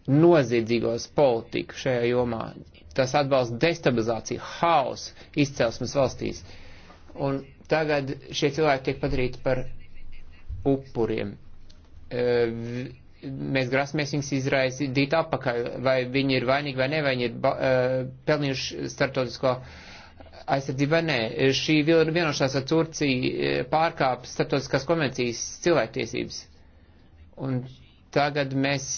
noziedzīgos politiku šajā jomā. Tas atbalsta destabilizāciju, haosu izcelsmes valstīs. Un tagad šie cilvēki tiek padarīti par upuriem. E, mēs grasamies viņus izraisīt atpakaļ, vai viņi ir vainīgi vai ne, vai viņi ir e, pelnījuši startautisko uh, aizsardzība nē. Šī vienošanās ar Turciju e, pārkāp starptautiskās konvencijas cilvēktiesības. Un tagad mēs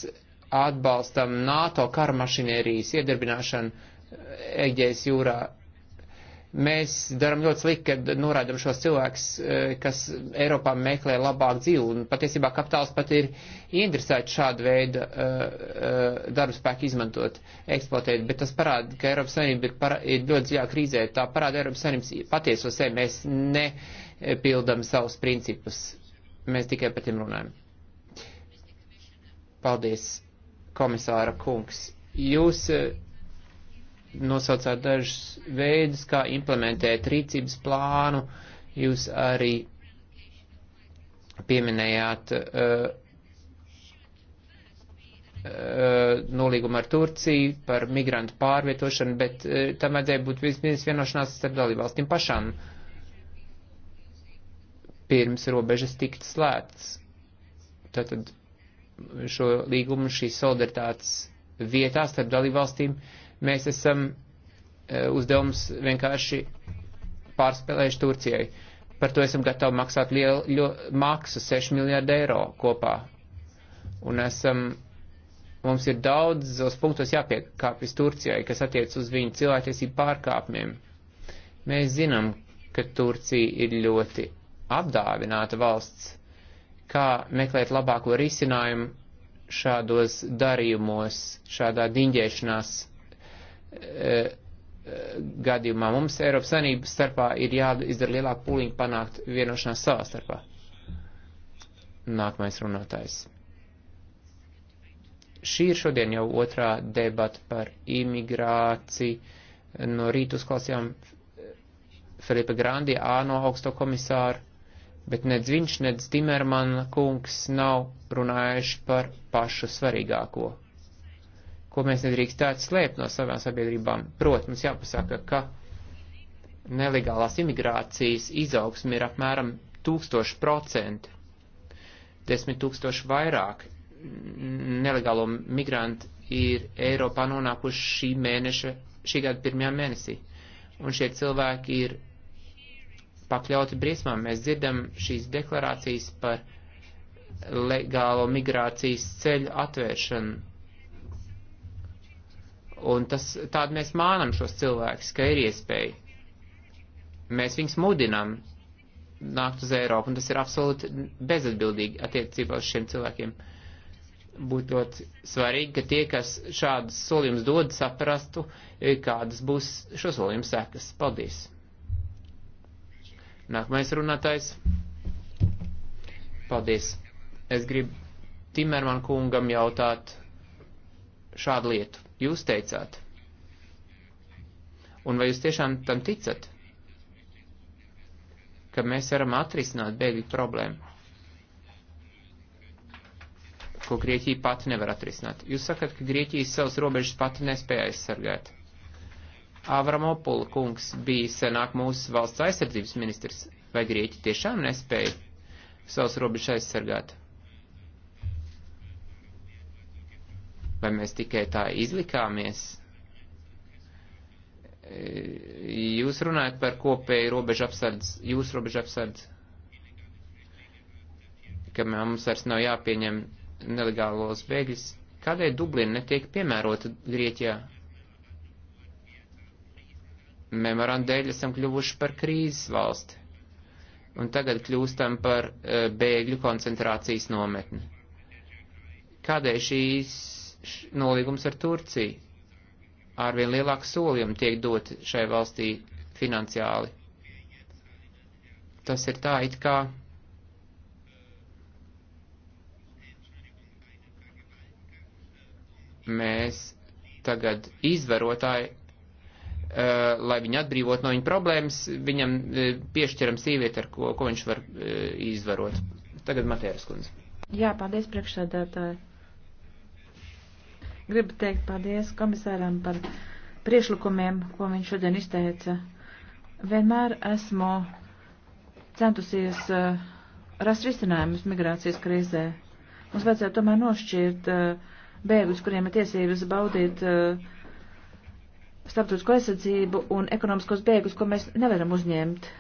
atbalstam NATO karmašinērijas iedarbināšanu Eģejas jūrā. Mēs darām ļoti slikti, kad norādam šos cilvēkus, eh, kas Eiropā meklē labāku dzīvi, un patiesībā kapitāls pat ir interesēts šādu veidu eh, eh, darba spēku izmantot, eksploatēt, bet tas parāda, ka Eiropas Savienība ir, para, ir ļoti dziļā krīzē, tā parāda Eiropas Savienības patieso sevi, mēs nepildam savus principus, mēs tikai par tiem runājam. Paldies, komisāra kungs. Jūs nosaucāt dažus veidus, kā implementēt rīcības plānu. Jūs arī pieminējāt uh, nolīgumu ar Turciju par migrantu pārvietošanu, bet uh, tam vajadzēja būt vispirms vienošanās starp dalībvalstīm pašām pirms robežas tikt slēgts. Tātad šo līgumu šīs solidaritātes vietā starp dalībvalstīm uh, Mēs esam e, uzdevums vienkārši pārspēlējuši Turcijai. Par to esam gatavi maksāt lielu, lielu maksu 6 miljārdu eiro kopā. Un esam, mums ir daudzos punktos jāpiekāpjas Turcijai, kas attiec uz viņu cilvēktiesību pārkāpumiem. Mēs zinām, ka Turcija ir ļoti apdāvināta valsts. Kā meklēt labāko risinājumu šādos darījumos, šādā diņģēšanās? Eh, eh, gadījumā mums Eiropas Sanības starpā ir jāizdara lielāka pūliņa panākt vienošanās savā starpā. Nākamais runātājs. Šī ir šodien jau otrā debata par imigrāciju. No rīta uzklausījām Filipa Grandi, ANO augsto komisāru, bet nedz viņš, nedz Timermana kungs nav runājuši par pašu svarīgāko ko mēs nedrīkstētu slēpt no savām sabiedrībām. Protams, mums jāpasaka, ka nelegālās imigrācijas izaugsme ir apmēram tūkstoši procenti, desmit tūkstoši vairāk nelegālo migrantu ir Eiropā nonākuši šī mēneša, šī gada pirmajā mēnesī. Un šie cilvēki ir pakļauti briesmām. Mēs dzirdam šīs deklarācijas par legālo migrācijas ceļu atvēršanu Un tas, tādu mēs mānam šos cilvēkus, ka ir iespēja. Mēs viņus mudinam nākt uz Eiropu, un tas ir absolūti bezatbildīgi attiecībā uz šiem cilvēkiem. Būtu ļoti svarīgi, ka tie, kas šādas solījumus dod, saprastu, eh, kādas būs šo solījumu sekas. Paldies! Nākamais runātājs. Paldies! Es gribu Timerman kungam jautāt šādu lietu jūs teicāt? Un vai jūs tiešām tam ticat, ka mēs varam atrisināt bēgļu problēmu, ko Grieķija pati nevar atrisināt? Jūs sakat, ka Grieķija savas robežas pati nespēja aizsargāt. Avramopula kungs bija senāk mūsu valsts aizsardzības ministrs, vai Grieķi tiešām nespēja savas robežas aizsargāt? Vai mēs tikai tā izlikāmies? E, jūs runājat par kopēju robežu apsardz, jūs robežu apsardz, ka mums vairs nav jāpieņem nelegālos bēgļus. Kādēļ Dublina netiek piemērota Grieķijā? Memorandu dēļ esam kļuvuši par krīzes valsti, un tagad kļūstam par e, bēgļu koncentrācijas nometni. Kādēļ šīs nolīgums ar Turciju. Arvien lielāks solījumi tiek doti šai valstī finansiāli. Tas ir tā, it kā mēs tagad izvarotāji, uh, lai viņu atbrīvot no viņa problēmas, viņam uh, piešķiram sīvieti, ar ko, ko viņš var uh, izvarot. Tagad Matēras kundze. Jā, paldies priekšsēdētāji. Gribu teikt paldies komisāram par priešlikumiem, ko viņš šodien izteica. Vienmēr esmu centusies uh, rast risinājumus migrācijas krīzē. Mums vajadzētu tomēr nošķirt uh, eh, bēgus, kuriem ir tiesības baudīt uh, starptautisko aizsardzību un ekonomiskos bēgus, ko mēs nevaram uzņemt.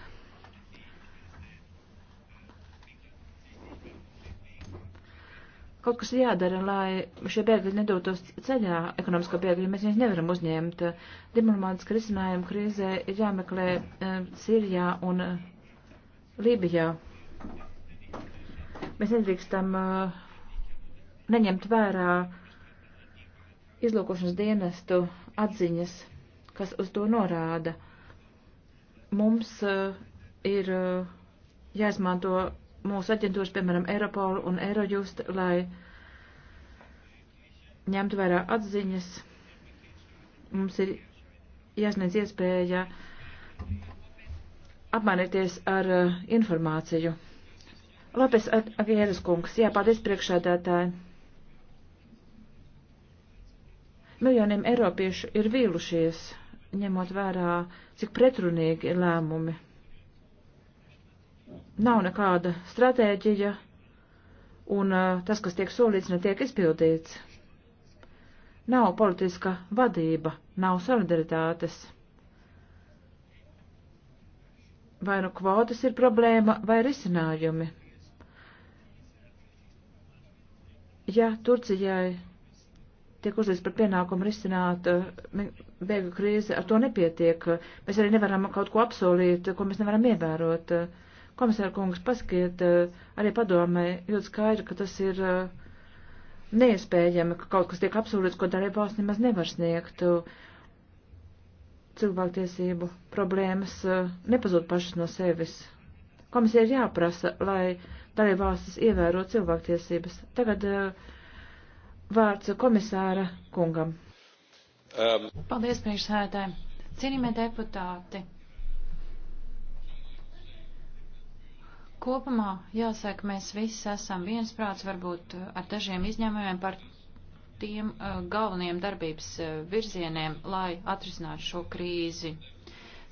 Kaut kas jādara, lai šie bēgļi nedotos ceļā, ekonomiskā bēgļi, mēs viņus nevaram uzņemt. Diplomātiski risinājumu krīzē ir jāmeklē e, Sīrijā un e, Lībijā. Mēs nedrīkstam e, neņemt vērā izlūkošanas dienestu atziņas, kas uz to norāda. Mums uh, ir uh, jāizmanto mūsu aģentūras, piemēram, Europolu un Eurojust, lai ņemtu vērā atziņas. Mums ir jāsniedz iespēja apmainīties ar uh, informāciju. Lopes Agēras kungs, jā, paldies priekšādātāji. Miljoniem eiropiešu ir vīlušies, ņemot vērā, cik pretrunīgi ir lēmumi nav nekāda stratēģija, un tas, kas tiek solīts, netiek izpildīts. Nav politiska vadība, nav solidaritātes. Vai nu kvotas ir problēma vai risinājumi? Ja Turcijai tiek uzlīdz par pienākumu risināt bēgļu krīzi, ar to nepietiek. Mēs arī nevaram kaut ko apsolīt, ko mēs nevaram ievērot. Uh, Komisāra kungs, pasakiet eh, arī padomē ļoti skaidri, ka tas ir eh, neiespējami, ka kaut kas tiek apsūdzēts, ko darīja valsts nemaz nevar sniegt. Uh, cilvēktiesību problēmas eh, nepazūd pašas no sevis. Komisija ir jāprasa, lai dalībvalstis ievēro cilvēktiesības. Tagad uh, vārds komisāra kungam. Um. Paldies, priekšsēdētāji. Cienījamie deputāti, Kopumā jāsaka, mēs visi esam viensprāts, varbūt eh, ar dažiem izņēmumiem par tiem uh, galveniem darbības uh, virzieniem, lai atrisinātu šo krīzi.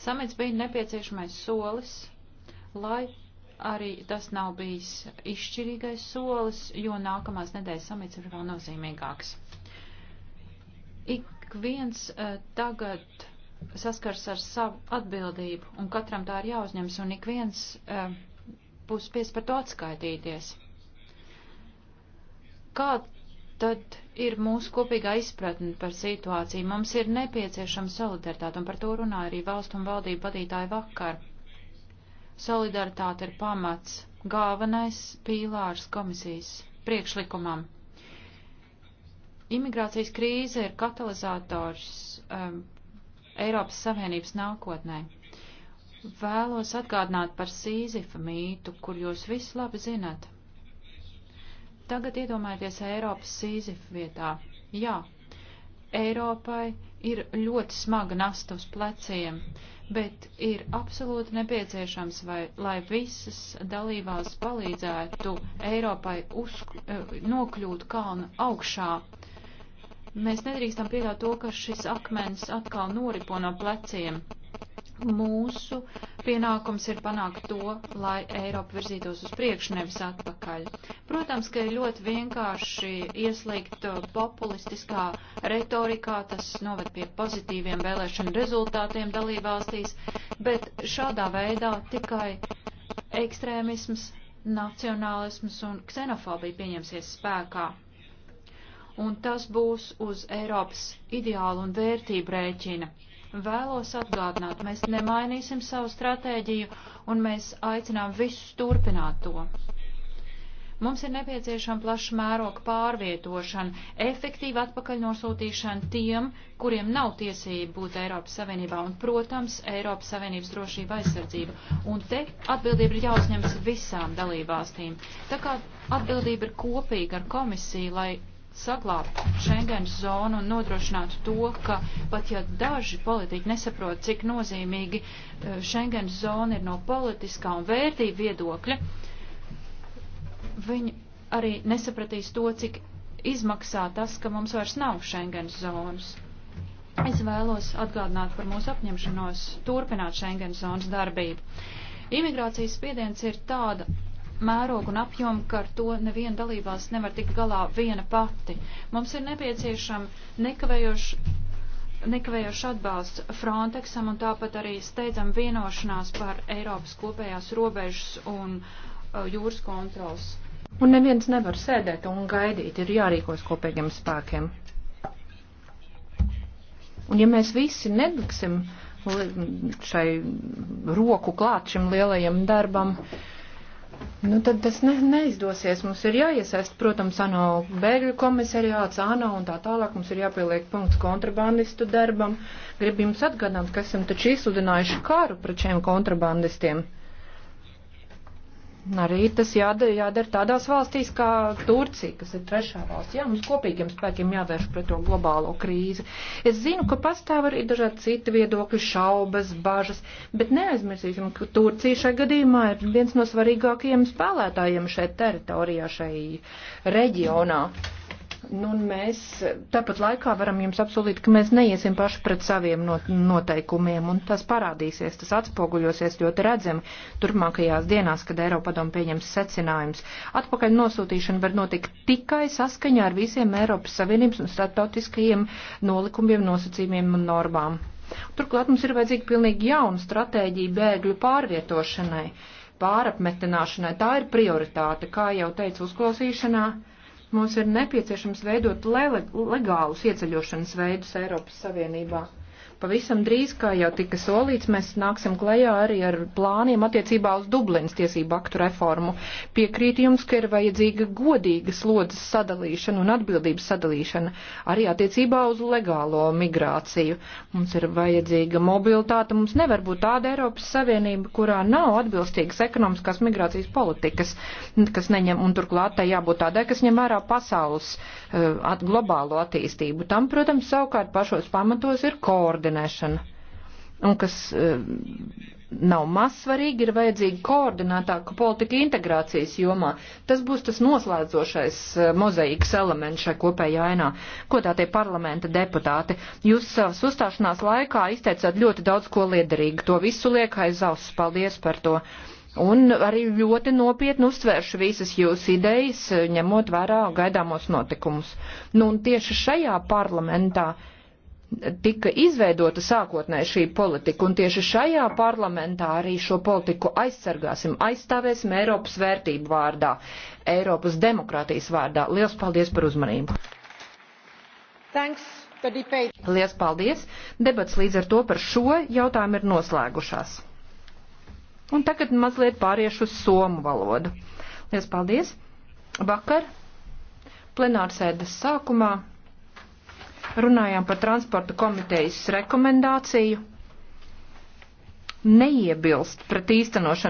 Samits bija nepieciešamais solis, lai arī tas nav bijis izšķirīgais solis, jo nākamās nedēļas samits ir vēl nozīmīgāks. Ik viens uh, tagad saskars ar savu atbildību, un katram tā ir jāuzņems, un ik viens uh, būs spies par to atskaitīties. Kā tad ir mūsu kopīgā izpratne par situāciju? Mums ir nepieciešama solidaritāte, un par to runāja arī valstu un valdību vadītāji vakar. Solidaritāte ir pamats, galvenais pīlārs komisijas priekšlikumam. Imigrācijas krīze ir katalizators um, Eiropas Savienības nākotnē. Vēlos atgādināt par Sīzifa mītu, kur jūs visi labi zinat. Tagad iedomājieties Eiropas Sīzifa vietā. Jā, Eiropai ir ļoti smaga nasta uz pleciem, bet ir absolūti nepieciešams, vai, lai visas dalībās palīdzētu Eiropai uz, eh, nokļūt kalnu augšā. Mēs nedrīkstam pieļaut to, ka šis akmens atkal noripo no pleciem. Mūsu pienākums ir panākt to, lai Eiropa virzītos uz priekšu, nevis atpakaļ. Protams, ka ir ļoti vienkārši ieslīgt populistiskā retorikā, tas noved pie pozitīviem vēlēšanu rezultātiem dalībvalstīs, bet šādā veidā tikai ekstrēmisms, nacionālisms un ksenofobija pieņemsies spēkā. Un tas būs uz Eiropas ideālu un vērtību rēķina. Vēlos atgādināt, mēs nemainīsim savu stratēģiju un mēs aicinām visus turpināt to. Mums ir nepieciešama plaša mēroga pārvietošana, efektīva atpakaļnosūtīšana tiem, kuriem nav tiesība būt Eiropas Savienībā un, protams, Eiropas Savienības drošība aizsardzība. Un te atbildība ir jāuzņemas visām dalībvalstīm. Tā kā atbildība ir kopīga ar komisiju, lai saglābt Schengens zonu un nodrošināt to, ka pat ja daži politiķi nesaprot, cik nozīmīgi e, Schengens zona ir no politiskā un vērtību viedokļa, viņi arī nesapratīs to, cik izmaksā tas, ka mums vairs nav Schengens zonas. Es vēlos atgādināt par mūsu apņemšanos turpināt Schengens zonas darbību. Imigrācijas spiediens ir tāda mērogu un apjomu, ka ar to neviena dalībās nevar tikt galā viena pati. Mums ir nepieciešama nekavējoša nekavējoši atbalsts Frontexam un tāpat arī steidzam vienošanās par Eiropas kopējās robežas un uh, jūras kontrols. Un neviens nevar sēdēt un gaidīt, ir jārīkos kopējiem spēkiem. Un ja mēs visi nedliksim šai roku klāt šim lielajam darbam, uh, Nu, tad tas ne, neizdosies. Mums ir jāiesaist, protams, ANO bēgļu komisariāts, ANO un tā tālāk. Mums ir jāpieliek punkts kontrabandistu darbam. Gribu jums atgādināt, ka esam taču izsludinājuši kāru pret šiem kontrabandistiem. Arī tas jādara, jādara tādās valstīs kā Turcija, kas ir trešā valsts. Jā, mums kopīgiem spēkiem jāvērš pret to globālo krīzi. Es zinu, ka pastāv arī dažādi citi viedokļi, šaubas, bažas, bet neaizmirsīsim, ka Turcija šai gadījumā ir viens no svarīgākajiem spēlētājiem šeit teritorijā, šai reģionā. Mm. Nu, mēs tāpat laikā varam jums apsolīt, ka mēs neiesim paši pret saviem noteikumiem, un tas parādīsies, tas atspoguļosies ļoti redzami turpmākajās dienās, kad Eiropadom pieņems secinājums. Atpakaļ nosūtīšana var notikt tikai saskaņā ar visiem Eiropas Savienības un starptautiskajiem nolikumiem, nosacījumiem un normām. Turklāt mums ir vajadzīga pilnīgi jauna stratēģija bēgļu pārvietošanai, pārapmetināšanai. Tā ir prioritāte, kā jau teicu uzklausīšanā Mums ir nepieciešams veidot legālus ieceļošanas veidus Eiropas Savienībā. Pavisam drīz, kā jau tika solīts, mēs nāksim klajā arī ar plāniem attiecībā uz Dublinas tiesību aktu reformu. Piekrīt jums, ka ir vajadzīga godīga slodzes sadalīšana un atbildības sadalīšana arī attiecībā uz legālo migrāciju. Mums ir vajadzīga mobilitāte, mums nevar būt tāda Eiropas Savienība, kurā nav atbilstīgas ekonomiskās migrācijas politikas, kas neņem, un turklāt tai jābūt tādai, kas ņem vērā pasaules uh, Uh, at, globālo attīstību. Tam, protams, savukārt pašos pamatos ir koordinēšana. Un kas uh, nav mazsvarīgi, ir vajadzīga koordinētāka politika integrācijas jomā. Tas būs tas noslēdzošais uh, mozaīkas elements šai kopējā ainā. Ko tā tie parlamenta deputāti? Jūs savas uzstāšanās laikā izteicāt ļoti daudz ko liederīgu. To visu liek aiz auss. Paldies par to. Un arī ļoti nopietni uztvēršu visas jūsu idejas, ņemot vērā gaidāmos notikumus. Nu, un tieši šajā parlamentā tika izveidota sākotnēji šī politika, un tieši šajā parlamentā arī šo politiku aizsargāsim, aizstāvēsim Eiropas vērtību vārdā, Eiropas demokrātijas vārdā. Lielas paldies par uzmanību! Thanks. Lielas paldies! Debats līdz ar to par šo jautājumu ir noslēgušās. Un tagad mazliet pāriešu uz somu valodu. Lies paldies! Vakar plenārsēdes sākumā runājām par transporta komitejas rekomendāciju neiebilst pret īstenošanu